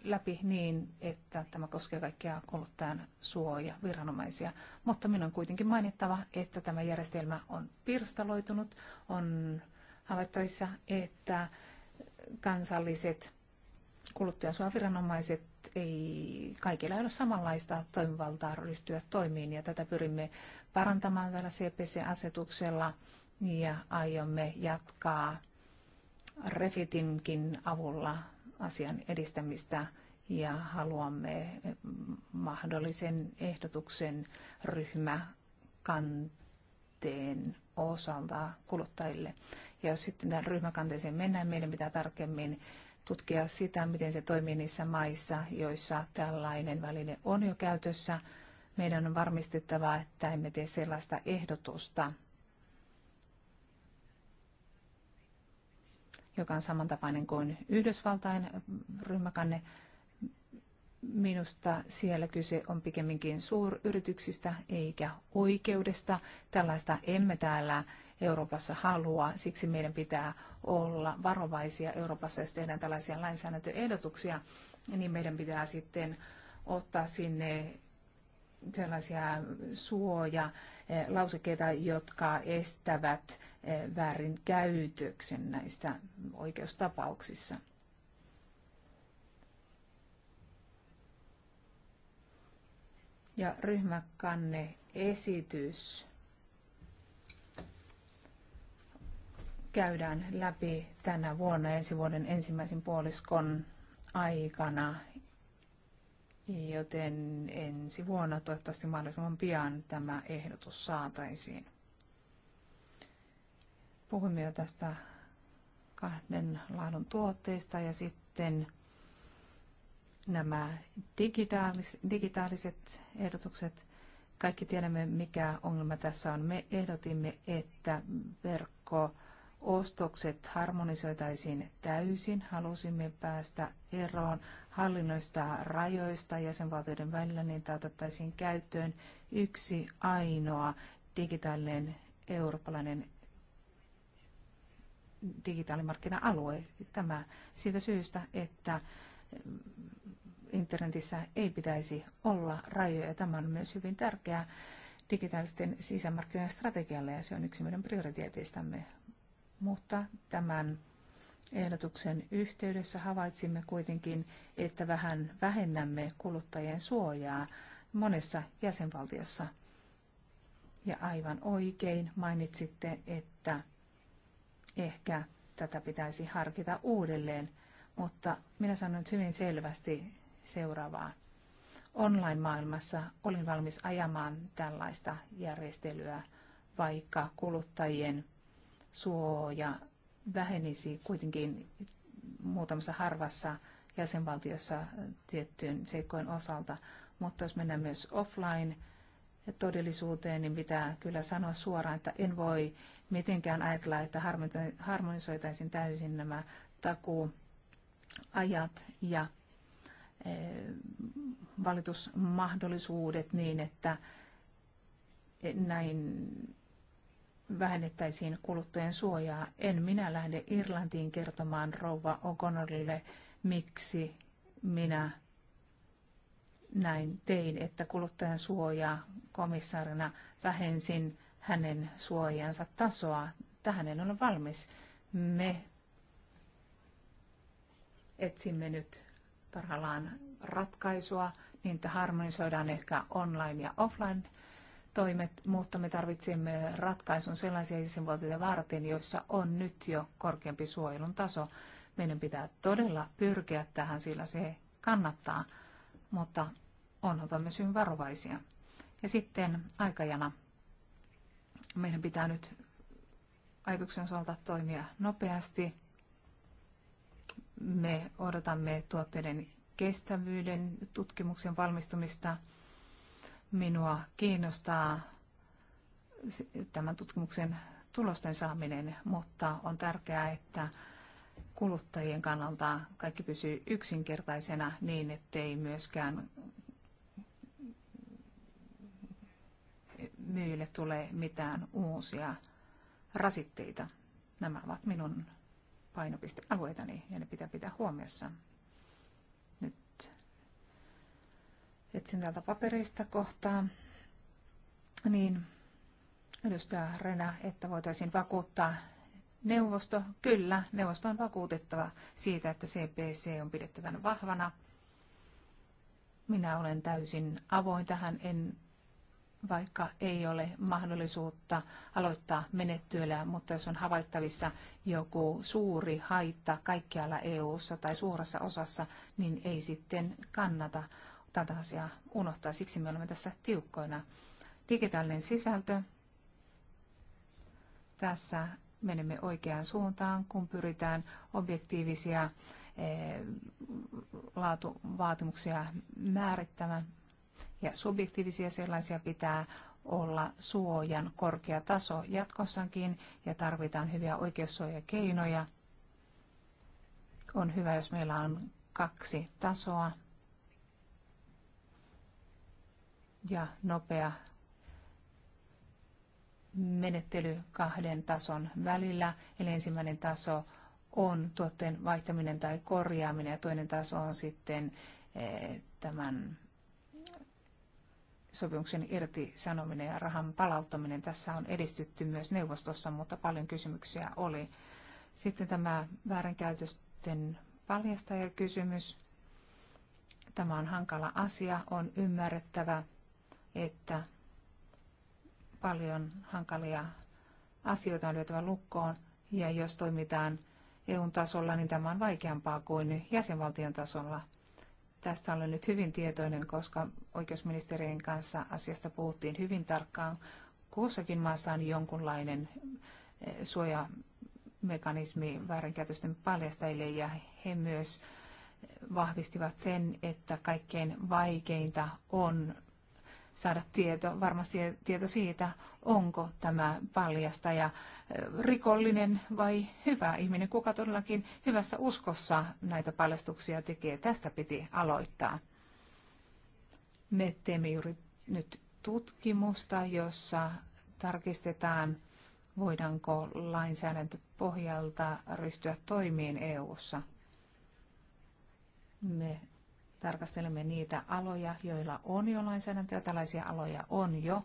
läpi niin, että tämä koskee kaikkia kuluttajan suoja viranomaisia. Mutta minun on kuitenkin mainittava, että tämä järjestelmä on pirstaloitunut, on havaittavissa, että kansalliset kuluttajansuojaviranomaiset ei, kaikilla ei ole samanlaista toimivaltaa ryhtyä toimiin ja tätä pyrimme parantamaan tällä CPC-asetuksella ja aiomme jatkaa Refitinkin avulla asian edistämistä ja haluamme mahdollisen ehdotuksen ryhmäkanteen osalta kuluttajille. Ja jos sitten tämän ryhmäkanteeseen mennään, meidän pitää tarkemmin tutkia sitä, miten se toimii niissä maissa, joissa tällainen väline on jo käytössä. Meidän on varmistettava, että emme tee sellaista ehdotusta, joka on samantapainen kuin Yhdysvaltain ryhmäkanne. Minusta siellä kyse on pikemminkin suuryrityksistä eikä oikeudesta. Tällaista emme täällä Euroopassa halua. Siksi meidän pitää olla varovaisia Euroopassa, jos tehdään tällaisia lainsäädäntöehdotuksia, niin meidän pitää sitten ottaa sinne sellaisia suoja Eh, lausekkeita, jotka estävät eh, väärinkäytöksen näistä oikeustapauksissa. Ja ryhmäkanne esitys käydään läpi tänä vuonna ensi vuoden ensimmäisen puoliskon aikana joten ensi vuonna toivottavasti mahdollisimman pian tämä ehdotus saataisiin. Puhumme jo tästä kahden laadun tuotteista ja sitten nämä digitaalis, digitaaliset ehdotukset. Kaikki tiedämme, mikä ongelma tässä on. Me ehdotimme, että verkko-ostokset harmonisoitaisiin täysin. Halusimme päästä eroon hallinnoista rajoista jäsenvaltioiden välillä, niin otettaisiin käyttöön yksi ainoa digitaalinen eurooppalainen digitaalimarkkina-alue. Tämä siitä syystä, että internetissä ei pitäisi olla rajoja. Tämä on myös hyvin tärkeää digitaalisten sisämarkkinoiden strategialle ja se on yksi meidän prioriteeteistamme. Mutta tämän ehdotuksen yhteydessä havaitsimme kuitenkin, että vähän vähennämme kuluttajien suojaa monessa jäsenvaltiossa. Ja aivan oikein mainitsitte, että ehkä tätä pitäisi harkita uudelleen, mutta minä sanon nyt hyvin selvästi seuraavaa. Online-maailmassa olin valmis ajamaan tällaista järjestelyä, vaikka kuluttajien suoja vähenisi kuitenkin muutamassa harvassa jäsenvaltiossa tiettyyn seikkojen osalta. Mutta jos mennään myös offline todellisuuteen, niin pitää kyllä sanoa suoraan, että en voi mitenkään ajatella, että harmonisoitaisiin täysin nämä takuajat ja eh, valitusmahdollisuudet niin, että näin vähennettäisiin kuluttajien suojaa. En minä lähde Irlantiin kertomaan rouva O'Connellille, miksi minä näin tein, että kuluttajan suojaa komissaarina vähensin hänen suojansa tasoa. Tähän en ole valmis. Me etsimme nyt parhaillaan ratkaisua niin, että harmonisoidaan ehkä online ja offline toimet, mutta me tarvitsemme ratkaisun sellaisia jäsenvaltioita varten, joissa on nyt jo korkeampi suojelun taso. Meidän pitää todella pyrkiä tähän, sillä se kannattaa, mutta on oltava myös hyvin varovaisia. Ja sitten aikajana. Meidän pitää nyt ajatuksen osalta toimia nopeasti. Me odotamme tuotteiden kestävyyden tutkimuksen valmistumista – minua kiinnostaa tämän tutkimuksen tulosten saaminen, mutta on tärkeää, että kuluttajien kannalta kaikki pysyy yksinkertaisena niin, ettei myöskään myyjille tule mitään uusia rasitteita. Nämä ovat minun painopistealueitani ja ne pitää pitää huomiossa. etsin täältä papereista kohtaa, niin edustaja Rena, että voitaisiin vakuuttaa neuvosto. Kyllä, neuvosto on vakuutettava siitä, että CPC on pidettävän vahvana. Minä olen täysin avoin tähän, en vaikka ei ole mahdollisuutta aloittaa menettelyä, mutta jos on havaittavissa joku suuri haitta kaikkialla EU-ssa tai suuressa osassa, niin ei sitten kannata tätä asiaa unohtaa. Siksi me olemme tässä tiukkoina. Digitaalinen sisältö. Tässä menemme oikeaan suuntaan, kun pyritään objektiivisia eh, laatuvaatimuksia määrittämään. Ja subjektiivisia sellaisia pitää olla suojan korkea taso jatkossakin ja tarvitaan hyviä oikeussuojakeinoja. On hyvä, jos meillä on kaksi tasoa, ja nopea menettely kahden tason välillä. Eli ensimmäinen taso on tuotteen vaihtaminen tai korjaaminen ja toinen taso on sitten eh, tämän sopimuksen irtisanominen ja rahan palauttaminen. Tässä on edistytty myös neuvostossa, mutta paljon kysymyksiä oli. Sitten tämä väärinkäytösten paljastajakysymys. Tämä on hankala asia, on ymmärrettävä, että paljon hankalia asioita on lyötävä lukkoon, ja jos toimitaan eu tasolla, niin tämä on vaikeampaa kuin jäsenvaltion tasolla. Tästä olen nyt hyvin tietoinen, koska oikeusministerien kanssa asiasta puhuttiin hyvin tarkkaan. Kuussakin maassa on jonkunlainen eh, suojamekanismi väärinkäytösten paljastajille, ja he myös vahvistivat sen, että kaikkein vaikeinta on saada tieto, varma tieto siitä, onko tämä paljastaja rikollinen vai hyvä ihminen, kuka todellakin hyvässä uskossa näitä paljastuksia tekee. Tästä piti aloittaa. Me teemme juuri nyt tutkimusta, jossa tarkistetaan, voidaanko lainsäädäntöpohjalta ryhtyä toimiin EU-ssa. Me tarkastelemme niitä aloja, joilla on jo lainsäädäntöä. Tällaisia aloja on jo.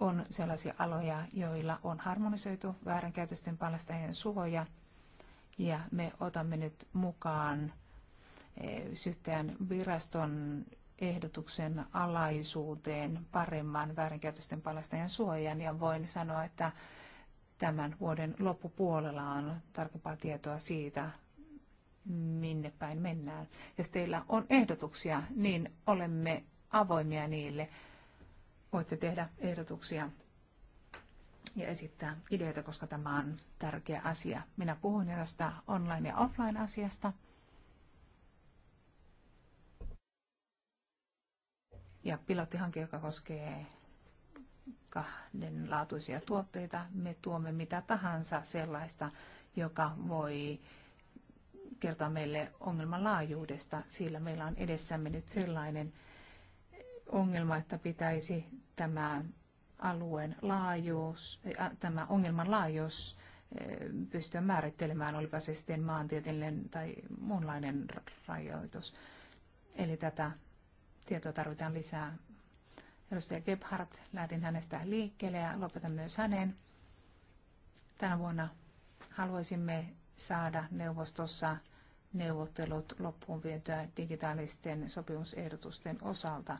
On sellaisia aloja, joilla on harmonisoitu väärinkäytösten paljastajien suoja. Ja me otamme nyt mukaan eh, syyttäjän viraston ehdotuksen alaisuuteen paremman väärinkäytösten paljastajan suojan ja voin sanoa, että tämän vuoden loppupuolella on tarkempaa tietoa siitä, minne päin mennään. Jos teillä on ehdotuksia, niin olemme avoimia niille. Voitte tehdä ehdotuksia ja esittää ideoita, koska tämä on tärkeä asia. Minä puhun tästä online- ja offline-asiasta. Ja pilottihanke, joka koskee kahdenlaatuisia tuotteita, me tuomme mitä tahansa sellaista, joka voi kertoa meille ongelman laajuudesta, sillä meillä on edessämme nyt sellainen ongelma, että pitäisi tämä alueen laajuus, tämä ongelman laajuus pystyä määrittelemään, olipa se sitten maantieteellinen tai muunlainen rajoitus. Eli tätä tietoa tarvitaan lisää. Edustaja Gebhardt, lähdin hänestä liikkeelle ja lopetan myös hänen. Tänä vuonna haluaisimme saada neuvostossa neuvottelut loppuun vietyä digitaalisten sopimusehdotusten osalta.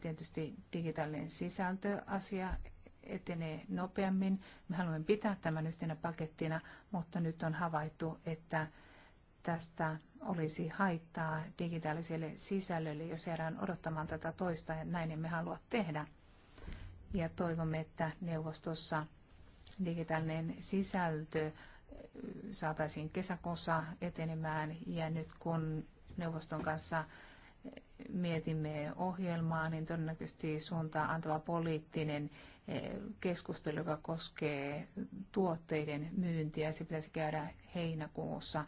Tietysti digitaalinen sisältöasia etenee nopeammin. Me haluamme pitää tämän yhtenä pakettina, mutta nyt on havaittu, että tästä olisi haittaa digitaaliselle sisällölle, jos jäädään odottamaan tätä toista, ja näin emme halua tehdä. Ja toivomme, että neuvostossa digitaalinen sisältö saataisiin kesäkuussa etenemään. Ja nyt kun neuvoston kanssa mietimme ohjelmaa, niin todennäköisesti suuntaan antava poliittinen eh, keskustelu, joka koskee tuotteiden myyntiä, se pitäisi käydä heinäkuussa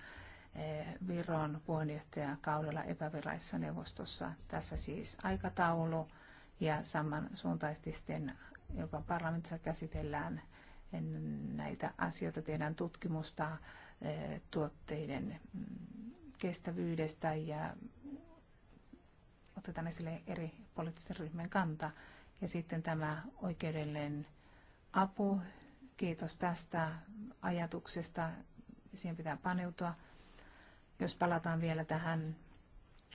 eh, Viron kaudella epävirallisessa neuvostossa. Tässä siis aikataulu ja samansuuntaisesti sitten jopa parlamentissa käsitellään näitä asioita, tehdään tutkimusta eh, tuotteiden mm, kestävyydestä ja otetaan esille eri poliittisten ryhmien kanta. Ja sitten tämä oikeudellinen apu, kiitos tästä ajatuksesta, siihen pitää paneutua. Jos palataan vielä tähän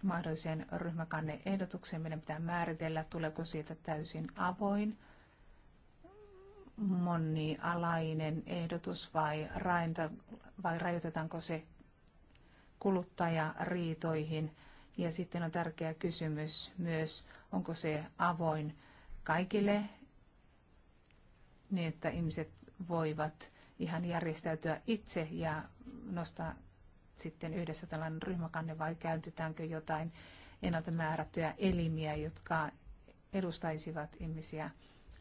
mahdolliseen ryhmäkanneehdotukseen, meidän pitää määritellä, tuleeko siitä täysin avoin monialainen ehdotus vai, rainta, vai rajoitetaanko se kuluttajariitoihin? Ja sitten on tärkeä kysymys myös, onko se avoin kaikille niin, että ihmiset voivat ihan järjestäytyä itse ja nostaa sitten yhdessä tällainen ryhmäkanne vai käytetäänkö jotain ennalta määrättyjä elimiä, jotka edustaisivat ihmisiä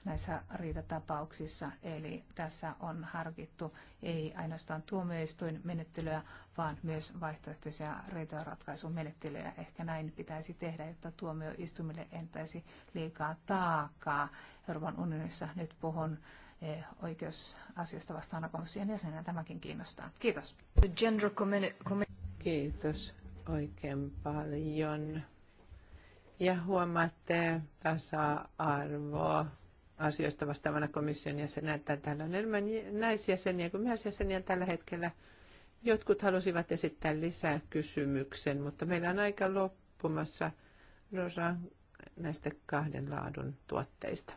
näissä riitatapauksissa. Eli tässä on harkittu ei ainoastaan tuomioistuin menettelyä, vaan myös vaihtoehtoisia riitojenratkaisumenettelyjä. Ehkä näin pitäisi tehdä, jotta tuomioistuimille entäisi liikaa taakkaa, Euroopan unionissa nyt puhun eh, oikeusasiasta vastaan komission jäsenenä. Tämäkin kiinnostaa. Kiitos. Kiitos oikein paljon. Ja huomaatte tasa-arvoa asioista vastaavana komission jäsenä, että täällä on enemmän naisjäseniä kuin miesjäseniä tällä hetkellä. Jotkut halusivat esittää lisää kysymyksen, mutta meillä on aika loppumassa Rosa näistä kahden laadun tuotteista.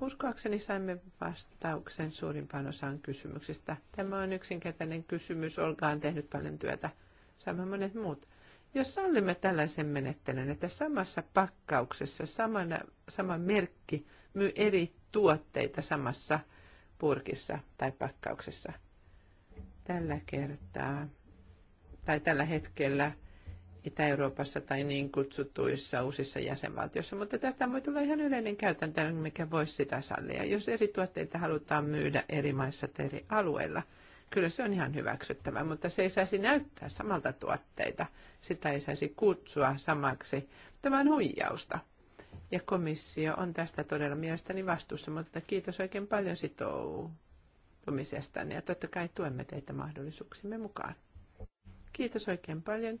Uskoakseni saimme vastauksen suurimpaan osaan kysymyksistä. Tämä on yksinkertainen kysymys, olkaan tehnyt paljon työtä. Saamme monet muut. Jos sallimme tällaisen menettelyn, että samassa pakkauksessa samana, sama merkki myy eri tuotteita samassa purkissa tai pakkauksessa, tällä kertaa tai tällä hetkellä Itä-Euroopassa tai niin kutsutuissa uusissa jäsenvaltioissa, mutta tästä voi tulla ihan yleinen käytäntö, mikä voisi sitä sallia. Jos eri tuotteita halutaan myydä eri maissa tai eri alueilla – Kyllä se on ihan hyväksyttävää, mutta se ei saisi näyttää samalta tuotteita. Sitä ei saisi kutsua samaksi. Tämä on huijausta. Ja komissio on tästä todella mielestäni vastuussa, mutta kiitos oikein paljon sitoutumisestanne ja totta kai tuemme teitä mahdollisuuksimme mukaan. Kiitos oikein paljon.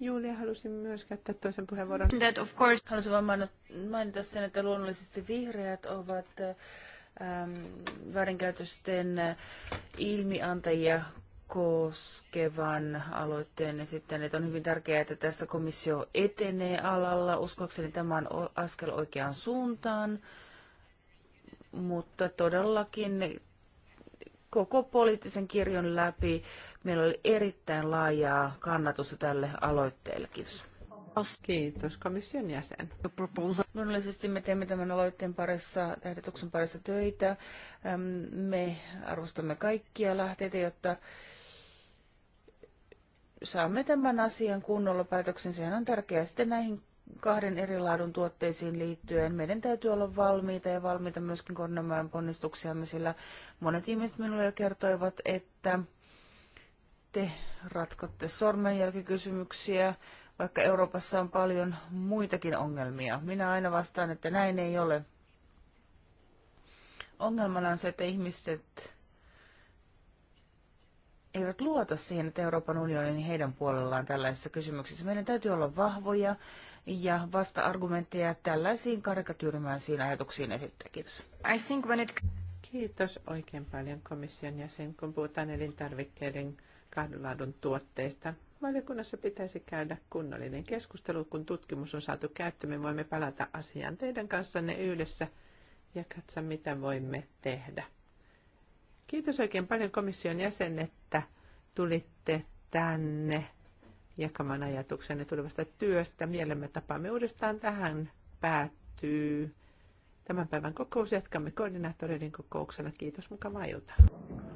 Julia halusi myös käyttää toisen puheenvuoron. That of course. Halusin vain mainita sen, että luonnollisesti vihreät ovat Ähm, väärinkäytösten äh, ilmiantajia koskevan aloitteen sitten Että on hyvin tärkeää, että tässä komissio etenee alalla. Uskoakseni tämä on askel oikeaan suuntaan, mutta todellakin koko poliittisen kirjon läpi meillä oli erittäin laajaa kannatusta tälle aloitteelle. Kiitos. Kiitos komission jäsen. Luonnollisesti me teemme tämän aloitteen parissa, ehdotuksen parissa töitä. Me arvostamme kaikkia lähteitä, jotta saamme tämän asian kunnolla päätöksen. Sehän on tärkeää sitten näihin kahden eri laadun tuotteisiin liittyen. Meidän täytyy olla valmiita ja valmiita myöskin koordinoimaan ponnistuksiamme, sillä monet ihmiset minulle jo kertoivat, että te ratkotte sormenjälkikysymyksiä vaikka Euroopassa on paljon muitakin ongelmia. Minä aina vastaan, että näin ei ole. Ongelmana on se, että ihmiset eivät luota siihen, että Euroopan unioni niin heidän puolellaan tällaisissa kysymyksissä. Meidän täytyy olla vahvoja ja vasta-argumentteja tällaisiin karikatyyrimäisiin ajatuksiin esittää. Kiitos. I think when it... Kiitos oikein paljon komission jäsen, kun puhutaan elintarvikkeiden kahdenlaadun tuotteista. Valiokunnassa pitäisi käydä kunnollinen keskustelu, kun tutkimus on saatu käyttöön. Me voimme palata asiaan teidän kanssanne yhdessä ja katsoa, mitä voimme tehdä. Kiitos oikein paljon komission jäsen, että tulitte tänne jakamaan ajatuksenne tulevasta työstä. Mielemme tapaamme uudestaan. Tähän päättyy tämän päivän kokous. Jatkamme koordinaattoreiden kokouksella. Kiitos, mukavaa iltaa.